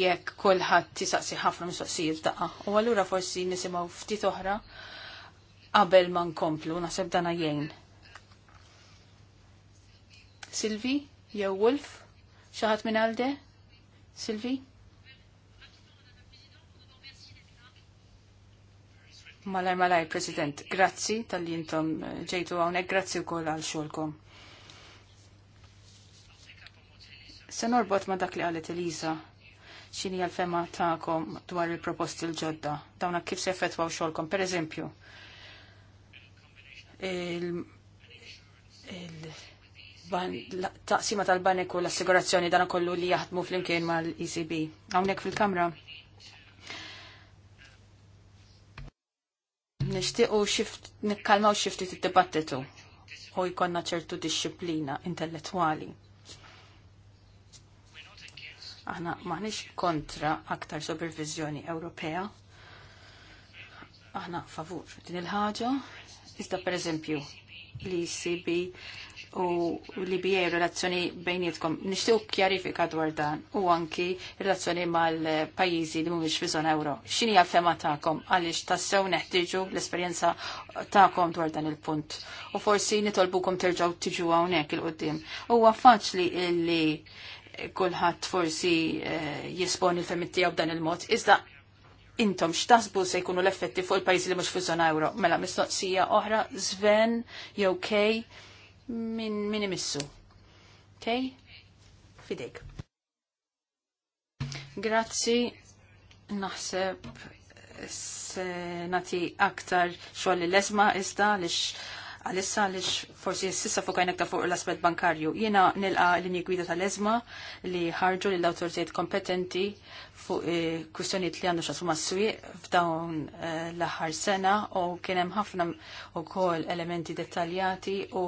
jekk kulħadd tisaqsi ħafna mistoqsijiet daqqa. U allura forsi nisimgħu ftit oħra qabel ma nkomplu, naħseb dan jgħin. Silvi, jew Wolf, xi ħadd minn għalde? Silvi? Malaj, malaj, President, grazzi tal jintom eh, ġejtu għawnek, grazzi u koll għal xolkom. Se norbot ma dak li għalet Elisa, xini għal-fema ta'kom dwar il-proposti l-ġodda, dawna kif se effettwaw xolkom, per eżempju, il-taqsima il, tal-banek u l-assigurazzjoni dana kollu li jaħdmu fl-imkien mal-ECB. Għawnek fil-kamra, nishtiqu xift, nikkalmaw xifti t-dibattitu u jkonna ċertu disċiplina intellettuali. Aħna maħnix kontra aktar supervizjoni Ewropea. Aħna favur din il-ħaġa. Iżda per eżempju, l-ECB u li bija relazzjoni bejnietkom. Nishtiq kjarifika dwar dan u anki relazzjoni mal-pajizi li mumiex fi zona euro. Xini għal-fema ta'kom għalix tassew neħtiġu l-esperienza ta'kom dwar dan il-punt. U forsi nitolbukom terġaw tiġu għawnek il-qoddim. U għaffaċ li li kullħat forsi eh, jispon il-femittija b'dan il-mod. Iżda intom x'tasbu se jkunu l-effetti fuq il-pajjiżi li mhux fi żona euro. Mela mistoqsija oħra Sven jew min, min imissu. Ok? Fidek. Grazzi, naħseb se nati aktar xogħol l-esma iżda lix għalissa għalix forsi sissa fokajna ta' fuq l-aspet bankarju. Jena nilqa l-linji gwida tal-ezma li ħarġu li l autoritajiet kompetenti fuq eh, kustjoniet li għandu xasuma s-swieq f'dawn eh, l-aħħar sena u kienem ħafna u kol elementi dettaljati u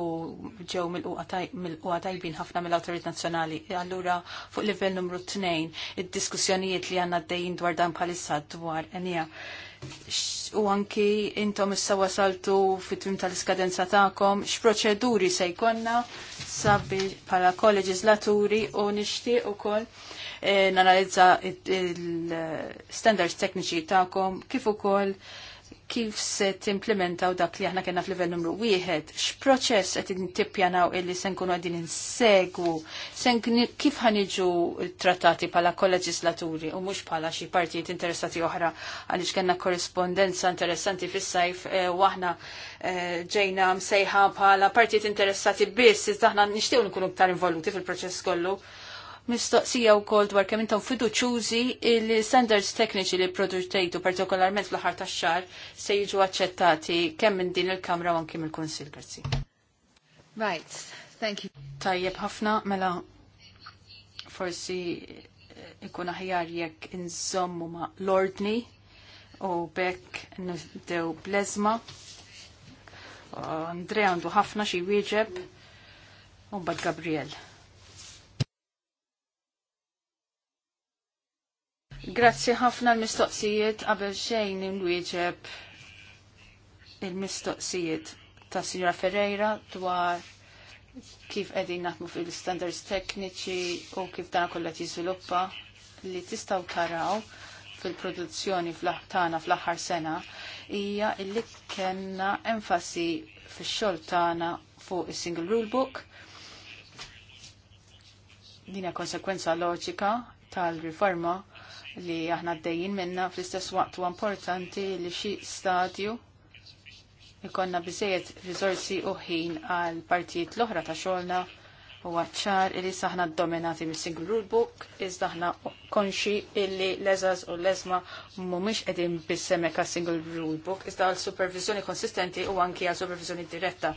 ġew mill-uqa tajbin ħafna mill-autoritajiet nazjonali. Allura fuq livell numru 2 id-diskussjonijiet li għanna d-dejn dwar dan palissa dwar enija u anki intom issa wasaltu fit-tmim tal-iskadenza tagħkom x'proċeduri se jkollna sabi bħala zlaturi u nixtieq ukoll eh, nanalizza il-standards tekniċi tagħkom kif ukoll kif se timplementaw dak li aħna kena f'livell numru wieħed, x'proċess qed intippjanaw illi se nkunu qegħdin insegwu, sen kif ħaniġu trattati bħala kolleġislaturi u mhux bħala xi partijiet interessati oħra għaliex kellna korrespondenza interessanti fis-sajf e, waħna e, ġejna msejħa bħala partijiet interessati biss iżda aħna nixtiequ nkunu ktar involuti fil-proċess kollu mistoqsija wkoll dwar kemm intom fiduċjużi il standards tekniċi li produttejtu partikolarment fl-aħħar tax-xahar se jiġu aċċettati kemm minn din il-Kamra u anke il kunsill Grazzi. Right, thank you. Tajjeb ħafna mela forsi eh, ikun aħjar jekk inżommu ma' l-ordni u bekk nibdew blezma. Uh, Andrea għandu ħafna xi wieġeb u bad Gabriel. Grazzi ħafna l-mistoqsijiet qabel xejn imwieġeb il-mistoqsijiet ta' Sinjora Ferreira dwar kif qegħdin naħdmu fil-standards tekniċi u kif dan kollha jiżviluppa li tistgħu taraw fil-produzzjoni tagħna fl-aħħar sena hija li kellna enfasi fix-xogħol tagħna fuq is-single rule book. Din hija konsekwenza loġika tal-riforma li aħna d-dejjin minna fl-istess waqt u importanti li xi stadju ikonna biżejjed rizorsi u ħin għal partijiet l-oħra ta' xolna u għacċar li saħna dominati mis single rule book iżda aħna konxi illi leżas u leżma mhumiex edin bis-semek single rule book iżda għal supervizjoni konsistenti u anki għal supervizjoni diretta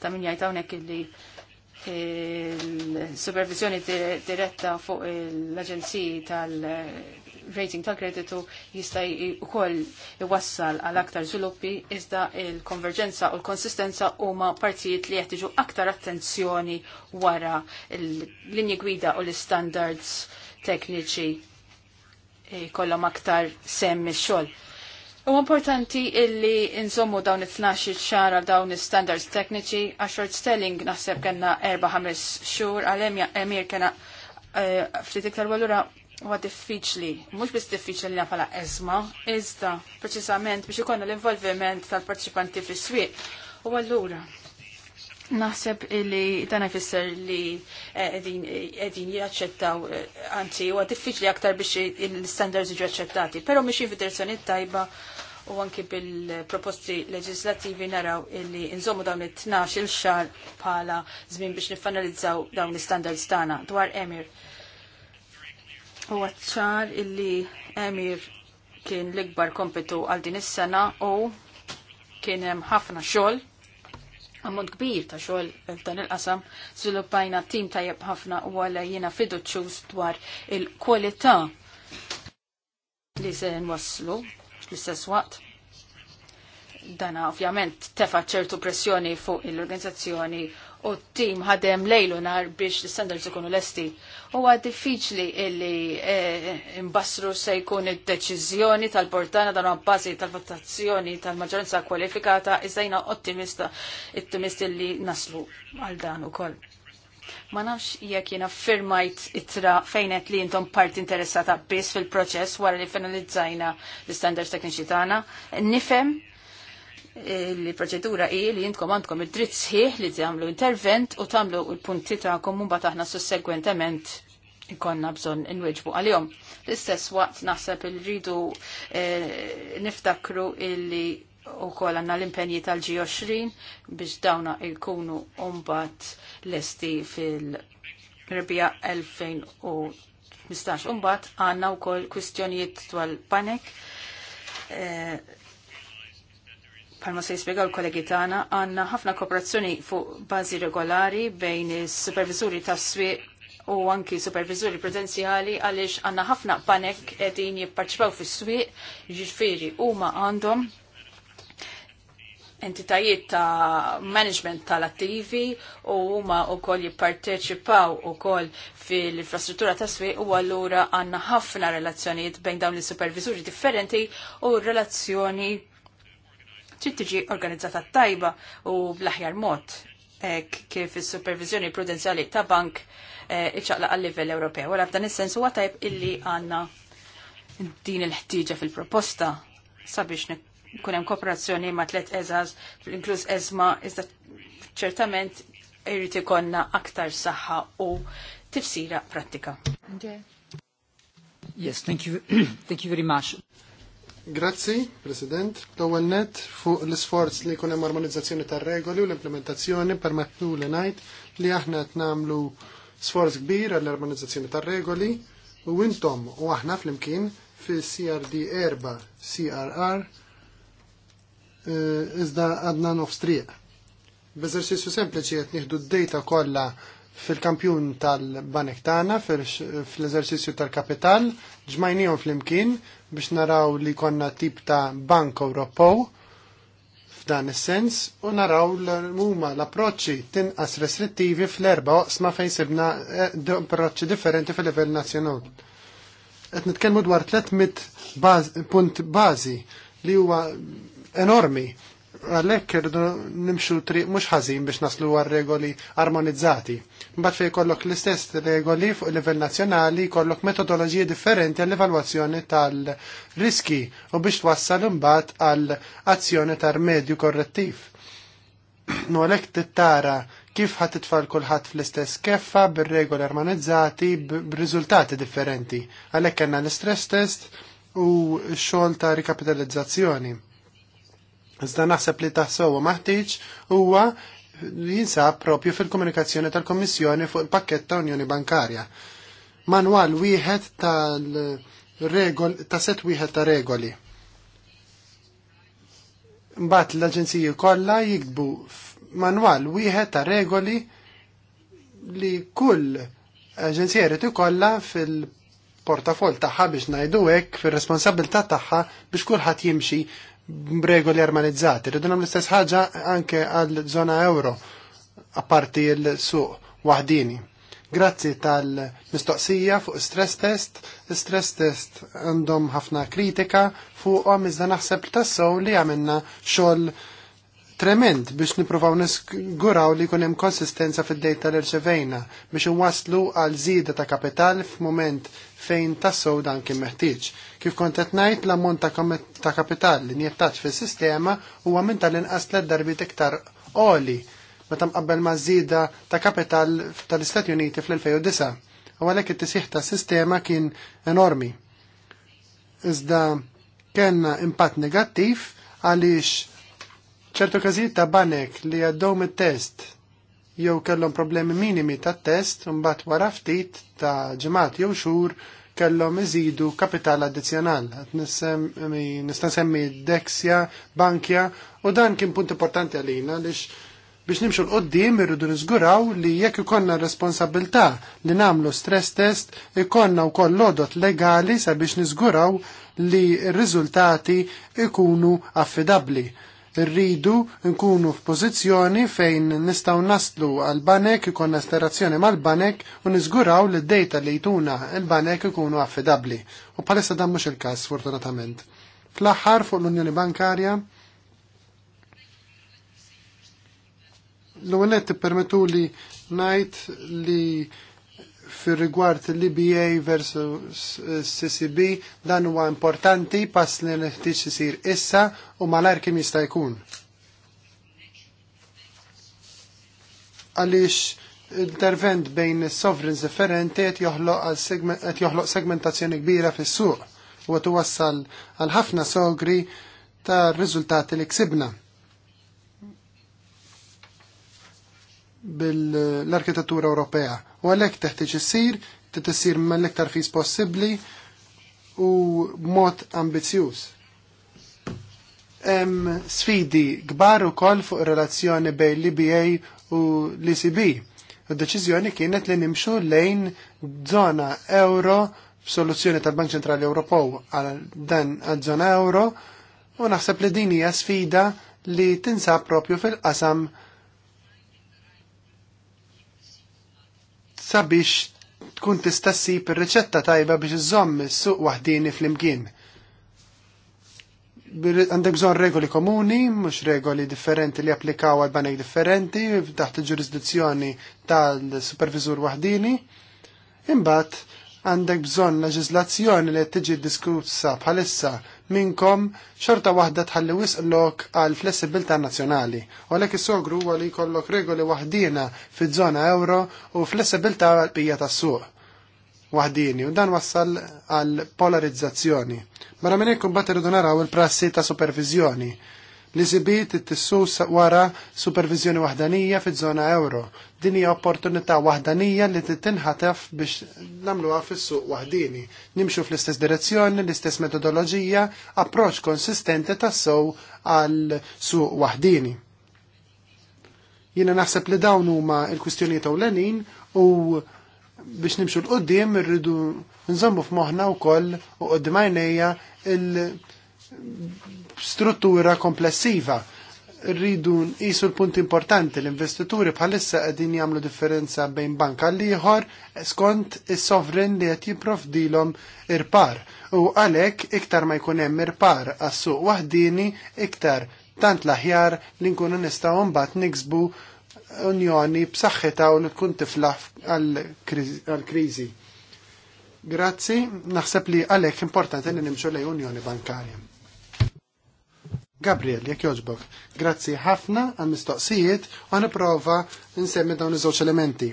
ta' min jgħid hawnhekk illi il-supervizjoni diretta fuq l-Aġenziji tal- rating ta' kreditu jista' ukoll iwassal għal aktar żviluppi iżda il-konverġenza u l-konsistenza huma partijiet li jeħtieġu aktar attenzjoni wara l-linji gwida u l-standards tekniċi eh, kollhom aktar semmi x-xogħol. U importanti illi nżommu dawn it-12 xar għal dawn standards tekniċi għax short stelling naħseb kena 4-5 xhur għal emir kena eh, ftit iktar walura huwa diffiċli, mhux biss diffiċli li nafala eżma, iżda preċisament biex ikonna l-involviment tal-partiċipanti fis-swieq. U allura naħseb li dan ifisser li eh, qegħdin jaċċettaw eh, anzi huwa diffiċli aktar biex l-standards jiġu aċċettati, però mhux fid-direzzjoni tajba u anki bil-proposti leġislativi naraw illi nżommu dawn it-12 il-xar bħala żmien biex nifanalizzaw dawn l-standards tagħna dwar Emir. U għacċar illi Emir kien l-ikbar kompetu għal din is-sena u kien hemm ħafna xogħol ammont kbir ta' xogħol f'dan il-qasam żviluppajna tim tajjeb ħafna u għal jiena fiduċjuż dwar il-kwalità li se nwasslu fl-istess waqt. Dana ovvjament tefa' ċertu pressjoni fuq il-organizzazzjoni u t-tim ħadem lejlu nar biex l-standards ikunu lesti. Huwa diffiċli illi eh, imbassru se jkun id-deċiżjoni tal-portana dan għabbazi tal-votazzjoni tal-maġġoranza kwalifikata iżdajna ottimista ottimist illi naslu għal dan ukoll. Ma nafx jekk jiena firmajt itra fejnet li jintom parti interessata biss fil-proċess wara li finalizzajna l-standards tekniċi tagħna. Nifhem il-proċedura hi li jintkom għandkom id-dritt sħiħ li tagħmlu intervent u tagħmlu l-punti tagħkom mbagħad aħna sussegwentement ikonna bżon inweġbu għal-jom. L-istess waqt naħseb il-ridu eh, niftakru illi u kol għanna l-impenji tal-G20 biex dawna ikunu umbat l-esti fil-rebija 2015. Umbat għanna u kol kwistjonijiet dwar panek eh, bħalma se jispiega l-kollegi tagħna għandna ħafna kooperazzjoni fuq bażi regolari bejn is-supervisuri tas-swieq u anki supervisuri prudenzjali għaliex għandna ħafna panek qegħdin jipparċipaw fis-swieq jiġifieri huma għandhom entitajiet ta' management tal-attivi u huma wkoll jipparteċipaw ukoll fil-infrastruttura ta' swieq u allura għandna ħafna relazzjonijiet bejn dawn is-supervisuri differenti u relazzjoni trid tiġi organizzata tajba u bl-aħjar mod kif is-supervizjoni prudenzjali ta' bank eh, iċċaqla għal livell Ewropew. Wara f'dan is-sens huwa tajb illi għandna din il-ħtieġa fil-proposta sabiex nkun hemm kooperazzjoni ma' tliet eżas, inkluż eżma, iżda ċertament irrid ikollna aktar saħħa u tifsira prattika. Yes, thank you, thank you very much. Grazzi, President. l net fuq l-isforz li jkun hemm armonizzazzjoni tar-regoli u l-implementazzjoni permettu li ngħid li aħna qed nagħmlu sforz kbir għall-armonizzazzjoni tar-regoli u intom u aħna flimkien fi CRD 4 CRR iżda għadna nofstrieq. B'eżerċizzju sempliċi qed nieħdu d-data kollha fil-kampjun tal-banek tagħna fl-eżerċizzju tal-kapital fl flimkien biex naraw li konna tip ta' bank Ewropew f'dan is-sens u naraw l huma l-approċċi tinqas restrittivi fl-erba' oqsma fejn sibna eh, approċċi differenti fil-livell nazzjonal. Qed nitkellmu dwar 300 punt bażi li huwa enormi għalhekk irdu nimxu triq mhux ħażin biex naslu għal regoli armonizzati Mbagħad fej kollok l-istess regoli fuq livell nazzjonali jkollok metodoloġiji differenti għall-evalwazzjoni tal-riski u biex twassal imbagħad għall azzjoni tar-medju korrettiv. Nu għalhekk tittara kif ħat titfal kulħadd fl-istess keffa bir-regoli armonizzati b'riżultati differenti. Għalhekk kellna l-istress test u xogħol ta' rikapitalizzazzjoni. Iżda naħseb li taħsowa maħtieġ huwa jinsab propju fil-komunikazzjoni tal-Kommissjoni fuq il-pakket ta' Unjoni Bankarja. Manwal wieħed tal-regol ta' set wieħed ta' regoli. Mbagħad l-aġenziji kollha jiktbu manwal wieħed ta' regoli li kull aġenzija jrid ikollha fil portafol tagħha biex ngħidu hekk fir-responsabilità tagħha biex kulħadd jimxi b'regoli armonizzati. Rridu nagħmlu l-istess ħaġa anke għal żona euro apparti l-suq waħdini. Grazzi tal-mistoqsija fuq stress test. Stress test għandhom ħafna kritika fuqhom iżda naħseb tassow li għamilna xogħol trement biex niprofaw nisguraw li kunem konsistenza fil-data l-rċevejna biex nwaslu għal zida ta' kapital f'moment fejn tassow dan kien meħtieġ. Kif kont qed ngħid l-ammont ta' kapital li njettat fis-sistema huwa minn tal-inqas tliet darbit iktar qoli meta mqabbel ma' żieda ta' kapital tal-Istati Uniti fl-2009. U għalhekk it-tisih tas-sistema kien enormi. Iżda kellna impatt negattiv għaliex ċertu każijiet ta' banek li għaddew mit-test jew kellhom problemi minimi tat test mbagħad wara ftit ta' ġimgħat jew xhur kellhom iżidu kapital addizzjonal. Nista' nsemmi deksja, Bankja u dan kien punt importanti għalina lix biex nimxu l-qoddim irridu nizguraw li jekk ikonna responsabilità li namlu stress test ikonna u koll lodot legali sabiex niżguraw li r-riżultati ikunu affidabli. Irridu nkunu f'pożizzjoni fejn nistgħu naslu għal banek ikonna esterazzjoni mal-banek u niżguraw li d-dejta li jtuna il-banek ikunu affidabbli. U bħalissa dan mhux il-każ fortunatament. Fl-aħħar fuq l-Unjoni Bankarja l-għonet permetu li najt li fir rigward l-IBA versus CCB dan huwa importanti pass li neħtieġ isir issa u malar kim jista' jkun. Għaliex intervent bejn sovereigns differenti qed joħloq segmentazzjoni kbira fis-suq u qed iwassal għal ħafna sogri ta' riżultati li ksibna. bil-arkitettura Ewropea U għalhekk teħtieġ issir, trid issir mill-iktar fis possibbli u b'mod ambizjuż. Hemm sfidi kbar ukoll fuq relazzjoni bejn l-IBA u l-ECB. Id-deċiżjoni kienet li nimxu lejn żona euro b'soluzzjoni tal-Bank Ċentrali Ewropew għal dan għaż-żona euro u naħseb li din hija sfida li tinsab propju fil-qasam sabiex tkun tista' ssib ir-riċetta tajba biex iżomm is-suq waħdini fl-imkien. Għandek bżonn regoli komuni, mhux regoli differenti li applikaw għal banek differenti taħt il-ġurisdizzjoni tal supervizur waħdini. Imbagħad għandek bżonn leġiżlazzjoni li tiġi diskussa bħalissa minnkom xorta waħda tħalli wisqlok għal flessibilta nazzjonali. U għalek is-sogru għal li jkollok regoli waħdina fiż-żona euro u flessibilta għal-bija tas-suq waħdini u dan wassal għal polarizzazzjoni. Mara minn bat irridu naraw il-prassi ta' supervizjoni li sibiet it-tissus wara supervizjoni wahdanija fiż-żona euro. Din hija opportunità wahdanija li titinħatef biex nagħmluha fis-suq waħdini. Nimxu fl-istess direzzjoni, l-istess metodoloġija, approċċ konsistenti tassew għal suq waħdini. Jiena naħseb li dawn huma l-kwistjonijiet ewlenin u biex nimxu l-qoddim irridu nżommu f'moħna u koll u qoddimajnija il struttura komplessiva. Rridu nqisu l-punt importanti l-investituri bħalissa qegħdin jagħmlu differenza bejn bank li ieħor skont is sovrin li qed jipprovdilhom irpar. U għalhekk iktar ma jkun hemm irpar għas-suq waħdini iktar tant l-aħjar li nkunu nistaw mbat niksbu unjoni b'saħħitha u li tkun tiflaħ għal kriżi Grazzi, naħseb li għalhekk importanti li nimxu lej unjoni bankarja. Gabriel, jek joġbok, grazzi ħafna għal mistoqsijiet u niprofa nsemmi dawn iż-żewġ elementi.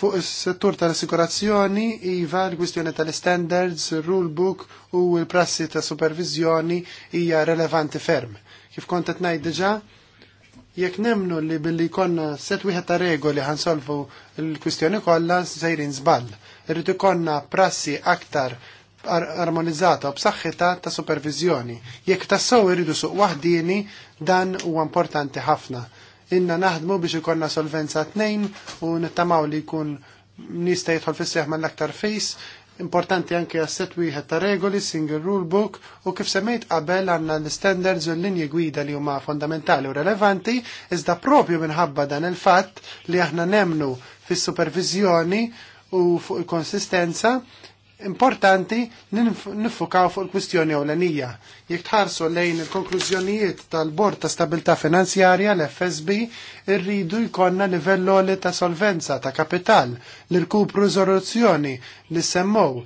Fuq is-settur tal-assikurazzjoni iva l-kwistjoni tal-standards, rulebook u l-prassi ta' supervizjoni hija relevanti ferm. Kif kont qed ngħid diġà, jekk nemnu li billi konna set wieħed ta' regoli ħansolvu l-kwistjoni kollha sejrin żball. Irrid ikonna prassi aktar armonizzata u b'saħħitha ta' supervizjoni. Jekk tassew iridu suq waħdini, dan huwa importanti ħafna. Inna naħdmu biex ikonna solvenza tnejn u nittamaw li jkun nista jidħol fis-seħ mal-aktar fejs, importanti anke asset wieħed ta' regoli, single rule book u kif semmejt qabel għandna l-standards u l-linji gwida li huma fondamentali u relevanti, iżda propju minħabba dan il-fatt li aħna nemnu fis-supervizjoni u fuq il-konsistenza importanti li nifukaw fuq il-kwistjoni ewlenija. Jekk tħarsu lejn il-konklużjonijiet tal-Bord ta' Stabilità Finanzjarja l-FSB irridu jkollna livello ta' solvenza ta' kapital li rkupru rizoluzzjoni li semmow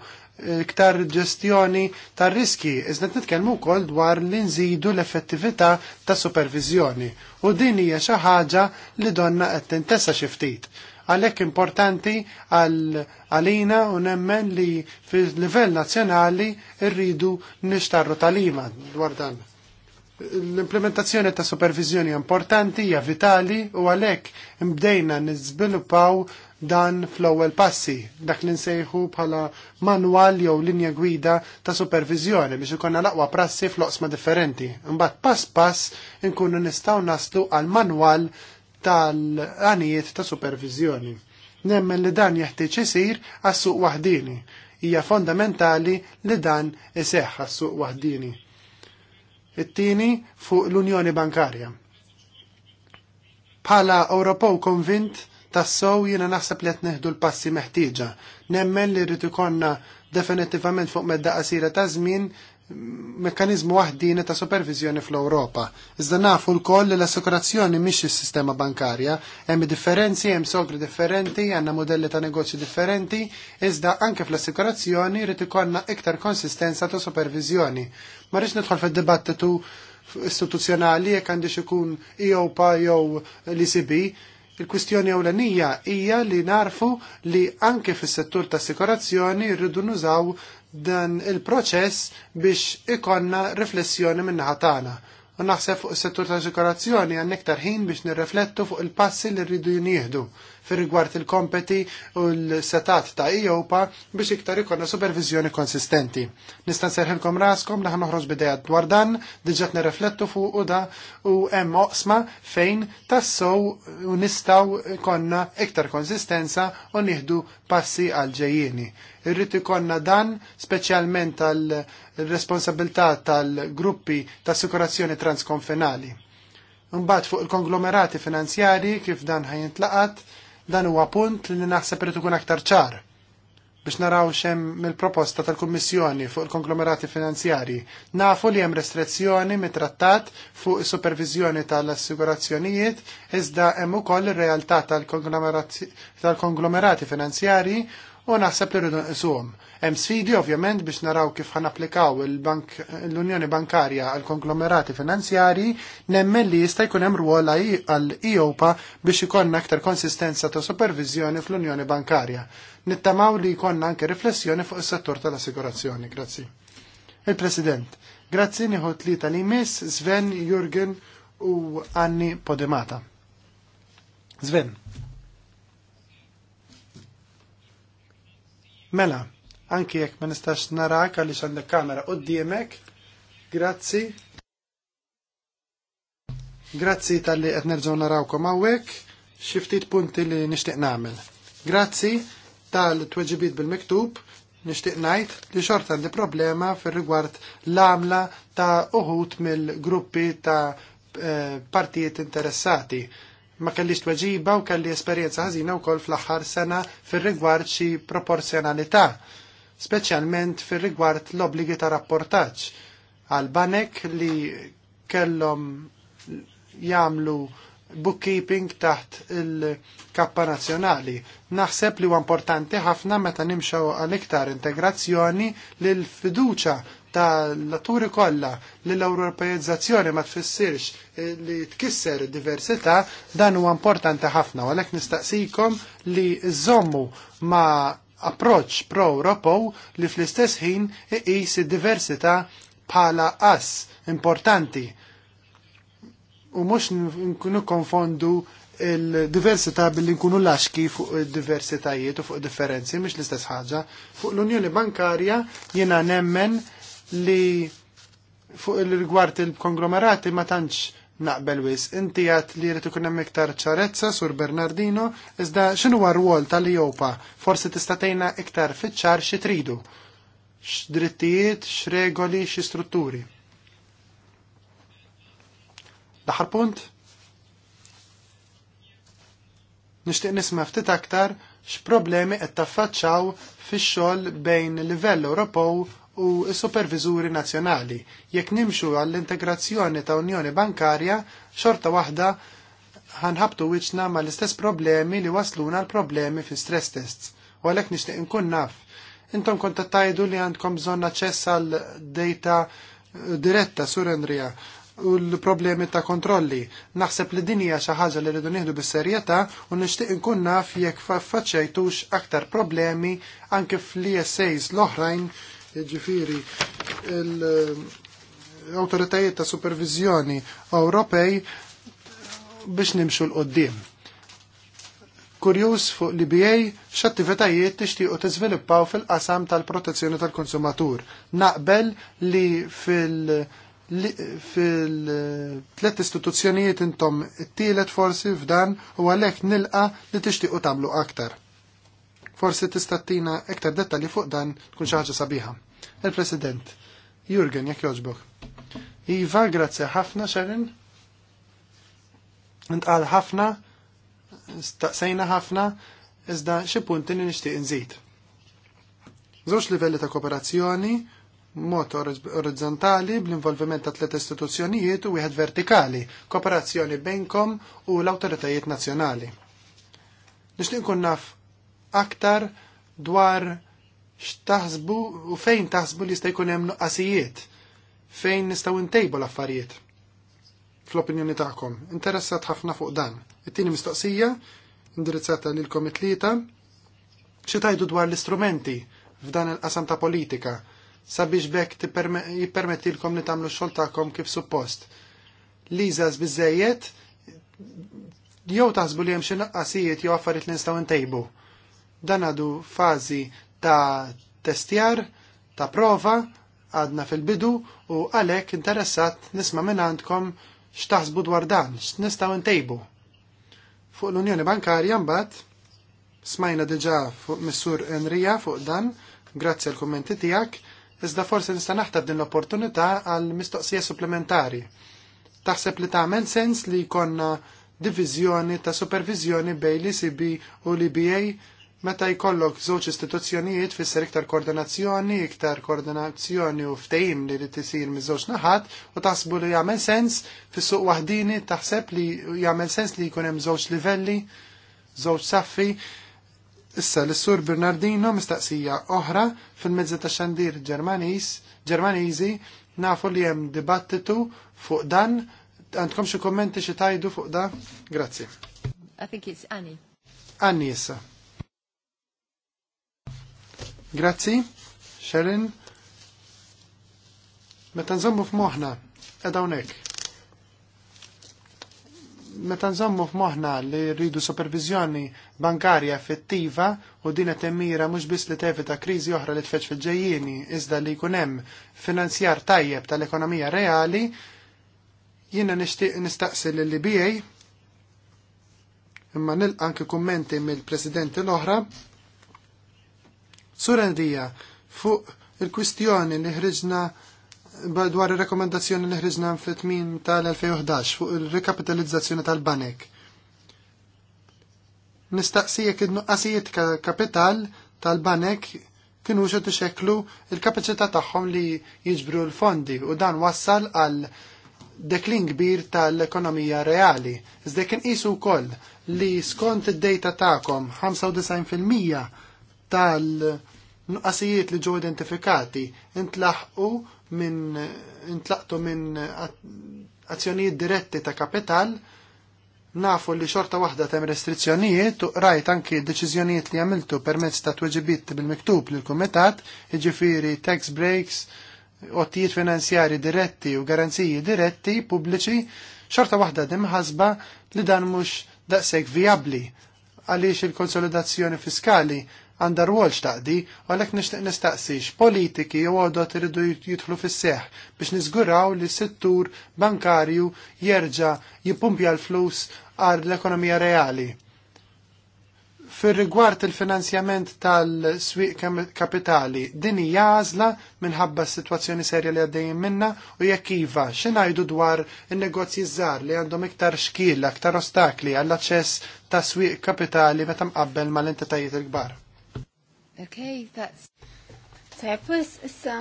iktar ġestjoni tar riski, iżda nitkellmu wkoll dwar li nżidu l-effettività ta' supervizjoni. U din hija xi ħaġa li donna qed tintessa xi ftit. Għalhekk importanti għalina u nemmen li fil-livell nazzjonali rridu nixtarru talima dwar dan. L-implementazzjoni ta' supervizjoni importanti hija vitali u għalhekk mbdejna nizbilupaw dan fl-ewwel passi, dak li nsejħu bħala manwal jew linja gwida ta' supervizjoni biex ikonna laqwa prassi fl-oqsma differenti. Imbagħad pass pass inkunu nistgħu naslu għal manwal tal-għanijiet ta' supervizjoni. Nemmen li dan jeħtieġ isir għas-suq waħdini. Hija fondamentali li dan iseħħ għas-suq waħdini. It-tieni fuq l-Unjoni Bankarja. Bħala Ewropew konvint tassow jiena naħseb li qed neħdu l-passi meħtieġa. Nemmen li rrid ikonna definitivament fuq medda qasira ta' żmien mekkanizmu waħdini ta' supervizjoni fl-Ewropa. Iżda nafu l-koll li l-assikurazzjoni mhix is-sistema bankarja, hemm differenzi, hemm sogri differenti, għandna modelli ta' negozju differenti, iżda anke fl-assikurazzjoni rrid ikollna iktar konsistenza ta' supervizjoni. Ma rridx nidħol fid-dibattitu istituzzjonali jekk għandix ikun EOPA jew l-ICB, Il-kwistjoni ewlenija hija li narfu li anke fis-settur ta' assikurazzjoni rridu nużaw dan il-proċess biex ikonna riflessjoni min-naħa tagħna U naħseb fuq is-settur ta' ġikarazzjoni għan iktar ħin biex nirreflettu fuq il-passi li rridu jinieħdu fir rigward il-kompeti u l-setat ta' IOPA e biex iktar ikonna supervizjoni konsistenti. Nista' nserħilkom raskom li noħroġ bidejja dwar dan, diġà nirreflettu fuq u da u hemm oqsma fejn tassow u nistaw konna iktar konsistenza u nieħdu passi għal ġejjieni. Irrid ikonna dan speċjalment tal- il-responsabilità tal-gruppi ta' assikurazzjoni transkonfenali. Mbagħad fuq il-konglomerati finanzjari kif dan ħajintlaqat, dan huwa punt li naħseb irid ikun aktar ċar biex naraw xem mill-proposta tal-Kummissjoni fuq il-konglomerati finanzjari. Nafu li hemm restrizzjoni mit-trattat fuq is-supervizjoni tal-assigurazzjonijiet, iżda hemm ukoll ir-realtà tal-konglomerati finanzjari u naħseb li rridu nqisuhom. Hemm sfidi ovvjament biex naraw kif ħanapplikaw l-Unjoni Bankarja għal konglomerati finanzjarji nemmen li jista' jkun hemm rwol għal EOPA biex ikollna aktar konsistenza ta' supervizjoni fl-Unjoni Bankarja. Nittamaw li jkollna anke riflessjoni fuq is-settur tal-assigurazzjoni. Grazzi. Il-President, grazzi nieħod tlieta li tal Sven Jurgen u Anni Podemata. Sven. Mela, anki jekk ma nistax narak għaliex għandek kamera d-diemek, grazzi. Grazzi tal-li qed nerġgħu narawkom hawnhekk, xi ftit punti li nixtieq nagħmel. Grazzi tal-tweġibit bil-miktub nixtieq ngħid li xorta għandi problema fir-rigward l-għamla ta' uħut mill-gruppi ta' eh, partijiet interessati ma kellix tweġiba u kelli esperjenza ħażina wkoll fl-aħħar sena fir-rigward xi proporzjonalità, speċjalment fir-rigward l-obbligi ta' rapportaġġ għal banek li kellhom jagħmlu bookkeeping taħt il-kappa nazjonali. Naħseb li huwa importanti ħafna meta nimxaw għal iktar integrazzjoni li l-fiduċa tal-laturi kollha li l-Ewropejizzazzjoni ma tfissirx eh, li tkisser diversità dan huwa importanti ħafna għalhekk nistaqsikom li zommu ma approċċ pro-Ewropew li fl-istess ħin iqis id-diversità bħala as importanti u mhux nkunu konfondu il-diversità billi nkunu laxki fuq diversitajiet u fuq differenzi, mhix l-istess ħaġa. Fuq l-Unjoni Bankarja jiena nemmen li fuq il-rigward il-konglomerati ma tantx naqbel wis. Inti għat li jrid ikun hemm iktar ċarezza sur Bernardino, iżda xinu għar rwol tal-Jopa? Forsi tista' tgħinna iktar xie tridu? xi tridu. X'drittijiet, x'regoli, xi strutturi. L-aħħar punt? Nixtieq nisma' ftit aktar x'problemi qed taffaċċaw fix-xogħol bejn livell Ewropew u s-supervizuri nazzjonali. Jekk nimxu għall-integrazzjoni ta' Unjoni Bankarja, xorta waħda ħanħabtu wiċna ma l-istess problemi li wasluna l-problemi fi stress tests. U għalek nishtiq nkun naf. Intom konta tajdu li għandkom bżonn aċċess għal data diretta surendrija u l-problemi ta' kontrolli. Naħseb li dinija xi ħaġa li rridu nieħdu bis-serjetà u nixtieq nkun naf jekk faċċejtux aktar problemi anke fl-ESAs l-oħrajn Jiġifieri l-awtoritajiet ta' supervizjoni Ewropej biex nimxu l-qoddim. Kurjuż fuq l-IBA x'attivitajiet tixtiequ tiżviluppaw fil-qasam tal-protezzjoni tal-konsumatur. Naqbel li fil- fil-tlet istituzzjonijiet intom it-tielet forsi f'dan u għalhekk nilqa li tixtiequ tagħmlu aktar. Forsi tista' ektar iktar dettalji fuq dan tkun xi ħaġa sabiħa. Il-President, Jurgen, jekk joġbok. Iva, grazzi ħafna, Sharon. Ntqal ħafna, staqsejna ħafna, iżda xi punti li nixtieq nżid. Żewġ livelli ta' kooperazzjoni, mod orizzontali bl-involviment ta' tliet istituzzjonijiet u wieħed vertikali, kooperazzjoni bejnkom u l-awtoritajiet nazzjonali. Nixtieq nkun naf aktar dwar x'taħsbu u fejn taħsbu li jista' jkun hemm nuqqasijiet, fejn nistgħu ntejbu l-affarijiet fl-opinjoni tagħkom. Interessat ħafna fuq dan. It-tieni mistoqsija indirizzata lilkom it-tlieta xi tajdu dwar l-istrumenti f'dan il-qasam ta' politika sabiex bekk jippermettilkom li tagħmlu x-xogħol tagħkom kif suppost. Liżas biżejjed jew taħsbu li hemm xi naqqasijiet jew affarijiet li nistgħu ntejbu Dan għadu fażi ta' testjar, ta' prova, għadna fil-bidu u għalek interessat nisma minn għandkom xtaħsbu dwar dan, x'nistgħu ntejbu. Fuq l-Unjoni Bankarja mbagħad smajna diġà fuq Missur Enrija fuq dan, grazzi għal kummenti tiegħek, iżda forsi nista' naħtab din l-opportunità għal mistoqsija supplementari. Taħseb li tagħmel sens li jkollna diviżjoni ta' supervizjoni bej li u l-EBA Meta jkollok żewġ istituzzjonijiet fisser iktar koordinazzjoni, iktar koordinazzjoni u ftehim li li tisir miż-żewġ naħat u taħsbu li jagħmel sens fis-suq waħdini taħseb li jagħmel sens li jkun hemm żewġ livelli, żewġ saffi. Issa l-Sur Bernardino mistaqsija oħra fil-mezzi ta' xandir Ġermaniż, Ġermaniżi nafu li hemm dibattitu fuq dan. Għandkom xi kommenti xi tajdu fuq dan? Grazzi. I think it's Annie. Annie issa. Grazzi, Sharon. Meta nżommu f'moħħna, qiegħda hawnhekk. Meta nżommu f'moħħna li rridu supervizjoni bankarja effettiva u din qed immira mhux biss li tevita kriżi oħra li tfeċ fil-ġejjieni iżda li jkun hemm finanzjar tajjeb tal-ekonomija reali, jiena nixtieq nistaqsi lil ba imma nilqa anke kummenti mill-presidenti l-oħra Sura Enrija, fuq il-kwistjoni li ħriġna dwar il-rekomendazzjoni li ħriġna fit tmin tal-2011 fuq il-rekapitalizzazzjoni tal-banek. Nistaqsijek id-nuqqasijiet kapital tal-banek kienu xo t-xeklu il-kapacità tagħhom li jiġbru l-fondi u dan wassal għal deklin kbir tal-ekonomija reali. Iżda kien qisu wkoll li skont id-data tagħkom 95% tal-nuqqasijiet li ġew identifikati intlaħqu minn intlaqtu minn azzjonijiet diretti ta' kapital nafu li xorta waħda tem restrizzjonijiet u rajt anki deċiżjonijiet li għamiltu permezz ta' tweġibiet bil-miktub l kumitat jiġifieri tax breaks, ottijiet finanzjari diretti u garanziji diretti pubbliċi xorta waħda dimħasba li dan mhux daqshekk vijabbli għaliex il-konsolidazzjoni fiskali għandha rwol xtaqdi u għalhekk nixtieq nistaqsix politiki u għodot iridu jidħlu fis-seħ biex niżguraw li s-settur bankarju jerġa' jippumpja l-flus għar l-ekonomija reali. Fir rigward il-finanzjament tal-swieq kapitali, din hija għażla minħabba s-sitwazzjoni serja li għaddejjin minna u jekk iva, xinajdu dwar in-negozji żgħar li għandhom iktar xkiel, aktar ostakli għall-aċċess ta' swieq kapitali meta mqabbel mal-entitajiet il-kbar. Okay, that's... Tajab, issa,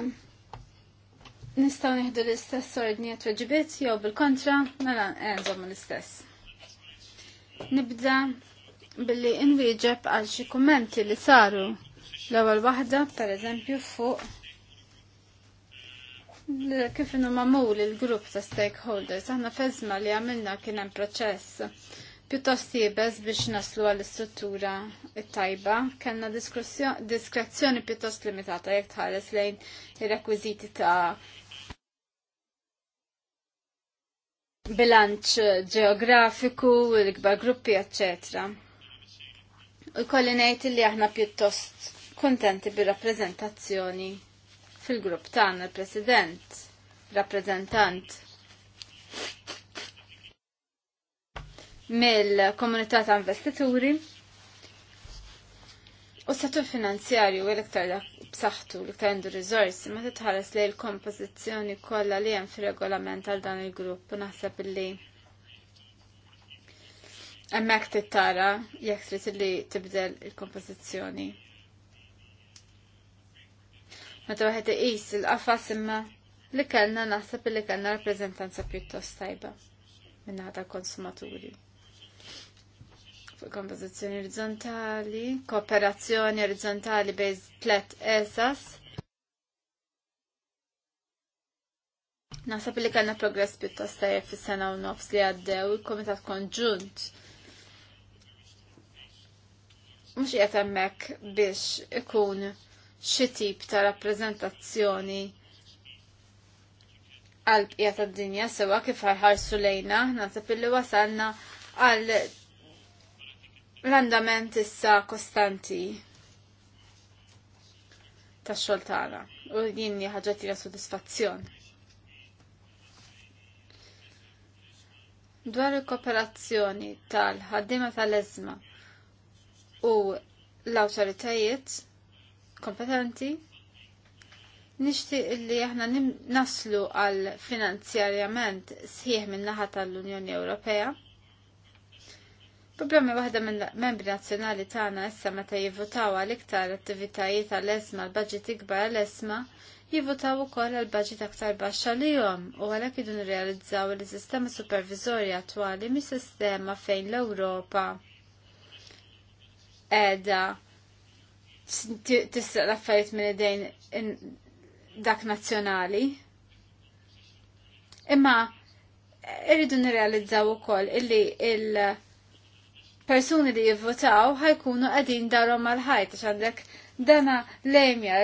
nistaw nieħdu l-istess ordni għat jew bil-kontra, mela eh, nżommu l-istess. Nibda billi inwieġeb għal xi kummenti li saru l-ewwel waħda, pereżempju fuq kif inhu mamul il-grupp ta' stakeholders, aħna feżma li għamilna kien hemm proċess pjuttost tiebes biex naslu għall-istruttura tajba. Kanna diskrezzjoni pjuttost limitata jek tħares lejn il-rekwiziti ta' bilanċ ġeografiku, l-ikbar gruppi, ecc. U kolli li aħna pjuttost kontenti bir-rappreżentazzjoni fil-grupp tagħna il-President, rappreżentant mill-komunità ta' investituri u settur finanzjarju l-iktar dak b'saħħtu l-iktar għandu riżorsi ma titħares li l-kompożizzjoni kollha li hemm fir-regolament għal dan il-grupp u naħseb li hemmhekk tittara jekk trid li tibdel il-kompożizzjoni. Meta waħed iqis il-qafas imma li kellna naħseb li kellna rappreżentanza pjuttost tajba minnaħa tal-konsumaturi fuq kompożizzjoni orizzontali, kooperazzjoni orizzontali bejn tlet esas. Nasab li kellna progress pjuttost tajjeb fis-sena u nofs li għaddew il-Komitat Konġunt. Mhux qiegħed hemmhekk biex ikun xi tip ta' rappreżentazzjoni għal bqija tad-dinja sewa kif ħarsu lejna, nasab li wasalna għal l-andament issa kostanti ta' xoltana u din ħagġati la' soddisfazzjon. Dwar il-kooperazzjoni tal-ħaddima tal-ezma u l-autoritajiet kompetenti nixtieq illi aħna naslu għal finanzjarjament sħiħ min-naħa tal-Unjoni Ewropea Problemi waħda mill-membri nazzjonali tagħna issa meta jivvotaw għal iktar attivitajiet għal esma l-budget ikbar għal esma jivvotaw ukoll għal budget aktar baxxa lihom u għalhekk idu nirrealizzaw li sistema supervizorja attwali mi sistema fejn l-Ewropa qiegħda tista' l-affarijiet minn idejn dak nazzjonali. Imma irridu nirrealizzaw ukoll illi il- persuni li jivvotaw ħajkunu għadin darom mal-ħajt, għandek dana lemja,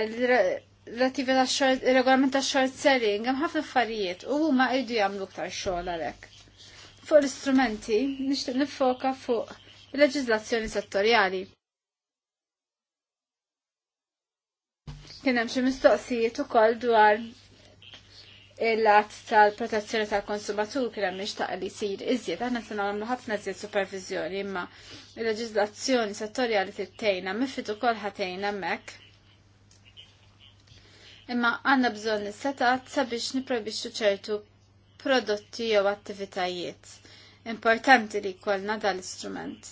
l-attività regolament ta' short selling, hemm ħafna affarijiet u huma jridu jagħmlu ktar xogħol għalhekk. Fuq l-istrumenti nixtieq nifoka fuq il-leġiżlazzjoni settorjali. Kien hemm xi mistoqsijiet ukoll dwar l-att tal-protezzjoni tal-konsumatur kien hemm nixtaq li jsir iżjed. Aħna se nagħmlu ħafna iżjed supervizjoni imma l-leġiżlazzjoni settorjali tittejna mifid ukoll ħatejna hemmhekk. Imma għandna bżonn is-setat sabiex niprobixxu ċertu prodotti jew attivitajiet. Importanti li jkollna dal-istrument.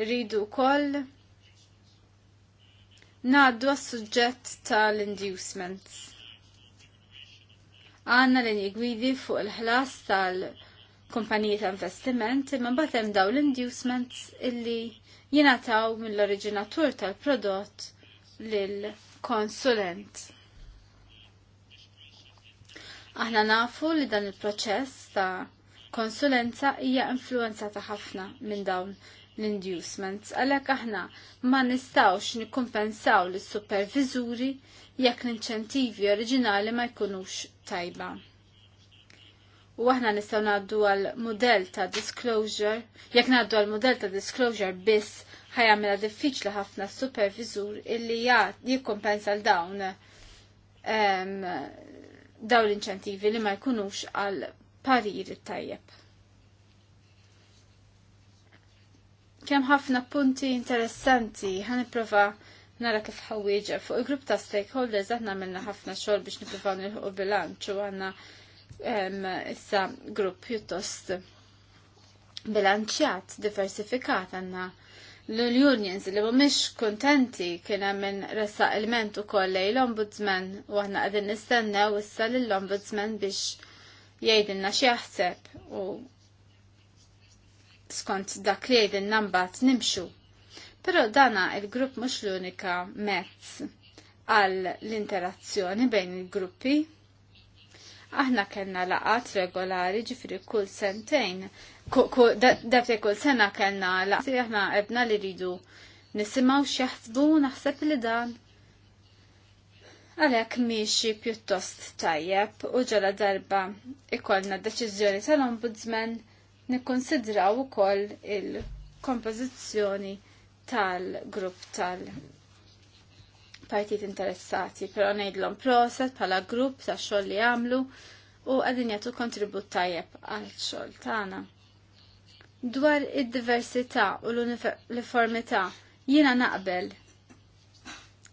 Rridu wkoll ngħaddu għas-suġġett tal-inducements għanna l jgwidi fuq il-ħlas tal-kumpaniji ta' investiment imma mbagħad hemm dawn l-inducements illi jingħataw mill-oriġinatur tal-prodott lill-konsulent. Aħna nafu li dan il-proċess ta' konsulenza hija influenzata ħafna minn dawn l-inducements, għalhekk aħna ma nistawx nikkumpensaw l-supervizuri jekk l-inċentivi oriġinali ma jkunux tajba. U aħna nistgħu ngħaddu għal mudell ta' disclosure, jekk ngħaddu għal mudell ta' disclosure biss ħajamela diffiċli ħafna supervisur illi jikkompensa l dawn daw l-inċentivi li ma jkunux għal parir tajjeb. Kem ħafna punti interessanti ħan prova nara kif ħawieġa. Fuq il-grupp ta' stakeholders aħna għamilna ħafna xogħol biex nippruvaw nilħuq bilanċ u għandna issa grupp jutost bilanċjat, diversifikat għandna l-unions li mhumiex kuntenti kien hemm minn ressaq ukoll lej l-ombudsman u aħna qegħdin nistennew issa lill-ombudsman biex jgħidilna xi jaħseb u skont dak li jgħidilna mbagħad nimxu Però dana il-grupp mhux l-unika mezz għal l-interazzjoni bejn il-gruppi. Aħna kellna laqat regolari ġifri kull sentejn. Dafte kull sena kellna laqat aħna ebna li ridu nisimaw xieħsbu naħseb li dan. Għalek miexi pjuttost tajjeb u ġala darba ikollna deċiżjoni tal-ombudsman nikkonsidraw ukoll il-kompożizzjoni tal-grupp tal-partit interessati, pero nejdlom proset pala grupp ta' xoll li għamlu u għadin jatu kontribut tajjeb għal xoll tana. Dwar id-diversità u l-uniformità jiena naqbel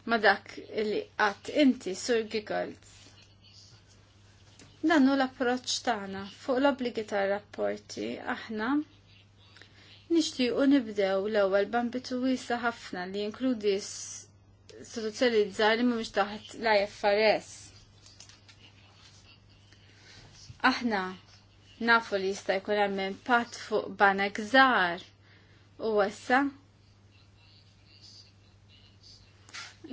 ma dak li għat inti sur Giggles. Dan hu l-approċċ tagħna fuq l-obbligi tar-rapporti aħna Nixtiequ nibdew l-ewwel bambitu wiesa ħafna li jinkludi istituzzjoni żgħar li mhumiex taħt l-IFRS. Aħna nafu li jista' jkun hemm impatt fuq banek żgħar. U issa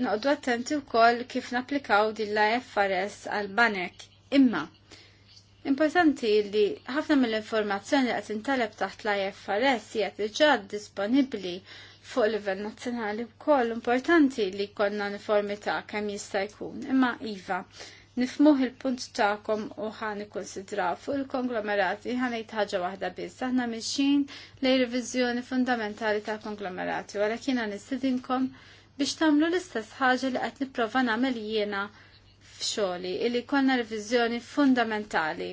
noqdu attenti wkoll kif napplikaw din l-IFRS għal banek. Imma Importanti li ħafna mill-informazzjoni li qed intalab taħt l-IFRS hija diġà disponibbli fuq livell nazzjonali wkoll importanti li jkollna uniformità kemm jista' jkun. Imma iva, nifmuh il-punt ta'kom u ħan konsidra fuq il-konglomerati ħan ħaġa waħda biss. Aħna mixin lej revizjoni fundamentali ta' konglomerati, wara kiena nistidinkom biex tamlu l-istess ħaġa li qed nipprova nagħmel jiena f'xogħli illi konna reviżjoni fundamentali.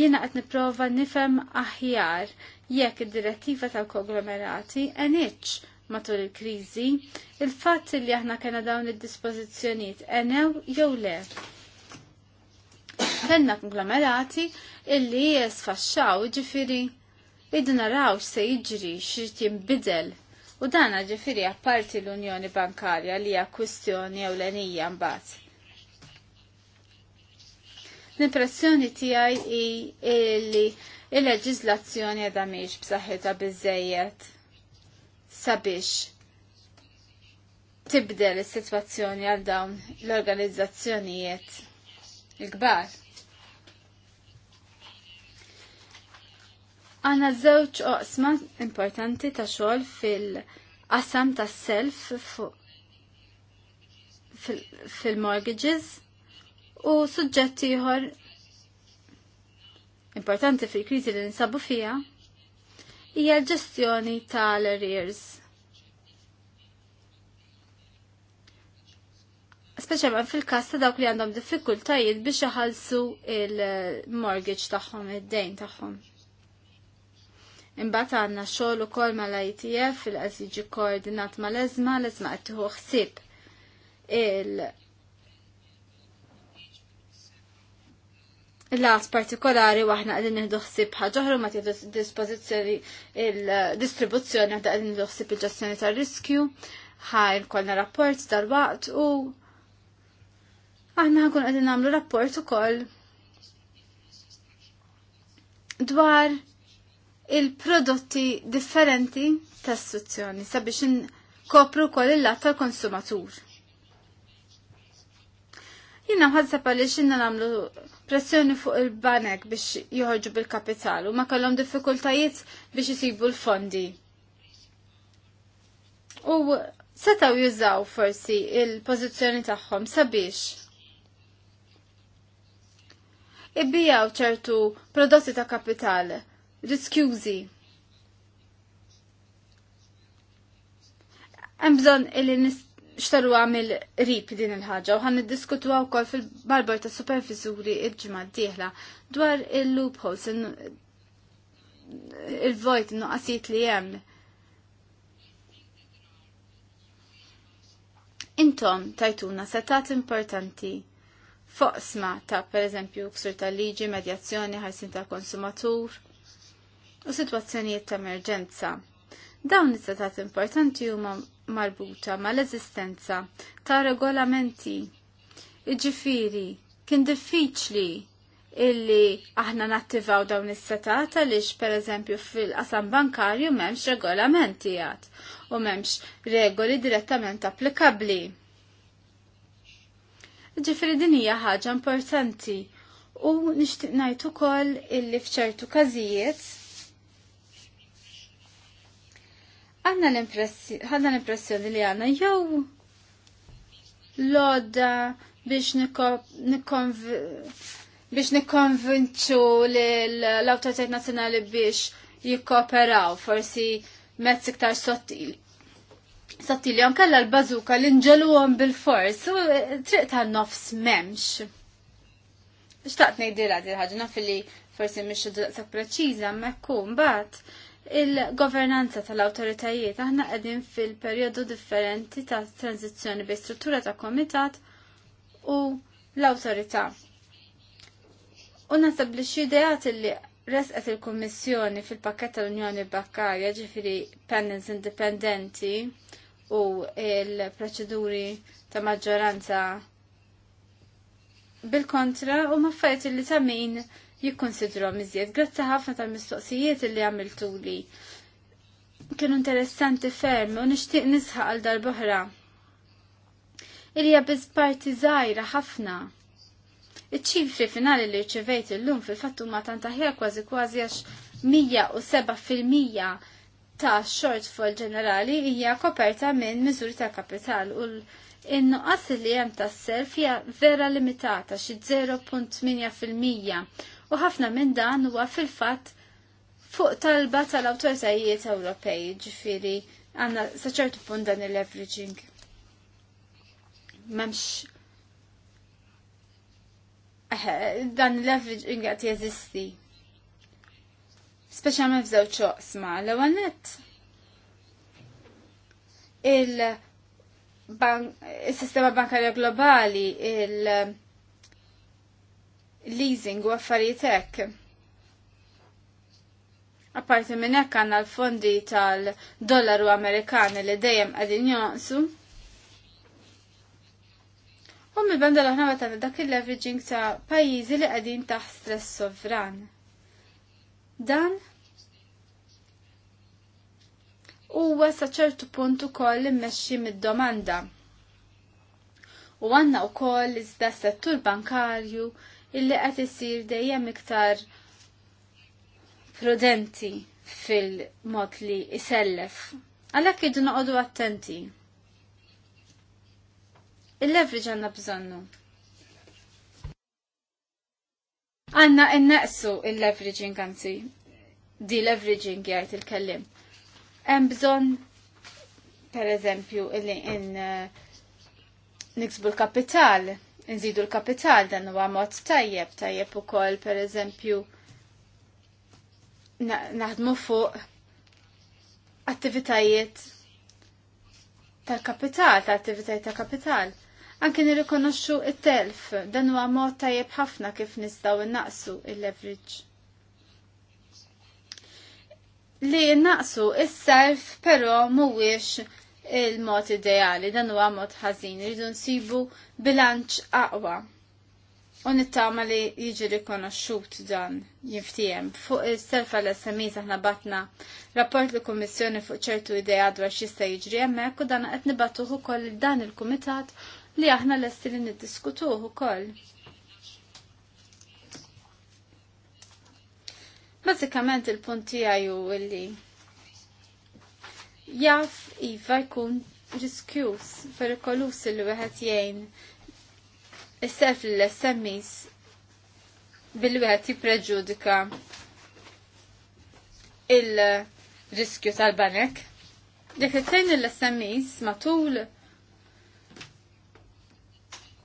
Jiena qed nipprova nifhem aħjar jekk id-direttiva tal-konglomerati għenitx matul il-kriżi il-fatt li aħna kena dawn id-dispożizzjonijiet enew jew le. Kenna konglomerati illi jesfaxxaw ġifiri id naraw se jiġri xirt jinbidel U dana ġifiri apparti l-Unjoni Bankarja li hija kwistjoni ewlenija mbagħad. L-impressjoni tiegħi hi li il-leġiżlazzjoni qiegħda mhix b'saħħitha biżejjed sabiex tibdel is-sitwazzjoni għal dawn l-organizzazzjonijiet il-kbar. Għana żewġ oqsma importanti ta' xogħol fil-qasam tas-self fil-mortgages. Fil U suġġetti ieħor importanti fil-kriżi li ninsabu fija hija l-ġestjoni tal-arrears. Speċjalment fil-każ ta' dawk li għandhom diffikultajiet biex iħallsu il-mortgage tagħhom, id-dejn tagħhom. Imbagħad għandna xogħol ukoll mal-ITF fil-qas jiġi koordinat mal-eżma, l-eżma qed tieħu ħsieb il- il għas partikolari waħna għadin nħduħsib ħagħuħru ma t dispozizjoni il-distribuzzjoni għadda għadin nħduħsib il-ġestjoni tal riskju ħajn kolna rapport dal-waqt u għahna għakun għadin għamlu rapport u koll dwar il-prodotti differenti tas-suzzjoni sabiex kopru koll il-lat tal-konsumatur. Jina ħadseb pali xinna namlu pressjoni fuq il-banek biex joħorġu bil-kapital u ma kellhom diffikultajiet biex jisibu l-fondi. U setaw jużaw forsi il-pożizzjoni tagħhom sabiex. Ibbijaw ċertu prodotti ta' kapital, riskjużi. Hemm bżonn illi nist xtaru għamil rip din il-ħagġa u għan diskutu għaw fil-barbar ta' supervizuri il-ġimma d dwar il-loopholes il-vojt nuqqasiet li jem. Intom tajtuna setat importanti foqsma ta' per eżempju ksur ta' liġi, medjazzjoni, ħarsin ta' konsumatur u situazzjonijiet ta' emerġenza. Dawn is-setat importanti huma marbuta mal-eżistenza ta' regolamenti. Iġifiri, kien diffiċli illi aħna nattivaw dawn is-setata lix per eżempju fil-qasam bankarju memx regolamenti għad u memx regoli direttament applikabli. Ġifri din hija ħaġa importanti u nixtieq ngħid ukoll illi f'ċertu każijiet għanna l-impressjoni li għanna jew l-odda biex biex nikkonvinċu l-autoritet nazjonali biex jikkooperaw forsi mezz iktar sottili. Sottili għan kalla l-bazuka l-inġelu għom bil-fors u eh, triq nofs memx. Xtaqt nejdira di ħagġa, naf forsi miex id-daqsa preċiza, ma' kum, bat Il-governanza tal-autoritajiet aħna qegħdin fil-perjodu differenti ta' tranzizzjoni bi struttura ta' komitat u l-autorità. U nasab li xi ideat li resqet il-Kummissjoni fil-pakket tal-Unjoni Bakkarja ġifiri pendens indipendenti u il-proċeduri ta' maġġoranza bil-kontra u maffajt li ta' min jikkonsidru iżjed. Grazzi ħafna tal-mistoqsijiet li li. Kienu interessanti ferm u nixtieq nisħaq għal darbohra. Ilija biz parti zaħira ħafna. Iċ-ċifri finali li rċevejt illum fil-fattu ma tantaħjar kważi kważi għax 107% ta' shortfall ġenerali hija koperta minn miżuri ta' kapital u l-innuqas li hemm ta' self hija vera limitata xi 0.8% u ħafna minn dan huwa fil-fatt fuq talba tal-awtoritajiet Ewropej, ġifiri għanna saċertu punt dan il-leveraging. Memx dan il-leveraging għat jeżisti. Speċjalment f'żewġ ċoqsma, l-ewwel nett il-sistema bankarja globali, il- leasing u affarijiet hekk. Apparti minn hekk għandna l-fondi tal-dollaru Amerikani li dejjem qegħdin jonqsu. U mill bandal l-aħna għatana dak il-leveraging ta' pajjiżi li qegħdin taħt stress sovran. Dan huwa sa ċertu punt ukoll immexxi mid-domanda. U għandna wkoll iżda settur bankarju illi qed issir dejjem iktar prudenti fil-mod li isellef. Għalhekk idu noqogħdu attenti. Il-leverage għandna bżonnu. Għanna innaqsu il-leveraging għanzi. leveraging jgħajt il-kellim. Hemm bżonn per eżempju illi in eh, niksbu l-kapital nżidu l-kapital dan huwa mod tajjeb, tajjeb ukoll pereżempju naħdmu fuq attivitajiet tal-kapital, tal-attivitajiet tal-kapital. Anke nirrikonoxxu it-telf, dan huwa mod tajjeb ħafna kif nistgħu innaqsu il-leverage. Li naqsu is-self però mhuwiex il-mod ideali, dan huwa mod ħażin, rridu nsibu bilanċ aqwa. U nittama li jiġi rikonoxxut dan jiftijem. Fuq il-selfa l-SMI aħna batna rapport li kummissjoni fuq ċertu ideja dwar xista jiġri hemmhekk u dan qed nibatuh ukoll dan il-kumitat li aħna lesti li niddiskutuh ukoll. Bażikament il-punt tiegħi illi jaf iva jkun riskjus perikolus il wieħed jgħin is-sef l semmis bil-wieħed jippreġudika il-riskju tal-banek. Dik it-tejn l-SMIs matul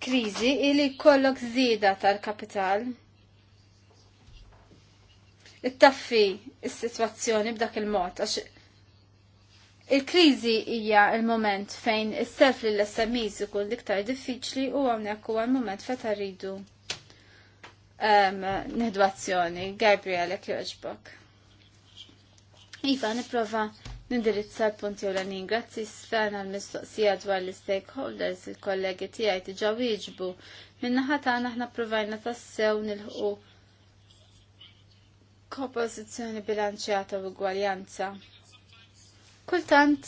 kriżi ili kollok żieda tal-kapital Ittaffi taffi is-sitwazzjoni b'dak il-mod għax Il-krizi hija il-moment fejn is-self lill smis ikun liktar diffiċli u hawnhekk huwa l-moment fejn rridu um, ehm, nieħdu Gabriel jekk jogħġbok. Iva, nipprova nindirizza l-punti u l-għanin. Grazzi sfena l-mistoqsija dwar l-stakeholders, il-kollegi tiegħi diġà wieġbu. Minnaħa għana aħna provajna tassew nil-ħu kopożizzjoni bilanċjata u gwaljanza Kultant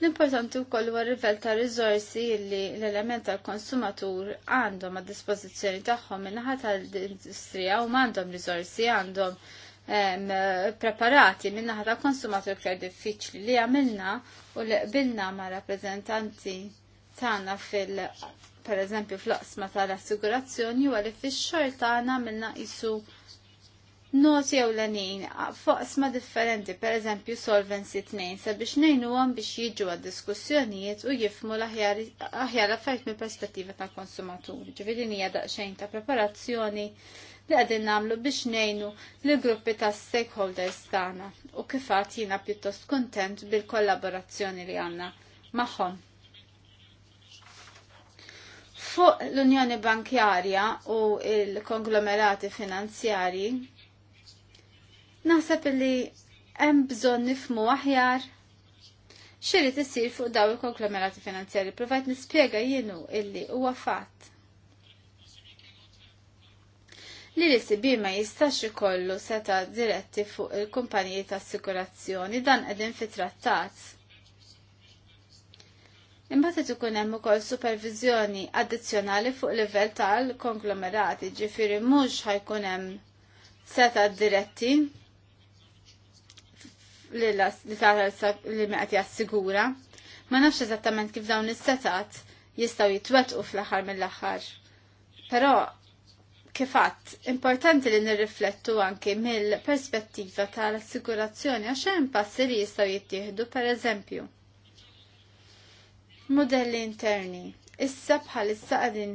L-importanti wkoll huwa rivel ta' rizorsi li l-element tal-konsumatur għandhom għad dispożizzjoni tagħhom minnaħa tal-industrija u m'għandhom rizorsi għandhom preparati minnaħa tal-konsumatur iktar diffiċli li għamilna u li qbilna ma' rappreżentanti tagħna fil per eżempju fl-oqsma tal-assigurazzjoni u li fix xor tagħna minna qisu noti jew l fuq sma differenti, per eżempju Solvency 2, sabiex nejnu għan biex jiġu għad diskussjonijiet u jifmu l-aħjar affarijiet minn perspettiva tal konsumaturi. Ġifieri hija daqsxejn ta' preparazzjoni li għadin namlu biex nejnu li gruppi ta' stakeholders tagħna u kifat jina pjuttost kontent bil-kollaborazzjoni li għanna magħhom fuq l-Unjoni Bankjarja u l konglomerati finanzjarji Naħseb li hemm bżonn nifmu aħjar xirri tisir fuq daw il-konglomerati finanzjari. Provajt nispjega jienu illi huwa fatt li l ma jistax ikollu seta diretti fuq il-kumpaniji ta' assikurazzjoni dan qegħdin fi trattat. Imbagħad qed ikun hemm ukoll supervizjoni addizzjonali fuq livell tal-konglomerati, ġifieri mhux ħajkun hemm seta diretti li li għat jassigura. Ma nafx eżattament kif dawn is-setat jistaw jitwettqu fl-aħħar mill-aħħar. Però kifat, importanti li nirriflettu anke mill-perspettiva tal-assigurazzjoni għax hemm passi li jistgħu jittieħdu pereżempju. Modelli interni. Issa bħalissa qegħdin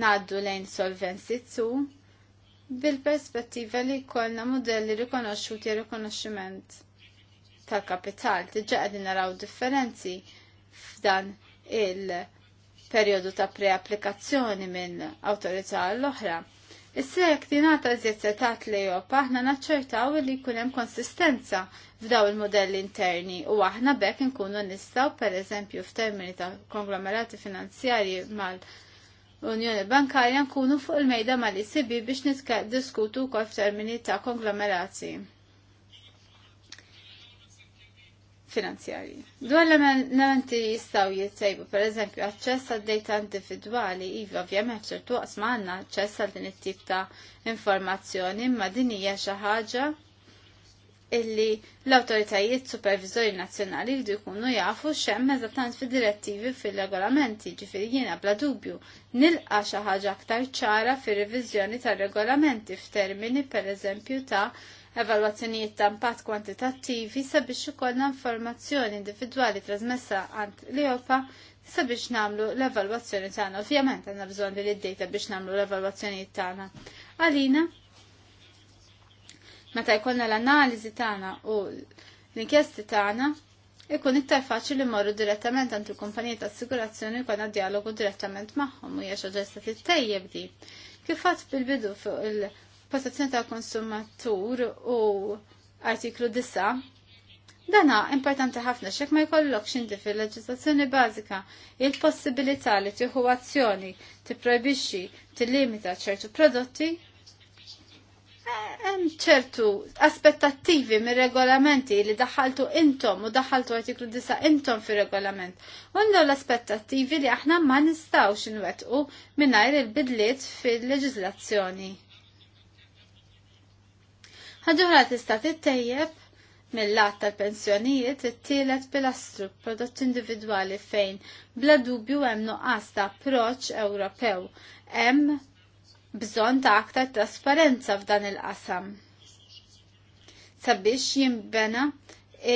ngħaddu lejn solvency tu bil-perspettiva li jkollna modelli rikonoxxuti e rikonoxximent tal-kapital. Diġa qegħdin naraw differenzi f'dan il-perjodu ta' preapplikazzjoni minn awtorità l-oħra. Issa jekk tingħata iżjed setat li jopa aħna naċċertaw li jkun hemm konsistenza f'daw il-modelli interni u aħna bekk nkunu per pereżempju f'termini ta' konglomerati finanzjarji mal Unjoni Bankarja nkunu fuq il-mejda mal-ICB biex diskutu wkoll f'termini ta' konglomerati. finanzjarji. Dwar l-elementi jistaw jitsejbu, per eżempju, għacċess għad data individuali, iva ovvjament ċertu għasma għanna għacċess għal din it-tip ta' informazzjoni, ma din hija xi ħaġa illi l-autoritajiet supervizori nazzjonali jridu jkunu jafu xemm eżattant fi direttivi fil-regolamenti, ġifiri jiena bla dubju nilqa xi ħaġa aktar ċara fir-reviżjoni tar-regolamenti f'termini pereżempju ta' evalwazzjonijiet ta' impatt kwantitattivi sabiex ikollna informazzjoni individwali trasmessa għand l-Eopa sabiex nagħmlu l-evalwazzjoni tagħna. Ovvjament għandna bżonn li d-dejta biex nagħmlu l-evalwazzjonijiet tagħna. Għalina, meta jkollna l-analiżi tagħna u l-inkjesti tagħna, ikun iktar faċli morru direttament għand il kumpaniji ta' assigurazzjoni jkollna dialogu direttament magħhom u hija ġesta tittejjeb di. Kif fatt bil-bidu fuq il- protezzjoni ta' konsumatur u artiklu 9 Dana importanti ħafna xek ma jkollokx inti fil-leġislazzjoni bażika il-possibilità li tieħu azzjoni tipprojbixxi tillimita ċertu prodotti ċertu aspettattivi mir-regolamenti li daħħaltu intom u daħħaltu artiklu disa intom fir-regolament. Undo l-aspettattivi li aħna ma nistgħux inwettqu mingħajr il-bidliet fil-leġislazzjoni. Ħaġoħra tista' tittejjeb mill-lat tal-pensjonijiet it-tielet pilastru prodott individwali fejn bla dubju hemm nuqqas ta' approċċ Ewropew. Hemm bżonn ta' aktar trasparenza f'dan il-qasam. Sabiex jimbena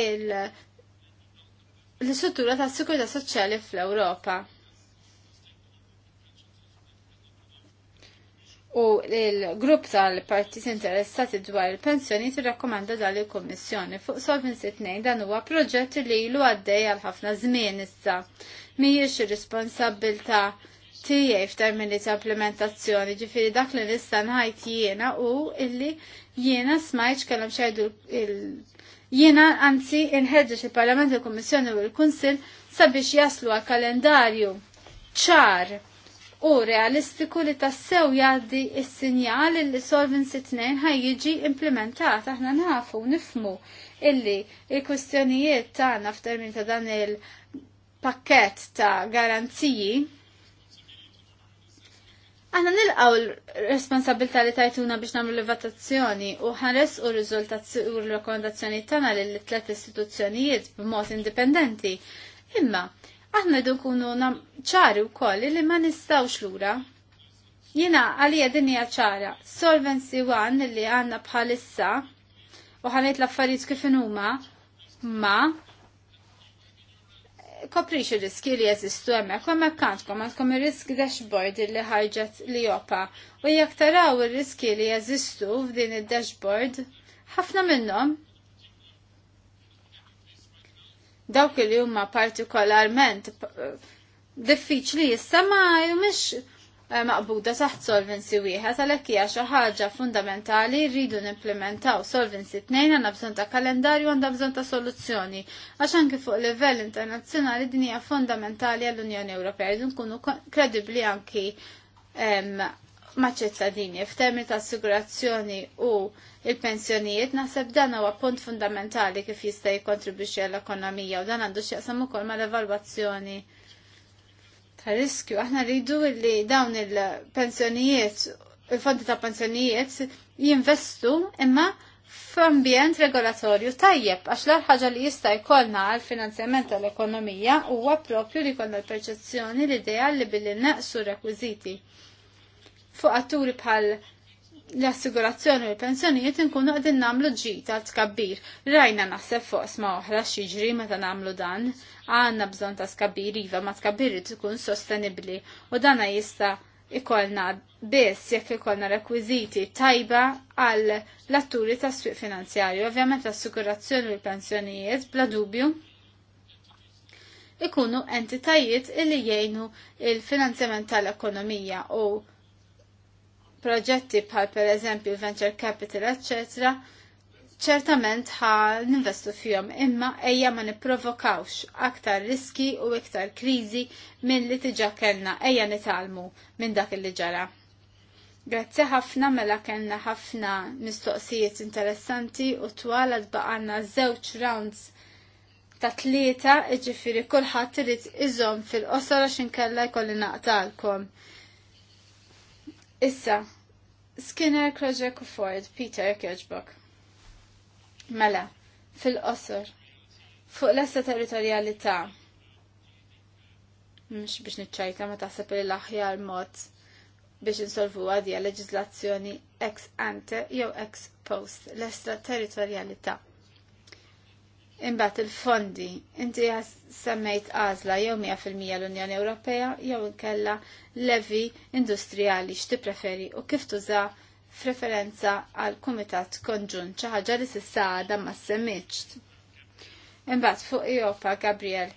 il- l-istruttura ta' sikurità soċjali fl-Ewropa. u l grupp tal-partit interessati dwar il-pensjoni tirrakkomanda dal il-Kommissjoni fuq Solvency 2 dan huwa proġett li ilu għaddej għal ħafna żmien issa. Mhijiex ir-responsabilta tiegħi f'termini ta' implementazzjoni, ġifiri dak li nista' ngħid jiena u illi jiena smajċ kellhom xejdu il- jiena anzi inħeġġeġ il-Parlament, il-Kummissjoni u l-Kunsill sabiex jaslu għal kalendarju ċar u realistiku li tassew jaddi il-sinjal li Solvency 2 ħajjiġi implementat. Aħna nafu nifmu illi il kustjonijiet tagħna f'termin ta' dan il-pakket ta' garanziji Għanna nilqaw l-responsabilta li tajtuna biex namlu l-votazzjoni u ħares u r-rekomendazzjoni tana l tlet istituzzjonijiet b'mod indipendenti. Imma, Aħna dukunu ċari u koll li ma nistawx lura. Jina għalija dinja ċara, Solvency One li għanna bħalissa u ħanajt l-affarijiet kif huma ma koprix il-riski li jazistu emmek, u emmek kantkom, għandkom il-risk dashboard li ħarġet li jopa. U jek taraw il-riski li jazistu f'din il-dashboard, ħafna minnom dawk li huma partikolarment eh, diffiċli issa ma jumiex eh, maqbuda taħt solvency wieħed għalhekk hija xi ħaġa fundamentali rridu nimplementaw solvency tnejn għandna bżonn ta' kalendarju għandha bżonn ta' soluzzjoni għax anke fuq livell internazzjonali din hija fundamentali għall-Unjoni Ewropea rridu nkunu kredibbli anki maċ-ċittadini f'termi ta' assigurazzjoni u il-pensjonijiet naħseb dan huwa punt fundamentali kif jista' jikkontribwixxi għall-ekonomija u dan għandu x'jaqsam ukoll mal-evalwazzjoni ta' riskju. Aħna rridu li dawn il-pensjonijiet il-fondi ta' pensjonijiet jinvestu imma f'ambjent regolatorju tajjeb għax l ħaġa li jista' jkollna għal finanzjament tal-ekonomija huwa propju li jkollna l-perċezzjoni l-idea li billi naqsu rekwiżiti fuq atturi bħal l-assigurazzjoni u l-pensjonijiet nkunu għadin namlu ġita tkabbir. Rajna naħseb fuq ma oħra ma meta namlu dan, għanna bżon ta' skabbir iva ma tkabbir tkun sostenibli u dana jista ikolna biss jekk ikolna rekwiziti tajba għal l-atturi ta' s-suq finanzjarju, ovvjament l-assigurazzjoni u l-pensjonijiet bla dubju ikunu entitajiet illi jgħinu il-finanzjament tal-ekonomija u proġetti bħal per eżempju venture capital, etc. ċertament ħa ninvestu fihom imma ejja ma nipprovokawx aktar riski u iktar krizi minn li tiġa kellna ejja nitalmu minn dak li ġara. Grazzi ħafna mela kellna ħafna mistoqsijiet interessanti u twala baqanna żewġ rounds ta' tlieta, iġifiri kulħadd irid iżom fil-qosor xinkella inkella jkolli naqtalkom. Issa, Skinner, Kroger, Kufford, Ford, Peter Kirchbach. Mela, fil-qosor, fuq l-essa ta' Mux biex nitċajta ma taħseb li l-aħjar mod biex insolvu għadija leġizlazzjoni ex ante jew ex post l estra territorialità. Imbagħad il-fondi, inti semmejt għażla jew 100% l-Unjoni Ewropea jew inkella levi industrijali x'tippreferi u kif tuża f'referenza għal kumitat konġunt xi ħaġa li s'issa għadha ma semmitx. Imbagħad fuq Europa, Gabriel.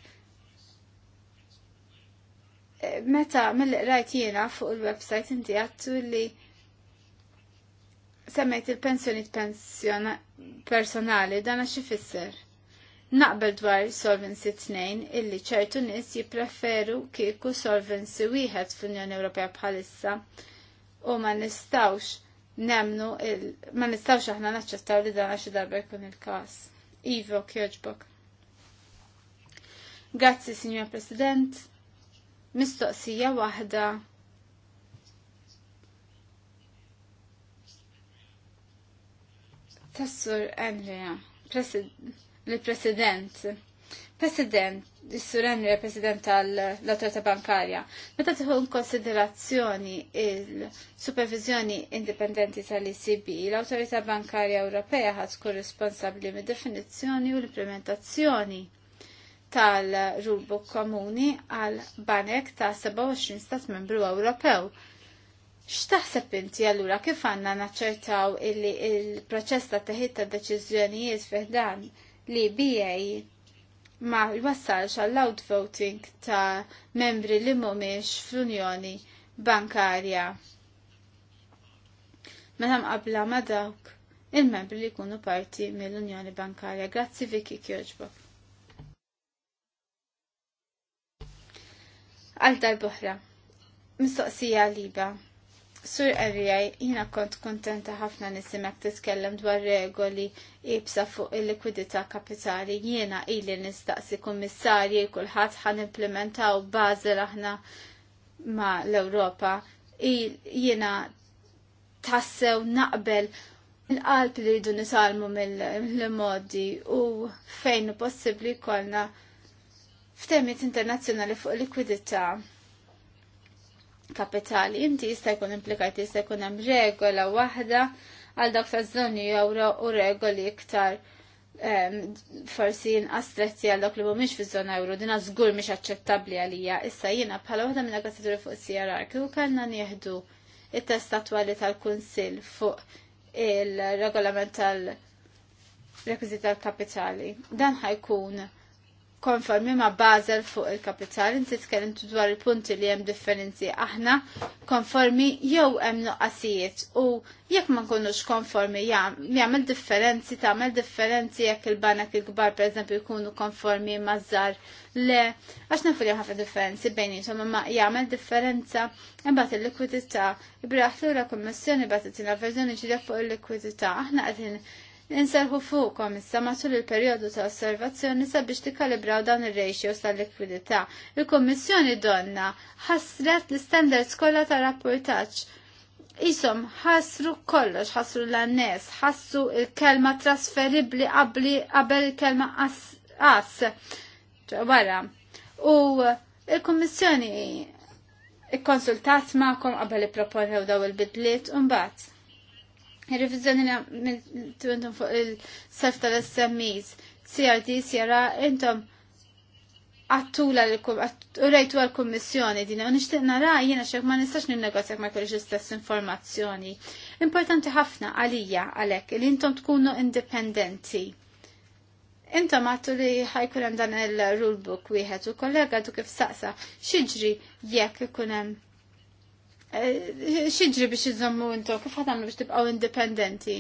E, meta mill-qrajt jiena fuq il-website inti għattu li semmejt il-pensjoni personali dana x'ifisser. Naqbel dwar Solvency 2 illi ċertu nis jipreferu kieku Solvency 1 fl-Unjoni Ewropea bħalissa u ma nistawx nemnu ma nistawx aħna naċċettaw li dan xi darba jkun il-każ. Ivo Kjoġbok. Grazzi, Signor President. Mistoqsija waħda Tassur Andrea, President l-President. President, il-surenri President tal-Autorità Bankarja, meta tħu konsiderazzjoni il-supervizjoni indipendenti tal-ECB, l-Autorità Bankarja Ewropea ħad korresponsabli mid-definizzjoni u l-implementazzjoni tal-rulebook komuni għal banek ta' 27 stat membru Ewropew. X'taħseb inti allura kif għandna naċċertaw illi il-proċess ta' teħid ta' deċiżjonijiet fih dan li BA ma jwassalx għall outvoting ta' membri li mumiex fl-Unjoni Bankarja. Mela mqabla ma dawk il-membri li jkunu parti mill-Unjoni Bankarja. Grazzi Viki Kjoġbo. Għal darbohra, mistoqsija liba. Sur Erjaj, jina kont kontenta ħafna nisimek titkellem dwar regoli ibsa fuq il-likwidità kapitali. Jiena ili nistaqsi kummissarji kulħadd ħan implementaw bazi aħna ma l-Ewropa. Jiena tassew naqbel l qalb li rridu nisalmu mill-modi u fejn possibbli kolna f'temiet internazzjonali fuq likwidità kapitali. Inti jista' jkun implikajt jista' jkun hemm regola waħda għal dak taż-żoni euro u regoli iktar ehm, forsi jinqas stretti għal dak li mhumiex fiż-żona euro dina żgur mhix aċċettabbli għalija. Issa jiena bħala waħda minn negozjaturi fuq CRR kieku kellna nieħdu it-test attwali tal-Kunsill fuq il-regolament tal tal kapitali. Dan ħajkun konformi ma' Basel fuq il-kapital, inti tkellimt dwar il-punti li hemm differenzi aħna konformi jew hemm nuqqasijiet u jekk ma nkunux konformi jagħmel differenzi tagħmel differenzi jekk il-banek il-kbar pereżempju jkunu konformi ma' żar le għax nafu li ħafna differenzi jisom imma jagħmel differenza imbagħad il-likwidità. Ibraħ kummissjoni bagħtitina verżjoni ġdida fuq il-likwidità aħna qegħdin inserħu fuqhom issa matul il-perjodu ta' osservazzjoni sabiex tikkalibraw dawn ir-ratios tal-likwidità. Il-Kummissjoni donna ħasret l-standards kollha ta' rapportaġġ. Isom ħasru kollox, ħasru l-annes, ħassu il-kelma trasferibli qabel il-kelma as, wara. U il-Kummissjoni ikkonsultat ma'kom qabel ipproponew daw il-bidliet u mbagħad Il-revizjoni intom fuq il-sef tal-SMEs, CRD, CRA, intom għattula l-rejtu għal-kommissjoni dina, unishtiq nara jena xek ma nistax nil-negozjak ma kolli istess informazzjoni. Importanti ħafna għalija għalek li intom tkunu independenti. Intom għattu li ħajkun dan il-rulebook wieħed u kollega tu kif saqsa xiġri jekk ikunem hemm Eh, xidri biex iżommu intom, kif għatamlu biex tibqaw indipendenti?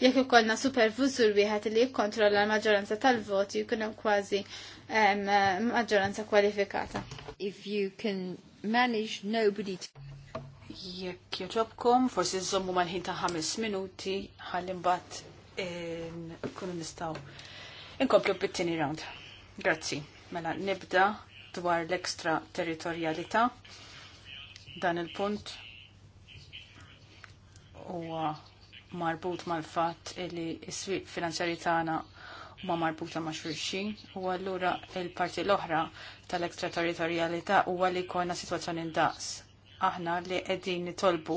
Jekk ikollna supervisur wieħed li jikkontrolla l-maġġoranza tal-voti jkun hemm kważi maġoranza kwalifikata. If you can manage nobody to... Jekk joġobkom, forsi żommu manħin ta' ħames minuti, bat kunu nistaw. Inkomplu bit-tieni round. Grazzi. Mela nibda dwar l-ekstra territorialita dan il-punt huwa marbut mal-fatt li s-swieq finanzjari tagħna huma marbuta ma' xurxin u allura il-parti l-oħra tal-ekstraterritorjalità huwa li jkollna sitwazzjoni ndaqs aħna li qegħdin nitolbu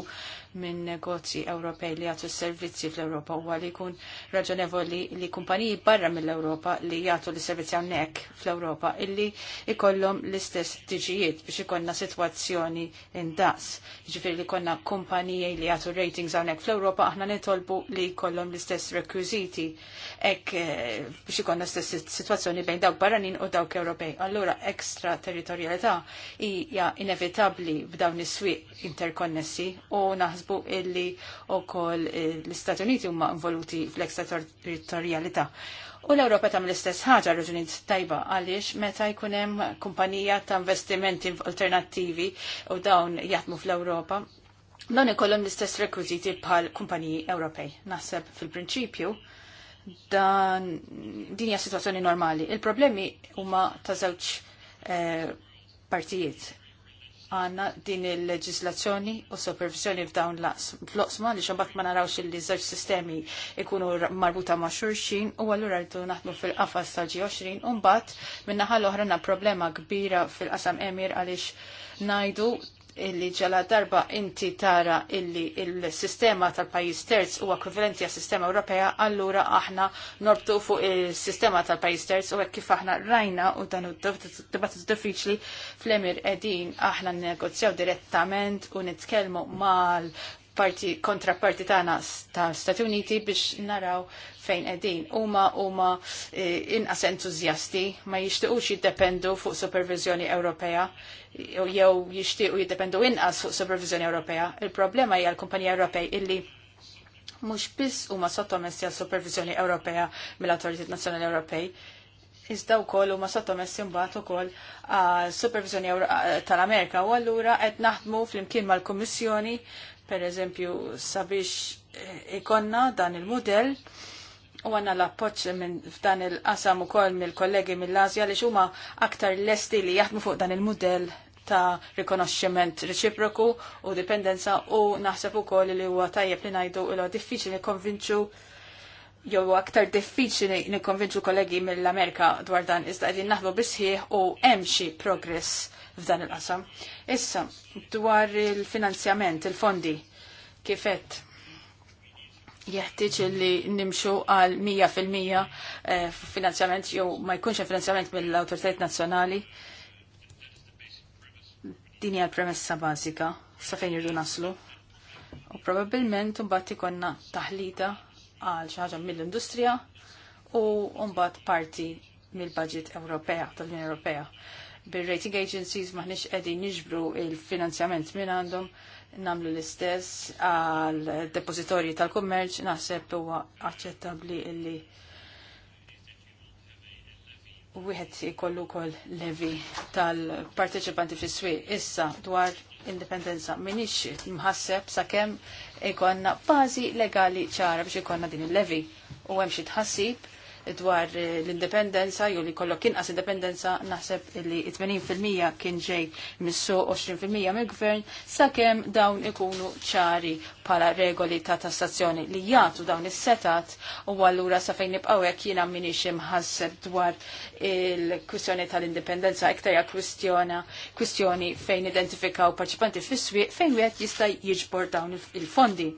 minn negozji Ewropej li jagħtu s-servizzi fl-Ewropa huwa li jkun raġonevoli li kumpaniji barra mill-Ewropa li jagħtu l servizzi hawnhekk fl-Ewropa illi ikollhom l-istess tiġijiet biex ikollna sitwazzjoni indaqs. Jiġifieri li konna kumpaniji li jagħtu ratings hawnhekk fl-Ewropa aħna nitolbu li jkollhom l-istess rekwiżiti hekk eh, biex ikollna stess sitwazzjoni bejn dawk barranin u dawk Ewropej. Allura ekstra territorjalità hija inevitabbli b'dawn is-swieq interkonnessi u naħsbu naħsbu illi wkoll eh, l-Istati Uniti huma involuti fl-ekstraterritorialità. U l-Ewropa tam l-istess ħaġa raġunit tajba għaliex meta jkun hemm kumpanija ta' investimenti alternattivi u dawn jaħdmu fl-Ewropa, dawn ikollhom l-istess rekwiżiti bħal kumpaniji Ewropej. Naħseb fil-prinċipju dan din hija situazzjoni normali. Il-problemi huma ta' żewġ eh, partijiet għanna din il-leġislazzjoni u supervisjoni f'dawn l-oqsma li xambat ma narawx il żewġ sistemi ikunu marbuta ma' xurxin u għallura rritu naħdmu fil qafas ta' ġi 20 u mbagħad minnaħal l na problema kbira fil-qasam emir għaliex najdu illi ġala darba inti tara illi il-sistema tal-pajis terz u ekvivalenti għas sistema Ewropea, allura aħna norbtu fuq il-sistema tal-pajis terz u kif aħna rajna u dan dibattit diffiċli fl-emir edin aħna negozjaw direttament u nitkelmu mal parti kontraparti tagħna ta' stati Uniti biex naraw fejn Uma, Huma huma e, inqas entużjasti ma jixtiequx jiddependu fuq supervizjoni Ewropea jew jixtiequ jiddependu inqas fuq supervizjoni Ewropea. Il-problema hija l-kumpanija Ewropej illi mhux biss huma sottomessi għal supervizjoni Ewropea mill-Awtoritet Nazzjonali Ewropej, Iżda wkoll huma sottomessi mbagħad ukoll għal supervizjoni eh, tal-Amerika u allura qed naħdmu flimkien mal-Kummissjoni Per eżempju, sabiex eh, ikonna dan il model u għanna l-appoċ minn f'dan il-qasam u koll mill-kollegi mill-Azja li xuma aktar lesti li jaħdmu fuq dan il model ta' rikonoxximent reċiproku u dipendenza u naħseb ukoll li huwa tajjeb li ngħidu ilha diffiċli nikkonvinċu jew aktar diffiċli nikkonvinċu kollegi mill-Amerika dwar dan iżda qegħdin naħdu bisħieħ u hemm xi progress f'dan il-qasam. Issa, dwar il-finanzjament, il-fondi, kifet jeħtieġ li nimxu għal 100% eh, finanzjament jew ma jkunx finanzjament mill-awtoritajiet nazzjonali. Din hija l-premessa bażika sa fejn irdu naslu. U probabbilment imbagħad ikonna taħlita għal xi ħaġa mill-industrija u mbagħad parti mill-budget Ewropea tal-Unjoni Ewropea bil-rating agencies maħniex qegħdin niġbru il-finanzjament minn għandhom namlu l-istess għal depozitorji tal-kummerċ naħseb huwa aċċettabbli illi wieħed ikollu kol levi tal-parteċipanti fis swieq Issa dwar indipendenza minix mħasseb sakemm ikonna bażi legali ċara biex ikonna din il-levi u hemm xi tħassib dwar eh, l-indipendenza, jew li kollok inqas indipendenza, naħseb li 80% kien ġej su 20% mill-gvern, sakemm dawn ikunu ċari pala regoli ta' tassazzjoni li jagħtu dawn is-setat u allura sa fejn nibqgħu hekk jiena m'iniex imħasseb dwar il-kwistjoni tal-indipendenza iktar kwistjona kwistjoni fejn identifikaw parċipanti fis-swieq fejn wieħed jista' jiġbor dawn il-fondi.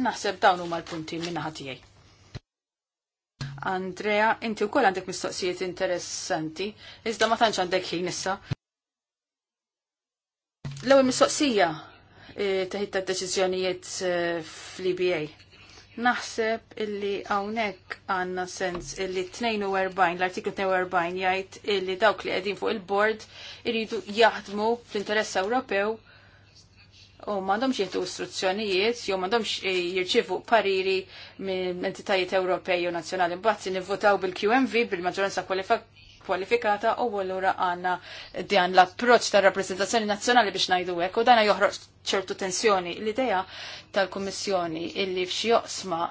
Naħseb dawn huma l-punti minn tiegħi. Andrea, inti wkoll għandek mistoqsijiet interessanti, iżda ma tantx għandek ħin issa. L-ewwel mistoqsija e, teħid ta' deċiżjonijiet e, fl-IBA. Naħseb illi hawnhekk għandna sens illi 42 l-artiklu 42 jgħid illi dawk li qegħdin fuq il-bord iridu jaħdmu fl-interess Ewropew u mandomx jieħdu istruzzjonijiet, jew mandomx eh, jirċivu pariri minn entitajiet Ewropej u nazzjonali. Mbagħad nivvotaw bil-QMV bil-maġġoranza kwalifikata u allura għandna dan l-approċċ tar rappreżentazzjoni nazzjonali biex ngħidu hekk u dana joħroġ ċertu tensjoni. L-idea tal-Kummissjoni illi f'xi joqsma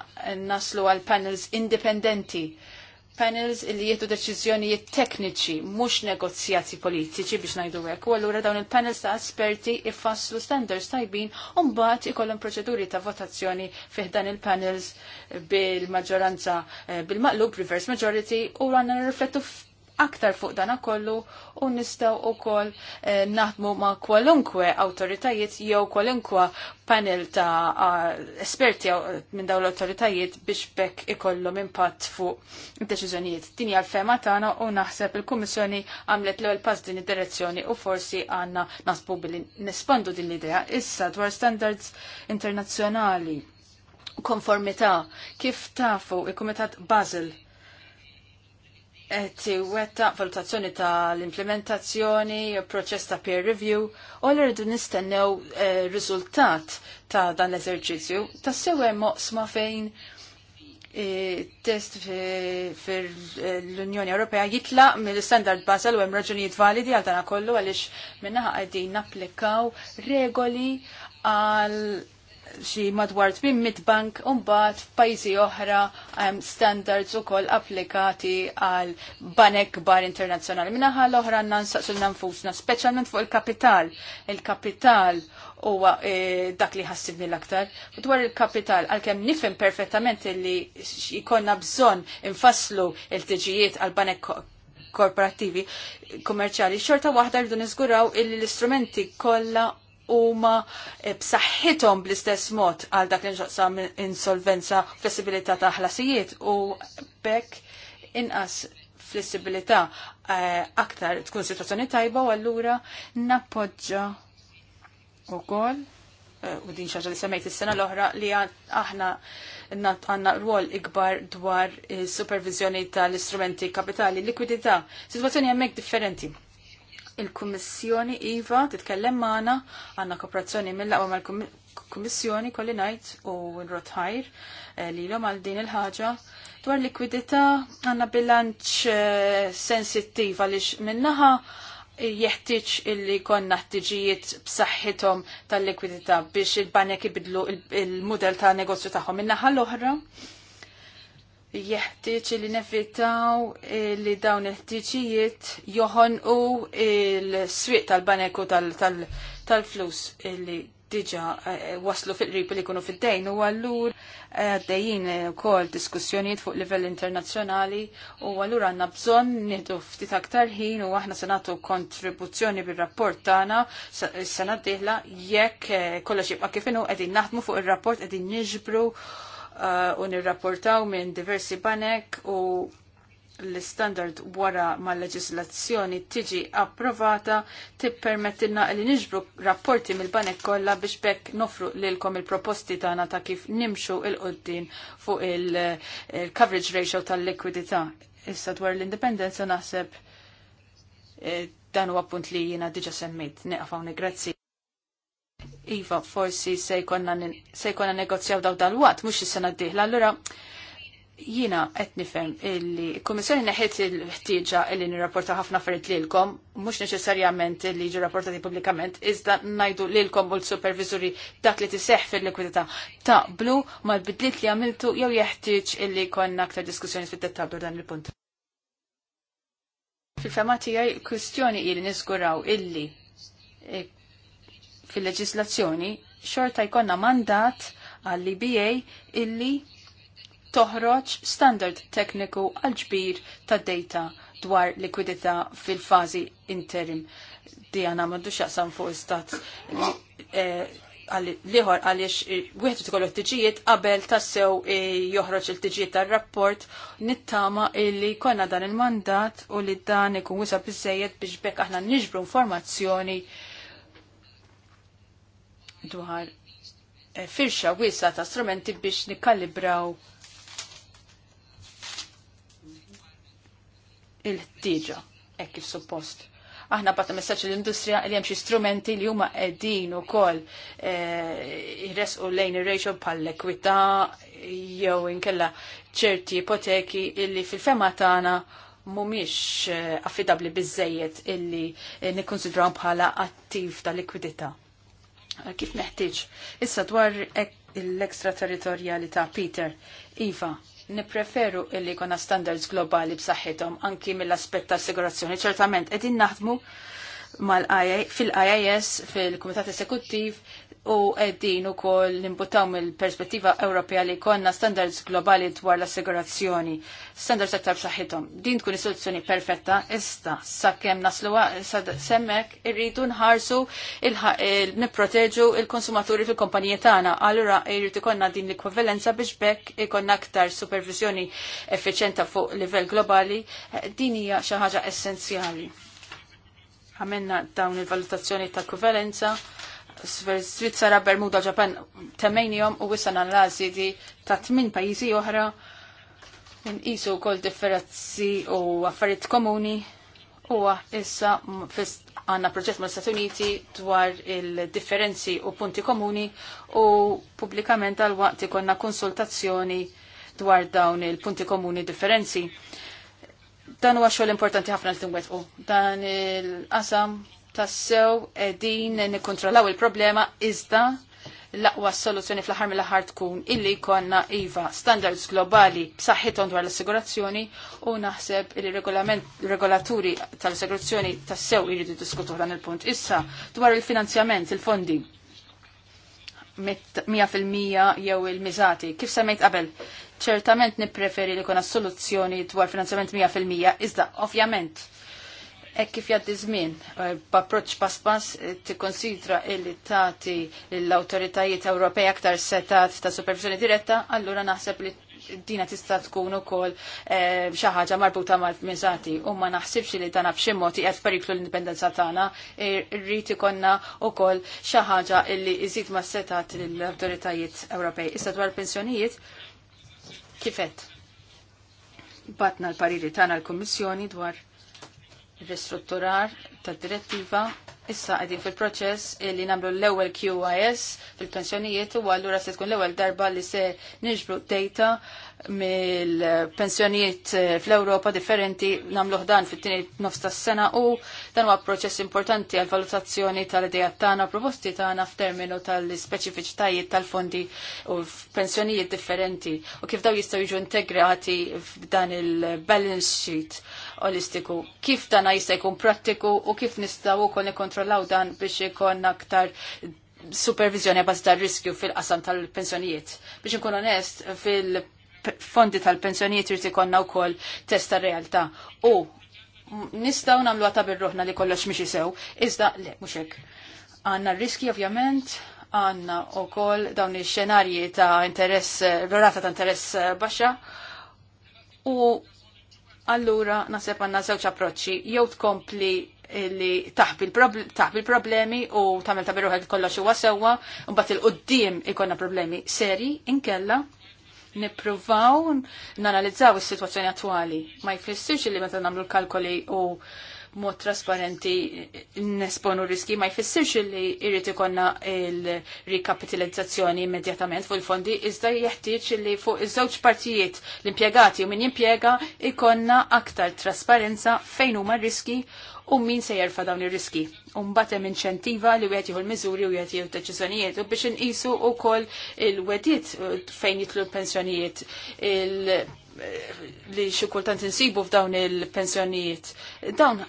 naslu għal panels indipendenti panels li jieħdu deċiżjonijiet tekniċi, mhux negozjati politiċi biex ngħidu hekk. U allura dawn il-panels ta' esperti ifasslu standards tajbin u mbagħad ikollhom proċeduri ta' votazzjoni fih dan il-panels bil-maġġoranza eh, bil-maqlub reverse majority u għandna nirriflettu aktar fuq dana kollu u nistaw u koll eh, naħdmu ma kwalunkwe autoritajiet jew kwalunkwa panel ta' esperti eh, minn daw l-autoritajiet biex bekk ikollhom impatt fuq deċiżjonijiet. Din hija l-fema tagħna u naħseb il-Kummissjoni għamlet l-ewwel pass din id-direzzjoni u forsi għandna nasbu billi nespandu din l-idea issa dwar standards internazzjonali konformità kif tafu il-Kumitat Basel qed iwettaq valutazzjoni tal-implementazzjoni, proċess ta' peer review, u l rridu nistennew eh, riżultat ta' dan l-eżerċizzju. Ta' sewe moqsma fejn eh, test test fil-Unjoni Ewropea jitlaq mill-standard Basel u hemm raġunijiet validi għal dan kollu għaliex minnaħa qegħdin napplikaw regoli għal xi madwar 800 bank u mbagħad f'pajjiżi oħra hemm standards ukoll applikati għal banek kbar internazzjonali. Minaħa l-oħra nansaqsu nfusna, speċjalment fuq il-kapital. Il-kapital huwa eh, dak li ħassibni l-aktar. Dwar il-kapital, għalkemm nifhem perfettament li jkollna bżonn infasslu il-tiġijiet għal banek korporattivi kummerċali, xorta waħda rridu niżguraw illi l-istrumenti kollha huma eh, b'saħħithom bl-istess mod għal dak li nxaqsam insolvenza, flessibilità ta' ħlasijiet u bekk inqas flessibilità eh, aktar tkun situazzjoni tajba u allura nappoġġa ukoll eh, u din xaġa li semmejt is-sena l-oħra li aħna għanna rwol ikbar dwar supervizjoni tal-istrumenti kapitali, likwidità, situazzjoni hemmhekk differenti il-Kummissjoni IVA titkellem maħna għandna kooperazzjoni mill-laqwa mal-Kummissjoni kolli ngħid u l-Rotħajr eh, lilhom għal din il-ħaġa dwar likwidità għandna bilanċ eh, sensittiv għaliex minnaħa jeħtieġ illi konna ħtiġijiet b'saħħithom tal-likwidità biex il-banek ibidlu il-mudell ta' negozju tagħhom. Min-naħa l-oħra, jeħtieġ li nevitaw eh, li dawn il-ħtiġijiet joħonqu il-swieq tal-baneku tal-flus li diġa eh, waslu fil rib li jkunu fid-dejn u għallur eh, għaddejjin kol diskussjonijiet fuq livell internazzjonali u għallur għanna bżon nidu ftit aktar ħin u aħna se nagħtu kontribuzzjoni bir-rapport tagħna sena d-dieħla jekk kollox jibqa' kif inhu qegħdin naħdmu fuq ir-rapport qegħdin niġbru Uh, u nirrapportaw minn diversi banek u l-standard wara ma leġislazzjoni tiġi approvata tippermettilna li niġbru rapporti mill-banek kollha biex bekk nofru lilkom il-proposti tagħna ta' kif nimxu il-qoddin fuq il-coverage ratio tal-likwidità. Issa dwar l-indipendenza naħseb eh, dan huwa punt li jiena diġa semmejt. nieqaf hawnhekk grazzi. Iva, forsi se jkonna negozjaw daw dal-wat, mux is-sena d-dihla. jina qed nifhem illi l-Kummissjoni neħet il-ħtieġa illi nirrapporta ħafna affarijiet lilkom, mhux neċessarjament illi jiġu rapportati pubblikament, iżda ngħidu lilkom u l-supervisuri dak li tiseħħ fil-likwidità taqblu mal-bidliet li għamiltu jew jeħtieġ illi konna aktar diskussjoni fid-dettal dan il-punt. Fil-fema tiegħi kwistjoni ili niżguraw illi fil-leġislazzjoni xorta jkonna mandat għall-IBA illi toħroġ standard tekniku għal ġbir ta' data dwar likwidità fil-fazi interim. Di għana maddu xaqsam fuq istat eh, liħor għaliex eh, wieħed tkollu t-tiġijiet qabel tassew eh, joħroġ il-tiġijiet tar-rapport nittama illi konna dan il-mandat u li dan ikun wisa biżejjed biex bekk aħna niġbru informazzjoni dwar eh, firxa wisa ta' strumenti biex nikkalibraw il-ħtieġa hekk kif suppost. Aħna bata messaċ l-industrija li hemm xi strumenti li huma qegħdin ukoll eh, jresqu lejn ir-ratio bħall-ekwità jew inkella ċerti ipoteki illi fil-fema tagħna mhumiex eh, affidabbli biżejjed illi nikkonsidraw bħala attiv ta' likwidità kif neħtieġ. Issa dwar l-ekstraterritorjalità Peter, Iva, nipreferu illi jkollna standards globali b'saħħithom anki mill-aspett ta' assigurazzjoni. Ċertament qegħdin naħdmu mal-IA fil-IIS fil-Kumitat Esekuttiv u għeddin u koll nimbutaw mill-perspettiva Ewropea li konna standards globali dwar l-assigurazzjoni, standards għattar b'saħħithom. Din tkun is-soluzzjoni perfetta, issa sakemm naslu semmek irridu nħarsu nipproteġu il-konsumaturi fil-kompaniji tagħna. Allura irrid konna din l ekvivalenza biex bekk ikonna aktar supervizjoni effiċjenta fuq livell globali, din hija xi ħaġa essenzjali. Għamenna dawn il-valutazzjoni ta' ekwivalenza Svizzera, Bermuda, Ġapan temmejnijom u wissa għal lazi di ta' tmin pajizi oħra isu kol differenzi u affarijiet komuni u issa għanna proġett mal stati Uniti dwar il-differenzi u punti komuni u publikament għal waqt ikonna konsultazzjoni dwar dawn il-punti komuni differenzi. Dan huwa xogħol importanti ħafna l u Dan il-qasam tassew din nikkontrollaw il-problema iżda l-aqwa soluzzjoni fl-ħar mill-ħar tkun illi konna IVA standards globali b'saħħithom dwar l-assigurazzjoni u naħseb il regolaturi tal-assigurazzjoni tassew jridu diskutu dan il-punt. Issa dwar il-finanzjament, il-fondi. 100% jew il-miżati. Kif semmejt qabel, ċertament nippreferi li kuna soluzzjoni dwar finanzjament 100%, iżda ovvjament E kif jaddi żmien, e, b'approċċ pass pass e, konsidra illi tagħti l-awtoritajiet Ewropej aktar setat ta' supervizjoni diretta, allura naħseb li dina tista' tkun ukoll e, xi ħaġa marbuta mal-miżati u ma naħsibx li tana b'xi mod qiegħed periklu l-indipendenza tagħna, irrid ikonna wkoll xi ħaġa illi iżid ma' setat l-awtoritajiet Ewropej. Issa dwar pensjonijiet kifet batna l-pariri tagħna l-Kummissjoni dwar ristrutturar tad direttiva issa qegħdin fil-proċess li nagħmlu l-ewwel QIS fil-pensjonijiet u allura se tkun l-ewwel darba li se niġbru data mill-pensjonijiet eh, fl-Europa differenti namlu dan fit-tieni nofs tas-sena u dan huwa proċess importanti għal valutazzjoni tal ideja tagħna proposti tagħna f'terminu tal-speċifiċitajiet tal-fondi u f'pensjonijiet differenti u kif daw jistgħu jiġu integrati f'dan il-balance sheet olistiku. Kif dan jista' jkun prattiku u kif nistgħu wkoll nikkontrollaw dan biex ikun aktar supervizjoni baż riskju fil-qasam tal-pensjonijiet. Biex nkun onest, fil fondi tal-pensjonijiet konna u wkoll testa realtà. U nistgħu nagħmlu ta' birruħna li kollox mhix jisew, iżda le mhux hekk. Għandna riski ovvjament, għandna wkoll dawn ix-xenarji ta' interess, rorata ta' interess eh, baxxa. U allura naħseb għandna żewġ approċċi, jew tkompli li taħbi l-problemi u tamel ta' biruħek kollox huwa sewwa, u bat il-qoddim ikonna problemi seri, inkella, nippruvaw nanalizzaw is-sitwazzjoni attwali. Ma jfissirx li meta nagħmlu l-kalkoli u mod trasparenti nesponu riski ma jfissirx li jrid ikonna il-rikapitalizzazzjoni immedjatament fuq il-fondi iżda jeħtieġ li fuq iż-żewġ partijiet l-impjegati u min jimpjega ikonna aktar trasparenza fejn huma riski u min se jerfa dawn ir-riski. mbagħad hemm inċentiva li wieħed jieħu l-miżuri u wieħed jieħu deċiżjonijiet u biex inqisu wkoll il-wedit fejn jitlu l-pensjonijiet li xi kultant insibu f'dawn il-pensjonijiet. Dawn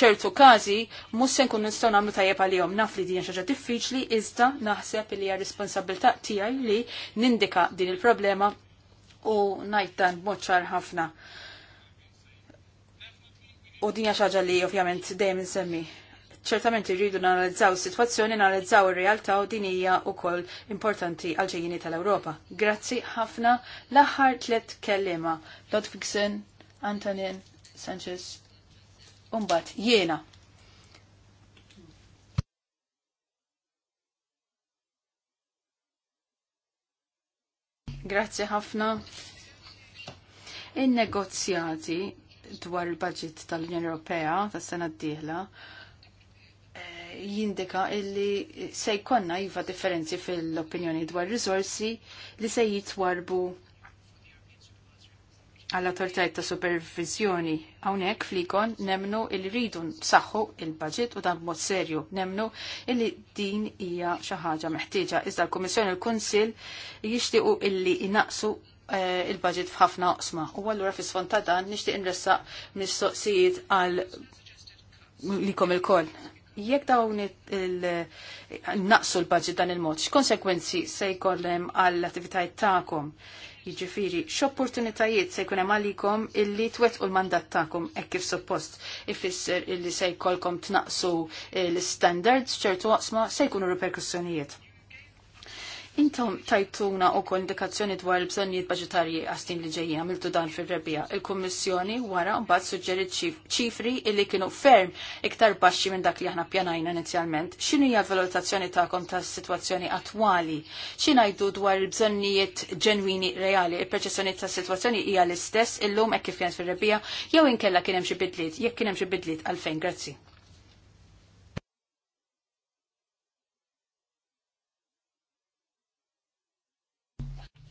ċertu każi mhux se nkun nistgħu nagħmlu tajjeb għalihom naf li din xi ħaġa diffiċli iżda naħseb li hija responsabilità tiegħi li nindika din il-problema u ngħid dan b'mod ċar ħafna. U dinja xaġa li ovvjament dejjem insemmi. Ċertament irridu nanalizzaw is-sitwazzjoni, nanalizzaw ir-realtà u din hija wkoll importanti għal ġejjini tal-Ewropa. Grazzi ħafna l-aħħar tliet kellima. Lodfigsen, Antonin, Sanchez, u mbagħad jiena. Grazzi ħafna. In-negozjati dwar il-budget tal-Unjoni Ewropea tas-sena d-dieħla eh, jindika illi se jkonna jiva differenzi fil-opinjoni dwar risorsi li se jitwarbu għall autoritajiet ta' supervizjoni hawnhekk flikon nemnu il ridu saħħu il-budget u dan b'mod serju nemnu illi din hija xi ħaġa meħtieġa iżda l-Kummissjoni l kunsill jixtiequ illi inaqsu Eh, il-budget f'ħafna oqsma. U għallura fis fond ta' dan nixtieq inressaq mis-soqsijiet għal likom il-koll. Jekk dawn naqsu l-budget dan il-mod, x'konsegwenzi se jkollhom għall attivitajiet tagħkom? Jiġifieri, x'opportunitajiet se jkun hemm għalikom illi twettqu l-mandat tagħkom hekk kif suppost ifisser illi se jkollkom tnaqsu l-standards ċertu oqsma se jkunu reperkussjonijiet. Intom tajtuna u kol indikazzjoni dwar il-bżonnijiet budgetarji għastin li ġejja għamiltu dan fil-rebija. Il-Kommissjoni wara mbagħad suġġerit ċifri illi kienu ferm iktar baxxi minn dak li aħna pjanajna inizjalment. X'inhu hija l-valutazzjoni tagħkom tas-sitwazzjoni attwali? ngħidu dwar il-bżonnijiet ġenwini reali? Il-perċessjoni tas-sitwazzjoni hija l-istess illum hekk kif fir-rebija jew inkella kien hemm xi bidliet, jekk kien hemm xi bidliet għalfejn, grazzi.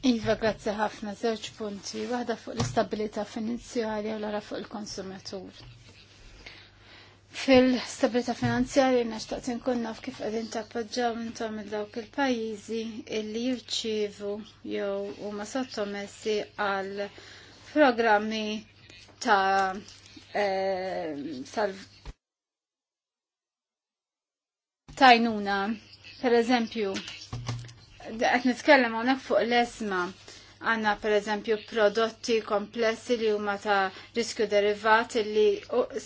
Iva, grazzi ħafna, zewċ punti, waħda fuq l-istabilità finanzjarja u l-għara fuq il-konsumatur. Fil-stabilità finanzjarja naxtaqt nkun naf kif qegħdin tappoġġaw intom il dawk il-pajjiżi illi jirċievu jew huma sottomessi għal programmi ta' eh, salv tajnuna, per eżempju, Għet nitkellem għonek fuq l-esma għanna per eżempju prodotti komplessi li huma ta' riskju derivati li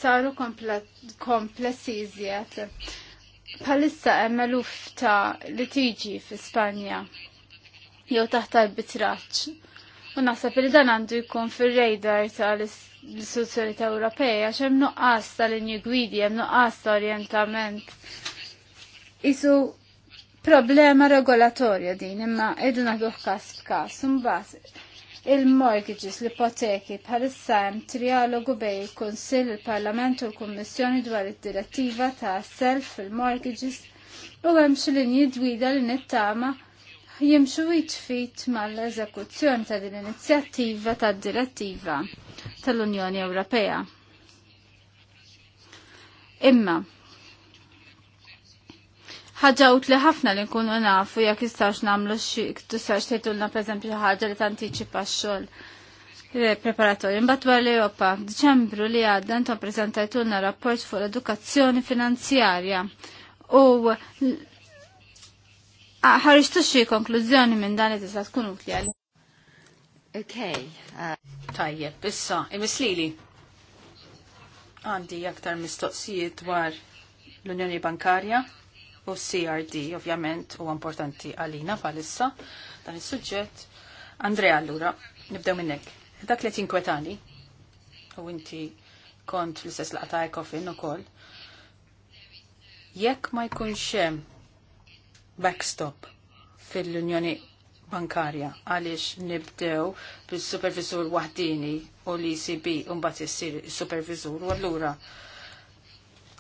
saru komplessi iżjed. Palissa hemm eluf ta' tiġi fi Spanja jew taħt arbitraġġ. U naħseb li dan għandu jkun fir-radar tal l-Istituzzjonijiet Ewropej għax hemm nuqqas tal-linji gwidi, hemm nuqqas ta' orjentament. Isu problema regolatorja din imma edu naħduh kas b'kas. Mbagħad il-mortgages, l-ipoteki bħalissa hemm trialogu bej il-Kunsill, il-Parlament u l-Kummissjoni dwar id-direttiva ta' self il-mortgages u hemm xi linji li nittama jimxu jitfit mal-eżekuzzjoni ta' din l-inizjattiva ta' direttiva tal-Unjoni Ewropea. Imma, ħaġawt li ħafna li nkunu nafu jekk jistax nagħmlu xi tistax tgħidulna pereżempju ħaġa li tantiċipa x-xogħol preparatorju. Mbagħad dwar l-Ejopa, Diċembru li għadda nton prezentajtulna rapport fuq l-edukazzjoni finanzjarja. U ħarġtu xi konklużjoni minn dan li tista' tkun utli għal. Okay. Uh, Tajjeb, issa, imislili. Għandi aktar mistoqsijiet dwar l-Unjoni Bankarja u CRD ovvjament u importanti għalina bħalissa dan is-suġġett. Andrea allura, nibdew minnek. Dak li tinkwetani u inti kont l istess laqta ekofin ukoll. Jekk ma jkunx hemm backstop fil-Unjoni bankarja għaliex nibdew bis-supervisur waħdini u l-ECB u mbagħad issir is-supervisur u allura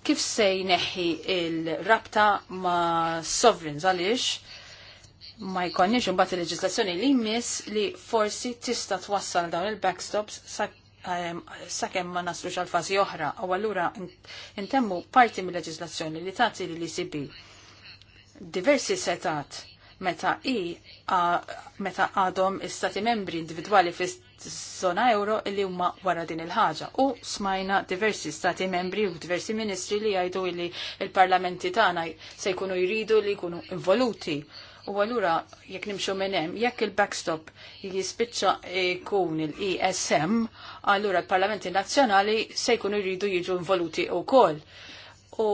kif se jneħħi il-rabta ma' sovereigns għalix ma jkonniex imbagħad il-leġislazzjoni li jmiss li forsi tista' twassal dawn il-backstops ehm, sakemm ma naslux għal fażi oħra u allura intemmu parti mill-leġislazzjoni li tagħti li l-ICB e diversi setat meta i meta għadhom stati membri individwali fis zona euro illi huma wara din il-ħaġa. U smajna diversi stati membri u diversi ministri li jgħidu li il-parlamenti tagħna se jkunu jridu li jkunu involuti. U għallura jekk nimxu minn hemm, jekk il-backstop jispiċċa jkun il-ESM, allura l-parlamenti nazzjonali se jkunu jridu jiġu involuti wkoll. U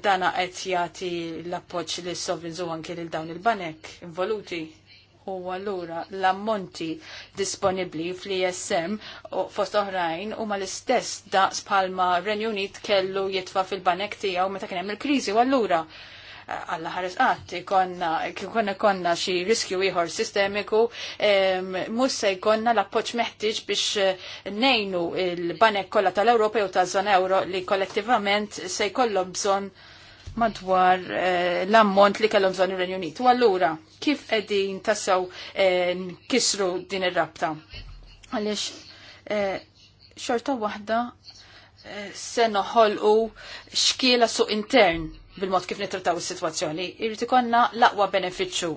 dana qed jagħti l-appoġġ li s-sovrinżu anke l dawn il-banek involuti U allura l-ammonti disponibli fl-ISM fost oħrajn u ma l-istess daqs palma Renju Unit kellu jitfa fil-banek tiegħu meta kien hemm il-kriżi u allura għalla ħares qatt ah, konna konna konna xi riskju ieħor sistemiku mhux se jkollna l-appoġġ meħtieġ biex eh, nejnu il-banek kollha tal-Ewropa u taż-żona euro li kollettivament se jkollhom bżonn madwar eh, l-ammont li kellhom bżonn ir-Renju Unit. U allura kif qegħdin tassew eh, kisru din ir-rabta? Għaliex eh, xorta waħda eh, se noħolqu xkiela suq intern bil-mod kif nitrattaw is-sitwazzjoni. Irrid ikollna l-aqwa benefiċċju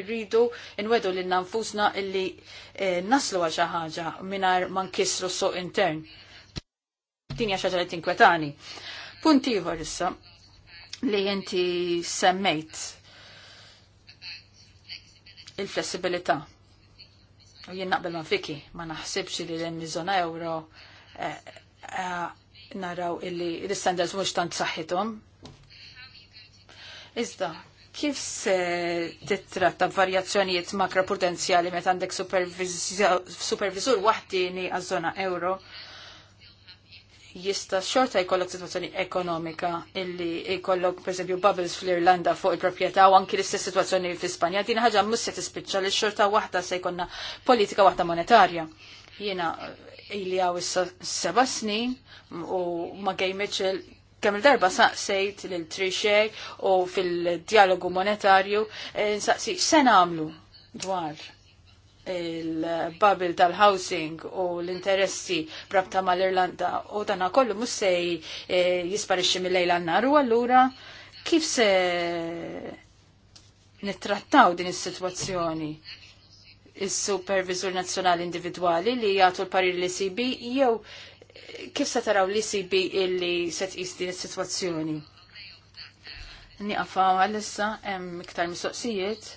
irridu nwedu lil nanfusna illi eh, naslu għal xi ħaġa mingħajr ma nkissru suq intern. Din hija xi ħaġa li tinkwetani. Punt ieħor issa, li inti semmejt il-flessibilità. U jien naqbel ma' fiki, ma naħsibx li l-mizzona euro eh, eh, naraw illi l istandards mux tant saħħithom. Iżda, kif se titratta varjazzjonijiet makroprudenzjali meta għandek supervizur wahdini għaż-żona euro jista xorta jkollok situazzjoni ekonomika illi jkollok per esempio bubbles fl-Irlanda fuq il-propieta u anki l-istess situazzjoni fl-Ispanja. Din ħaġa mhux se tispiċċa li xorta waħda se jkollna politika waħda monetarja. Jiena eh, illi għaw issa seba' snin u ma gejmitx kemm il-darba saqsejt lil Trixek u fil-dialogu monetarju eh, saqsi se nagħmlu dwar il-bubble tal-housing u l-interessi brabta mal-Irlanda u dana kollu mussej se eh, jisparixxi lejl għal nar u allura kif se nittrattaw din is-sitwazzjoni? Is-Supervisur Nazzjonali Individwali li jagħtu l-parir li CB jew kif se taraw l CB illi se tqis din is-sitwazzjoni? Niqafaw għalissa hemm iktar mistoqsijiet,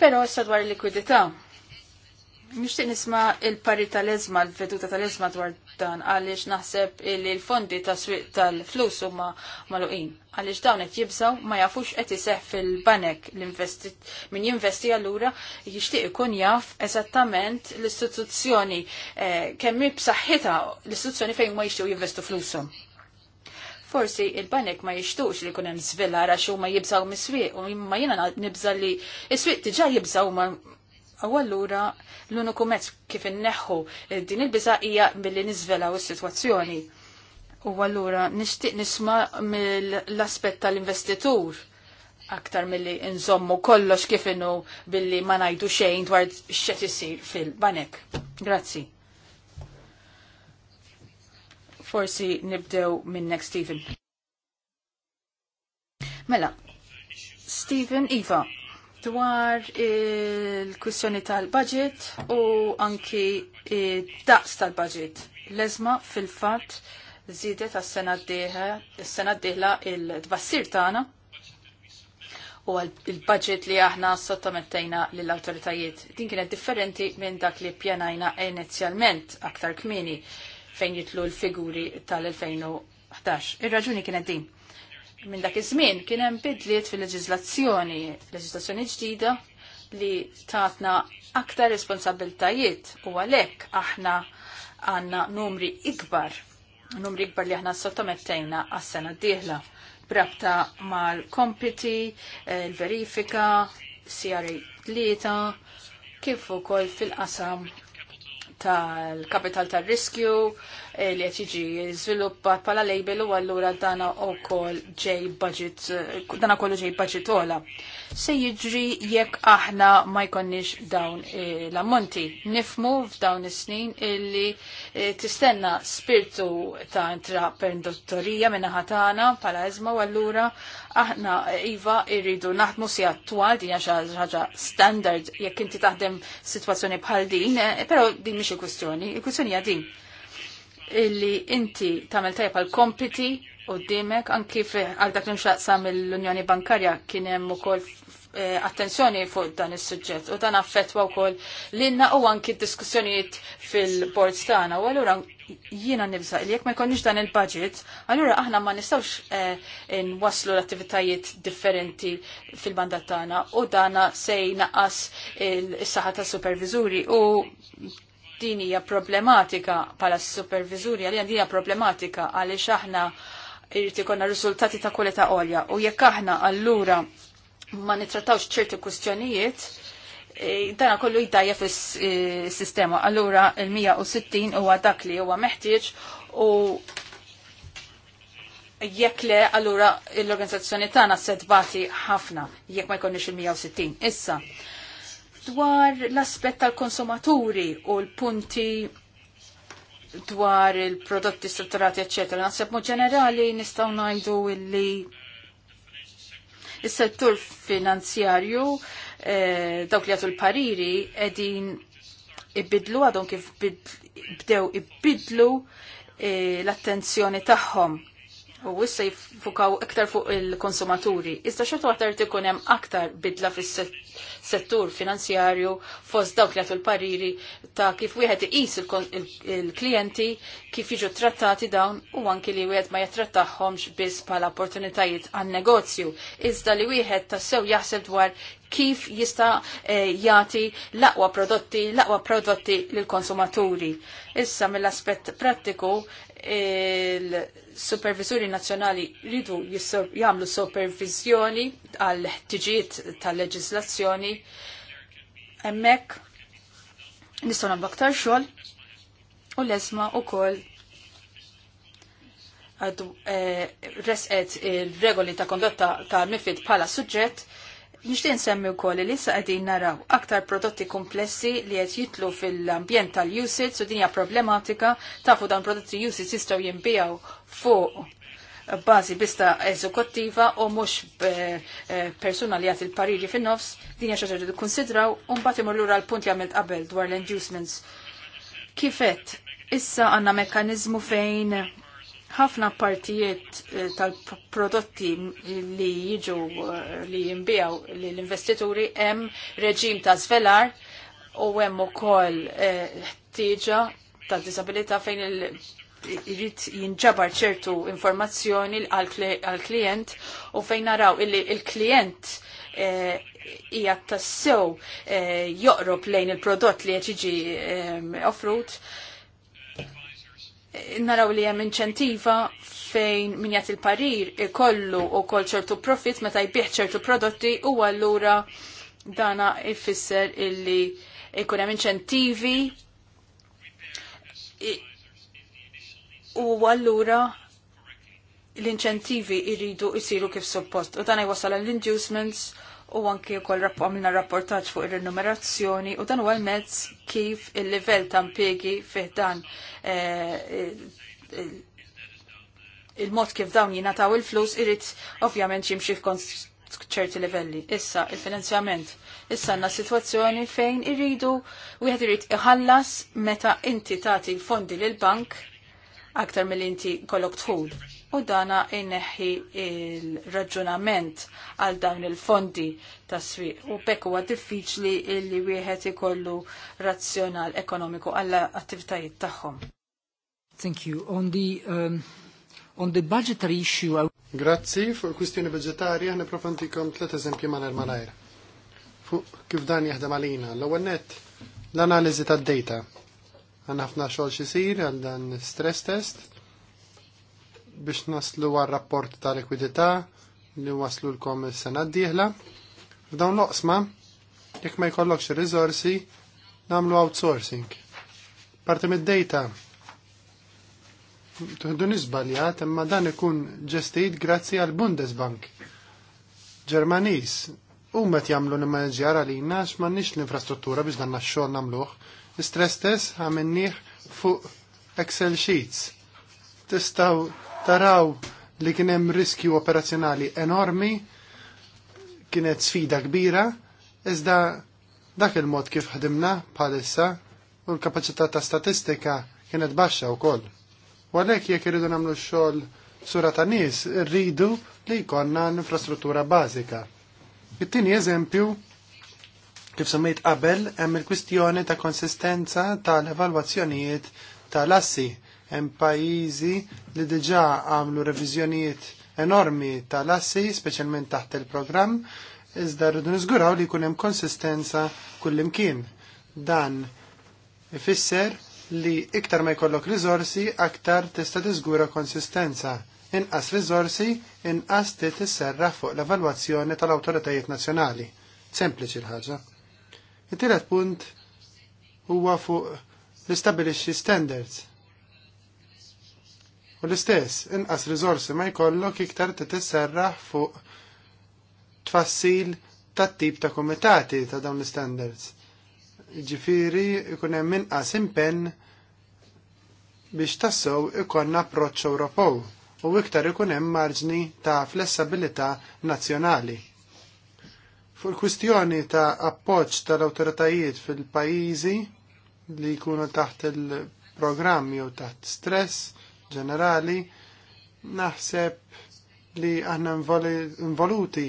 però issa dwar il-likwidità. Nishtiq nisma il parri tal-ezma, l-veduta tal-ezma dwar dan, għalix naħseb il-fondi ta' swiq tal-flus u ma maluqin. Għalix dawn qed jibżaw ma jafux qed iseħ fil-banek min jinvesti allura jixtieq ikun jaf eżattament l-istituzzjoni eh, kemm b'saħħitha l-istituzzjoni fejn ma jixtiequ jinvestu flusum. Forsi il-banek ma jixtux li kunem zvilla għax huma jibżaw mis-swieq u ma jiena nibża li s-swieq diġà jibżaw ma' U allura l-uniku mezz kif inneħħu eh, din il-biża hija billi niżvelaw is-sitwazzjoni. U allura nixtieq nisma' mill-aspett tal-investitur aktar milli nżommu kollox kif innu billi ma ngħidu xejn dwar x'qed isir fil-banek. Grazzi. Forsi nibdew minnek Stephen. Mela, Stephen Iva, dwar il-kwissjoni tal-budget u anki daqs tal-budget. Lezma fil-fat zidet għas sena d-sena d-dihla il-tbassir tagħna u għal budget li aħna sottomettejna lill-autoritajiet. Din kienet differenti minn dak li pjanajna inizjalment aktar kmini fejn jitlu l-figuri tal-2011. Ir-raġuni kienet din minn dak iż-żmien kien hemm bidliet fil-leġiżlazzjoni, leġiżlazzjoni ġdida li tatna aktar responsabiltajiet u għalhekk aħna għandna numri ikbar, numri ikbar li aħna sottomettejna għas-sena d-dieħla brabta mal-kompiti, il-verifika, eh, CRA tlieta, kif ukoll fil-qasam tal-kapital tal-riskju eh, li qed jiġi żviluppat bħala label u allura dana wkoll ġej budget eh, dana kollu ġej budget għala. Se jiġri jekk aħna ma jkonniġ dawn eh, l-ammonti. Nifmu f'dawn is-snin illi tistenna spirtu ta' intraprenditorija minna ħatana bħala eżma u allura aħna iva irridu naħdmu si attwal din għax ħaġa standard jekk inti taħdem situazzjoni bħal din, eh, però din mhix il-kwistjoni, il-kwistjoni hija din illi inti tagħmel tajjeb għal kompiti u dimek anki għal dak l-inxaqsa mill-Unjoni Bankarja kien hemm ukoll eh, attenzjoni fuq dan is-suġġett u dan affettwa wkoll l-inna u anki d-diskussjonijiet fil bord tagħna u allura jiena nibza li jekk ma jkunx dan il-budget, allura aħna ma nistgħux nwasslu eh, nwaslu l-attivitajiet differenti fil-mandat tagħna u dana se jnaqqas is-saħħa tas-superviżuri u din hija problematika bħala superviżuri għalija din hija problematika għaliex aħna irid ikollna riżultati ta' kwalità għolja u jekk aħna allura ma nittrattawx ċerti kwistjonijiet Tana eh, kollu jitajja fil eh, sistema Allura il-160 huwa dak li huwa meħtieġ u jekk le allura l-organizzazzjoni tagħna se tbati ħafna jekk ma jkollniex il-160. Issa dwar l-aspett tal-konsumaturi u l-punti dwar il-prodotti strutturati, ecc. Naħseb mu ġenerali nistgħu ngħidu illi il settur finanzjarju Eh, dawk li għatu l-pariri edin ibidlu għadhom kif bdew ibidlu eh, l-attenzjoni tagħhom u issa jifukaw iktar fuq il-konsumaturi. Iżda xorta għattar tikun hemm aktar bidla fis-settur finanzjarju fost dawk li għatu l-pariri ta' kif wieħed iqis il-klijenti kif jiġu trattati dawn u anki li wieħed ma jattrattahomx biss bħala opportunitajiet għan negozju iżda li wieħed tassew jaħseb dwar kif jista eh, jagħti l-aqwa prodotti, l-aqwa prodotti lill konsumaturi Issa mill-aspett prattiku il-supervisuri nazzjonali ridu jagħmlu supervizjoni għal ħtiġijiet tal-leġislazzjoni hemmhekk nistgħu nagħmlu aktar xogħol u l-ezma wkoll għaddu eh, resqet il-regoli ta' kondotta ta' mifid pala suġġett Nixtieq nsemmi wkoll li issa qegħdin naraw aktar prodotti komplessi li qed jitlu fil-ambjent tal-usage u dinja problematika tafu dan prodotti usage jistgħu jinbijaw fuq bazi bista eżekuttiva u mux e, persuna li għat il-pariri fin-nofs, dinja xaġa li konsidraw, un bat imur l l-punt li qabel dwar l-inducements. Kifet, issa għanna mekanizmu fejn ħafna partijiet eh, tal-prodotti li jiġu eh, li jimbijaw l-investituri hemm reġim ta' zvelar u hemm ukoll eh, ħtieġa ta' disabilità fejn il jinġabar ċertu informazzjoni għal-klient u fejn naraw illi il-klient hija tassew joqrob lejn il-prodott li qed jiġi offrut naraw li hemm inċentiva fejn min jagħti il-parir ikollu wkoll ċertu profit meta jbieħ ċertu prodotti u allura dana jfisser illi jkun hemm inċentivi u allura l-inċentivi irridu jisiru kif suppost. U dan jwassal l-inducements u anki wkoll għamilna rapportaġġ fuq ir-renumerazzjoni u dan huwa l-mezz kif il-livell ta' impjiegi fih dan eh, il-mod kif dawn jingħataw il-flus irid ovvjament jimxi ċerti livelli. Issa il-finanzjament. Issa għandna sitwazzjoni fejn irridu wieħed irid iħallas meta inti tagħti fondi lil bank aktar mill-inti kollok tħul u dana inneħi il-raġunament għal dawn il-fondi ta' swiq u bekk huwa diffiċli li wieħed ikollu razzjonal ekonomiku għall attivitajiet tagħhom. Thank you. On the, um, on the budgetary issue... I... Grazzi, fuq kwistjoni budgetarja ħna profantikom tlet eżempji malar malajr. Fuq kif dan jahdem għalina. L-ewwel net l-analiżi tad-data. Għandna ħafna xogħol xisir għal dan stress test biex naslu għal rapport ta' likwidità li waslu l-kom il-sena d-dieħla. F'dawn l-oqsma, jekk ma jkollokx il-rizorsi, namlu outsourcing. Parti mid-data tuħdu nisbaljat, imma dan ikun ġestijt grazzi għal Bundesbank. Ġermanis, u met jamlu n-manager għalina x'ma nix l-infrastruttura biex dan xogħol namluħ. Stress test għamenniħ fuq Excel sheets. Tistaw Taraw li kien hemm riskju operazzjonali enormi, kienet sfida kbira, iżda dak il-mod kif ħdimna bħalissa u l-kapaċità ta' statistika kienet baxxa wkoll. U għalhekk jekk iridu nagħmlu x-xogħol sura ta' nies, rridu li jkollna infrastruttura bażika. It-tieni eżempju kif semmejt qabel hemm il-kwistjoni ta' konsistenza tal-evalwazzjonijiet tal-assi hemm pajjiżi li diġà għamlu reviżjonijiet enormi tal-assi, speċjalment taħt il-programm, iżda rridu niżguraw li jkun hemm konsistenza kullimkien. Dan ifisser li iktar ma jkollok riżorsi, aktar tista' tiżgura konsistenza inqas riżorsi, inqas trid tisserra fuq l-evalwazzjoni tal-awtoritajiet nazzjonali. Sempliċi l-ħaġa. it tielet punt huwa fuq l establishi standards. U l-istess, inqas rizorsi ma jkollok iktar titisserraħ fuq tfassil tat tip ta' komitati ta' dawn l-standards. Ġifiri, ikun hemm inqas impenn biex tassew ikonna approċċ Ewropew u iktar ikun hemm marġni ta' flessabilità nazzjonali. Fuq il-kwistjoni ta' appoġġ tal-awtoritajiet fil-pajjiżi li jkunu taħt il-programmi u taħt stress, ġenerali, naħseb li aħna involuti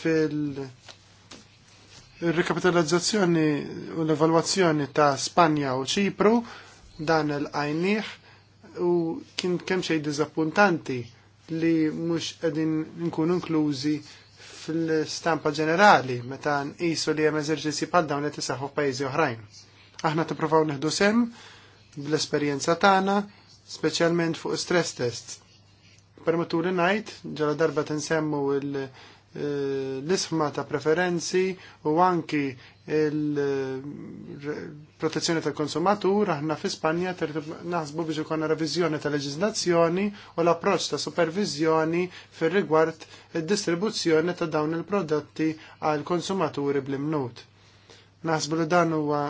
fil- rekapitalizzazzjoni u l-evalwazzjoni ta' Spanja u Ċipru dan il-għajniħ u kien kemm xejn diżappuntanti li mhux qegħdin nkunu inklużi fil-stampa ġenerali meta nqisu li hemm eżerċizzi bħal dawn li tisaħħu f'pajjiżi oħrajn. Aħna tippruvaw neħdu sem bl-esperjenza tagħna speċjalment fuq stress test. Permetu li najt, ġala darba tinsemmu eh, l-isma ta' preferenzi u anki il-protezzjoni tal-konsumatur, aħna fi Spanja naħsbu biex ikonna revizjoni tal-leġizlazzjoni u l-approċ ta' supervizjoni fir rigward id-distribuzzjoni ta' dawn il-prodotti għal konsumaturi bl-imnut. Naħsbu li dan huwa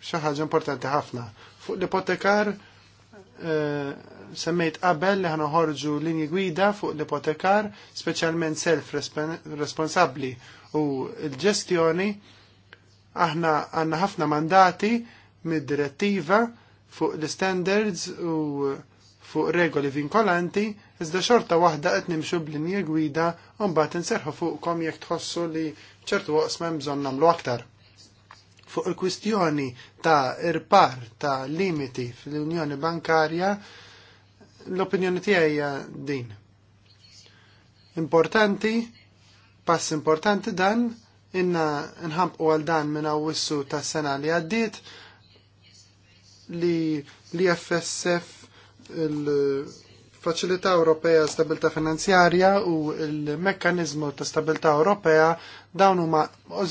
xi ħaġa importanti ħafna. Fuq l-ipotekar semmejt qabel li ħorġu linji gwida fuq l-ipotekar, speċjalment self responsabbli u l-ġestjoni. Aħna għandna ħafna mandati mid-direttiva fuq l-standards u fuq regoli vinkolanti, iżda xorta waħda qed nimxu b'linji gwida u mbagħad inserħu fuqkom jekk tħossu li ċertu waqsma bżonn nagħmlu aktar fuq il-kwistjoni ta' irpar ta' limiti fl-Unjoni Bankarja l-opinjoni tiegħi din. Importanti, pass importanti dan, inna u għal dan minn awwissu ta' sena li għaddiet li l-FSF Faċilità Ewropea Stabilità Finanzjarja u l-Mekkanizmu ta' Stabilità Ewropea dawn huma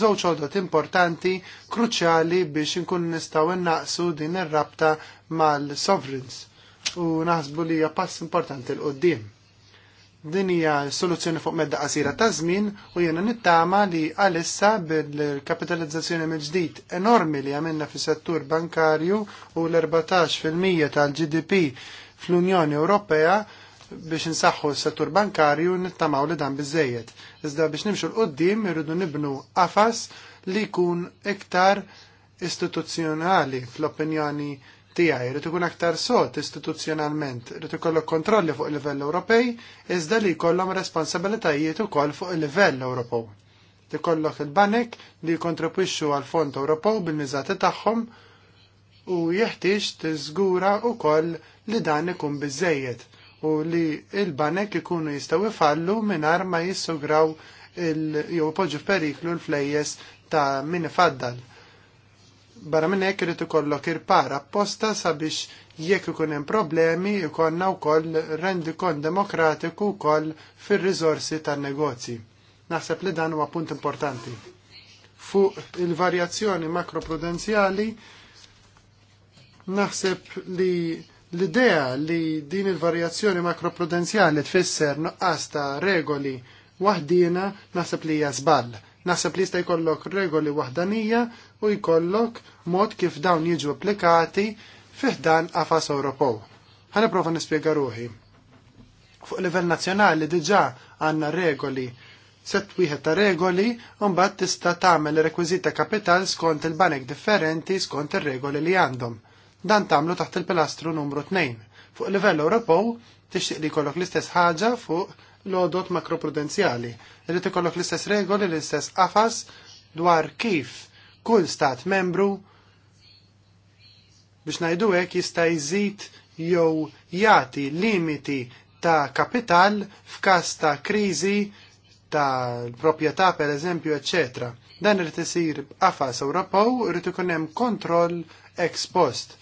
żewġ għodot importanti kruċjali biex inkun nistgħu innaqsu din ir-rabta mal-sovereigns u naħsbu li hija pass importanti l-qoddim din hija soluzzjoni fuq medda qasira ta' żmien u jiena nittama li għalissa bil-kapitalizzazzjoni mill-ġdid enormi li għamilna fis settur bankarju u l-14% tal-GDP fl-Unjoni Ewropea biex insaħħu s-settur bankarju nittamaw li dan biżejjed. Iżda biex nimxu l-qoddim irridu nibnu qafas li jkun iktar istituzzjonali fl-opinjoni tiegħi, irid ikun aktar sot istituzzjonalment, irid ikollok kontrolli fuq il-livell Ewropej, iżda li jkollhom responsabilitajiet ukoll fuq il-livell Ewropew. Tikollok il-banek li kontribwixxu għal Fond Ewropew bil-miżati tagħhom u jeħtieġ tiżgura wkoll li dan ikun biżejjed u li il-banek ikunu jistgħu ifallu mingħajr ma jissugraw jew poġġu f'periklu l-flejjes ta' min ifaddal. Barra minn hekk irid ikollok irpara apposta sabiex jekk ikun hemm problemi jkollna wkoll rendikon demokratiku wkoll fir-riżorsi tan-negozji. Naħseb li dan huwa punt importanti. Fuq il-varjazzjoni makroprudenzjali Naħseb li l-idea li din il-varjazzjoni makroprudenzjali tfisser nuqqas ta' regoli waħdina naħseb li hija żball. Naħseb li jista' jkollok regoli waħdanija u jkollok mod kif dawn jiġu applikati fiħdan qafas Ewropew. Ħana prova nispjega ruħi. Fuq livell nazzjonali diġà għandna regoli set wieħed ta' regoli u mbagħad tista' tagħmel rekwiżit ta' kapital skont il-banek differenti skont ir-regoli li għandhom Dan tagħmlu taħt il-pilastru numru 2. Fuq livell Ewropew tixtieq li jkollok l-istess ħaġa fuq l-odot makroprudenzjali. Irrid ikollok l-istess regoli, l-istess qafas dwar kif kull stat membru biex ngħidu hekk jista' jżid jew jagħti limiti ta' kapital f'każ ta' kriżi ta' proprjetà per eżempju, eccetera. Dan irid isir b'qafas Ewropew irid ikun hemm kontroll ex post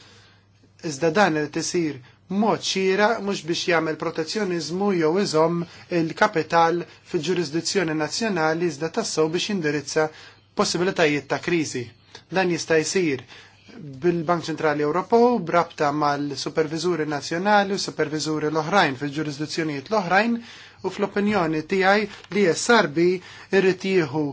Iżda dan li tisir mod xira mhux biex jagħmel protezzjoniżmu jew iżomm il-kapital fil-ġurisdizzjoni nazzjonali iżda tassew biex jindirizza possibilitajiet ta' kriżi. Dan jista' jsir bil-Bank Ċentrali Ewropew brabta mal-Supervizuri Nazzjonali u Supervizuri l-oħrajn fil-ġurisdizzjonijiet l-oħrajn u fl-opinjoni tiegħi li sarbi irrid jieħu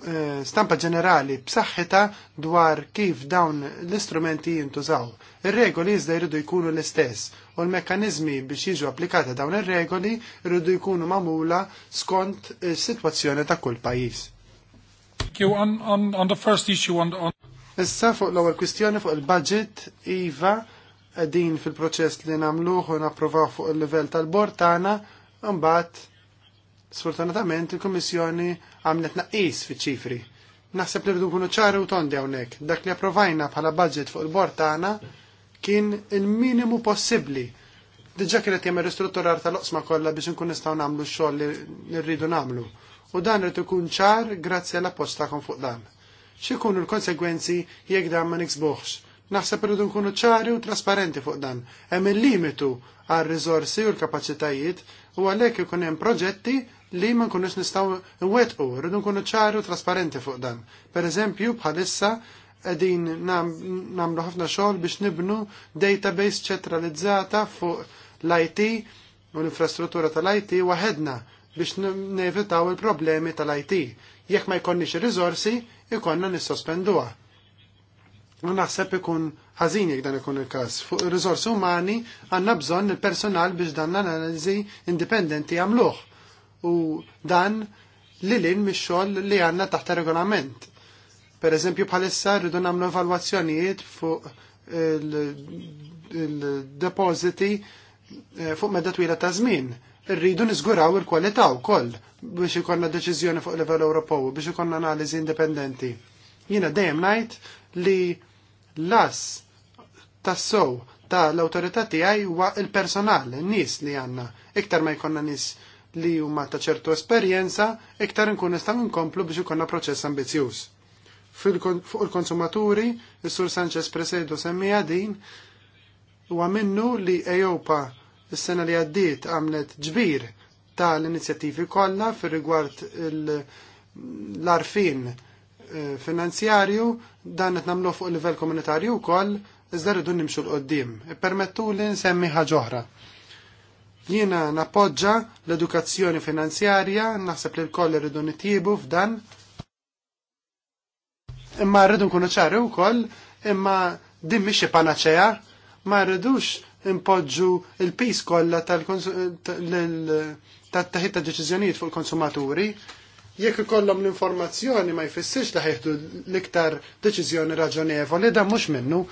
Eh, stampa ġenerali b'saħħita dwar kif dawn l-istrumenti jintużaw. Ir-regoli iżda jridu jkunu l-istess u l-mekkanizmi biex jiġu applikati dawn ir-regoli jridu jkunu magħmula skont is-sitwazzjoni ta' kull pajjiż. Issa fuq l-ewwel kwistjoni fuq il-budget iva din fil-proċess li nagħmluh u napprovaw fuq il-livell tal-bord tagħna mbagħad Sfortunatament il-Kummissjoni għamlet naqis fiċ-ċifri. Naħseb li nkunu ċari u tondi hawnhekk. Dak li approvajna bħala budget fuq il-bord tagħna kien il-minimu possibbli. Diġà kienet jagħmel ristrutturar tal-oqsma kollha biex nkun nistgħu nagħmlu x-xogħol li nirridu nagħmlu. U dan rid ikun ċar grazzi għall appost tagħkom fuq dan. jkunu l-konsegwenzi jekk dan ma niksbuħx. Naħseb irridu nkunu ċari u trasparenti fuq dan. Hemm il-limitu għar-riżorsi u l-kapaċitajiet u għalhekk ikun hemm proġetti li ma nkunux nistgħu nwettqu, rridu nkunu ċaru trasparenti fuq dan. Pereżempju bħalissa qegħdin nagħmlu ħafna xogħol biex nibnu database ċentralizzata fuq l-IT u l-infrastruttura tal-IT waħedna biex nevitaw il-problemi tal-IT. Jekk ma jkollniex ir-riżorsi, ikonna nissospenduha. U naħseb ikun ħażin jekk dan ikun il-każ. Fuq ir-riżorsi umani għandna bżonn il-personal biex dan l-analiżi indipendenti jagħmluh u dan li lin mix-xogħol li għandna taħt regolament. Per eżempju bħalissa rridu nagħmlu evalwazzjonijiet fuq il-depositi eh, fuq medda twila ta' żmien. Irridu niżguraw il-kwalità wkoll biex ikollna deċiżjoni fuq livell Ewropew biex ikollna analiżi indipendenti. Jiena dejjem ngħid li las tas-sow ta' l-autorità tiegħi huwa il-personal, n-nies li għandna. Iktar ma jkollna nies li huma ta' ċertu esperjenza iktar nkun nistgħu nkomplu biex ikollna proċess ambizzjuż. Fuq il-konsumaturi, is-Sur Sanchez Presedo semmija din huwa minnu li Ejopa s-sena li għaddiet għamlet ġbir ta' l-inizjattivi kollha fir-rigward l-arfin eh, finanzjarju dan qed nagħmlu fuq il livell komunitarju wkoll iżda rridu nimxu l-qoddim. Permettu li nsemmi ħaġa oħra. Jiena nappoġġa l-edukazzjoni finanzjarja, naħseb li l-koll rridu nitjibu f'dan. Imma rridu nkunu ċari wkoll, imma din mhix panaċeja, ma rridux impoġġu il-pis kollha tal-taħid ta' deċiżjonijiet fuq il-konsumaturi. Jekk ikollhom l-informazzjoni ma jfissirx li ħejħdu l-iktar deċiżjoni raġonevoli, dan mhux minnu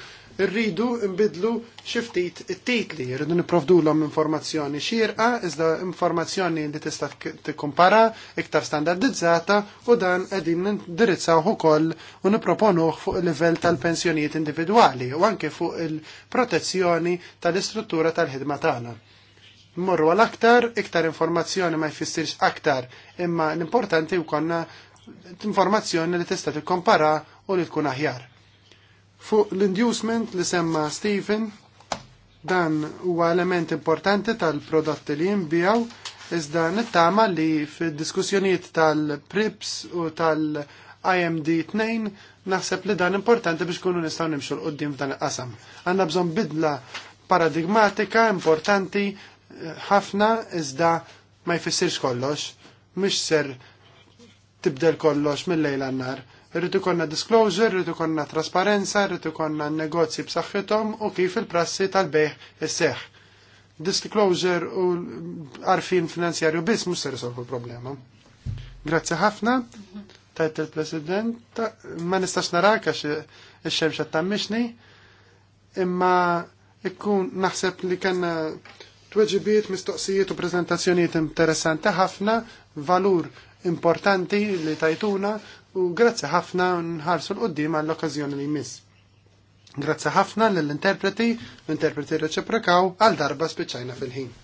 rridu nbidlu xiftit it-titli, rridu niprofdulhom informazzjoni xirqa, iżda informazzjoni li tista' tikkumpara iktar standardizzata u dan qegħdin nindirizzaw ukoll u nipproponuh fuq il-livell tal-pensjonijiet individwali u anke fuq il-protezzjoni tal-istruttura tal-ħidma tagħna Mmorru għal aktar, iktar informazzjoni ma jfissirx aktar, imma l-importanti u konna informazzjoni li tista' tikkompara u li tkun aħjar. Fuq l-inducement li semma Stephen, dan huwa element importanti tal-prodotti li jinbijaw, iżda nittama li fid-diskussjonijiet tal-PRIPS u tal-IMD2 naħseb li dan importanti biex kunu nistaw nimxu l-qoddim f'dan il-qasam. Għanna bżon bidla paradigmatika importanti eh, ħafna iżda ma jfissirx kollox, mhix ser tibdel kollox mill lejla nar Rritu konna disclosure, rritu konna trasparenza, rritu konna negozji b'saħħithom u kif il-prassi tal-bejħ isseħ. Disclosure u arfin finanzjarju biss mhux se risolvu l-problema. Grazzi ħafna, tajt il-President, ma nistax narak għax ix-xemxa imma ikkun naħseb li kanna tweġibiet, mistoqsijiet u prezentazzjonijiet interessanti ħafna, valur importanti li tajtuna u grazzi ħafna nħarsu l-qoddim għall-okkazjoni li jmiss. Grazzi ħafna l-interpreti, l-interpreti reċeprokaw għal darba spiċajna fil-ħin.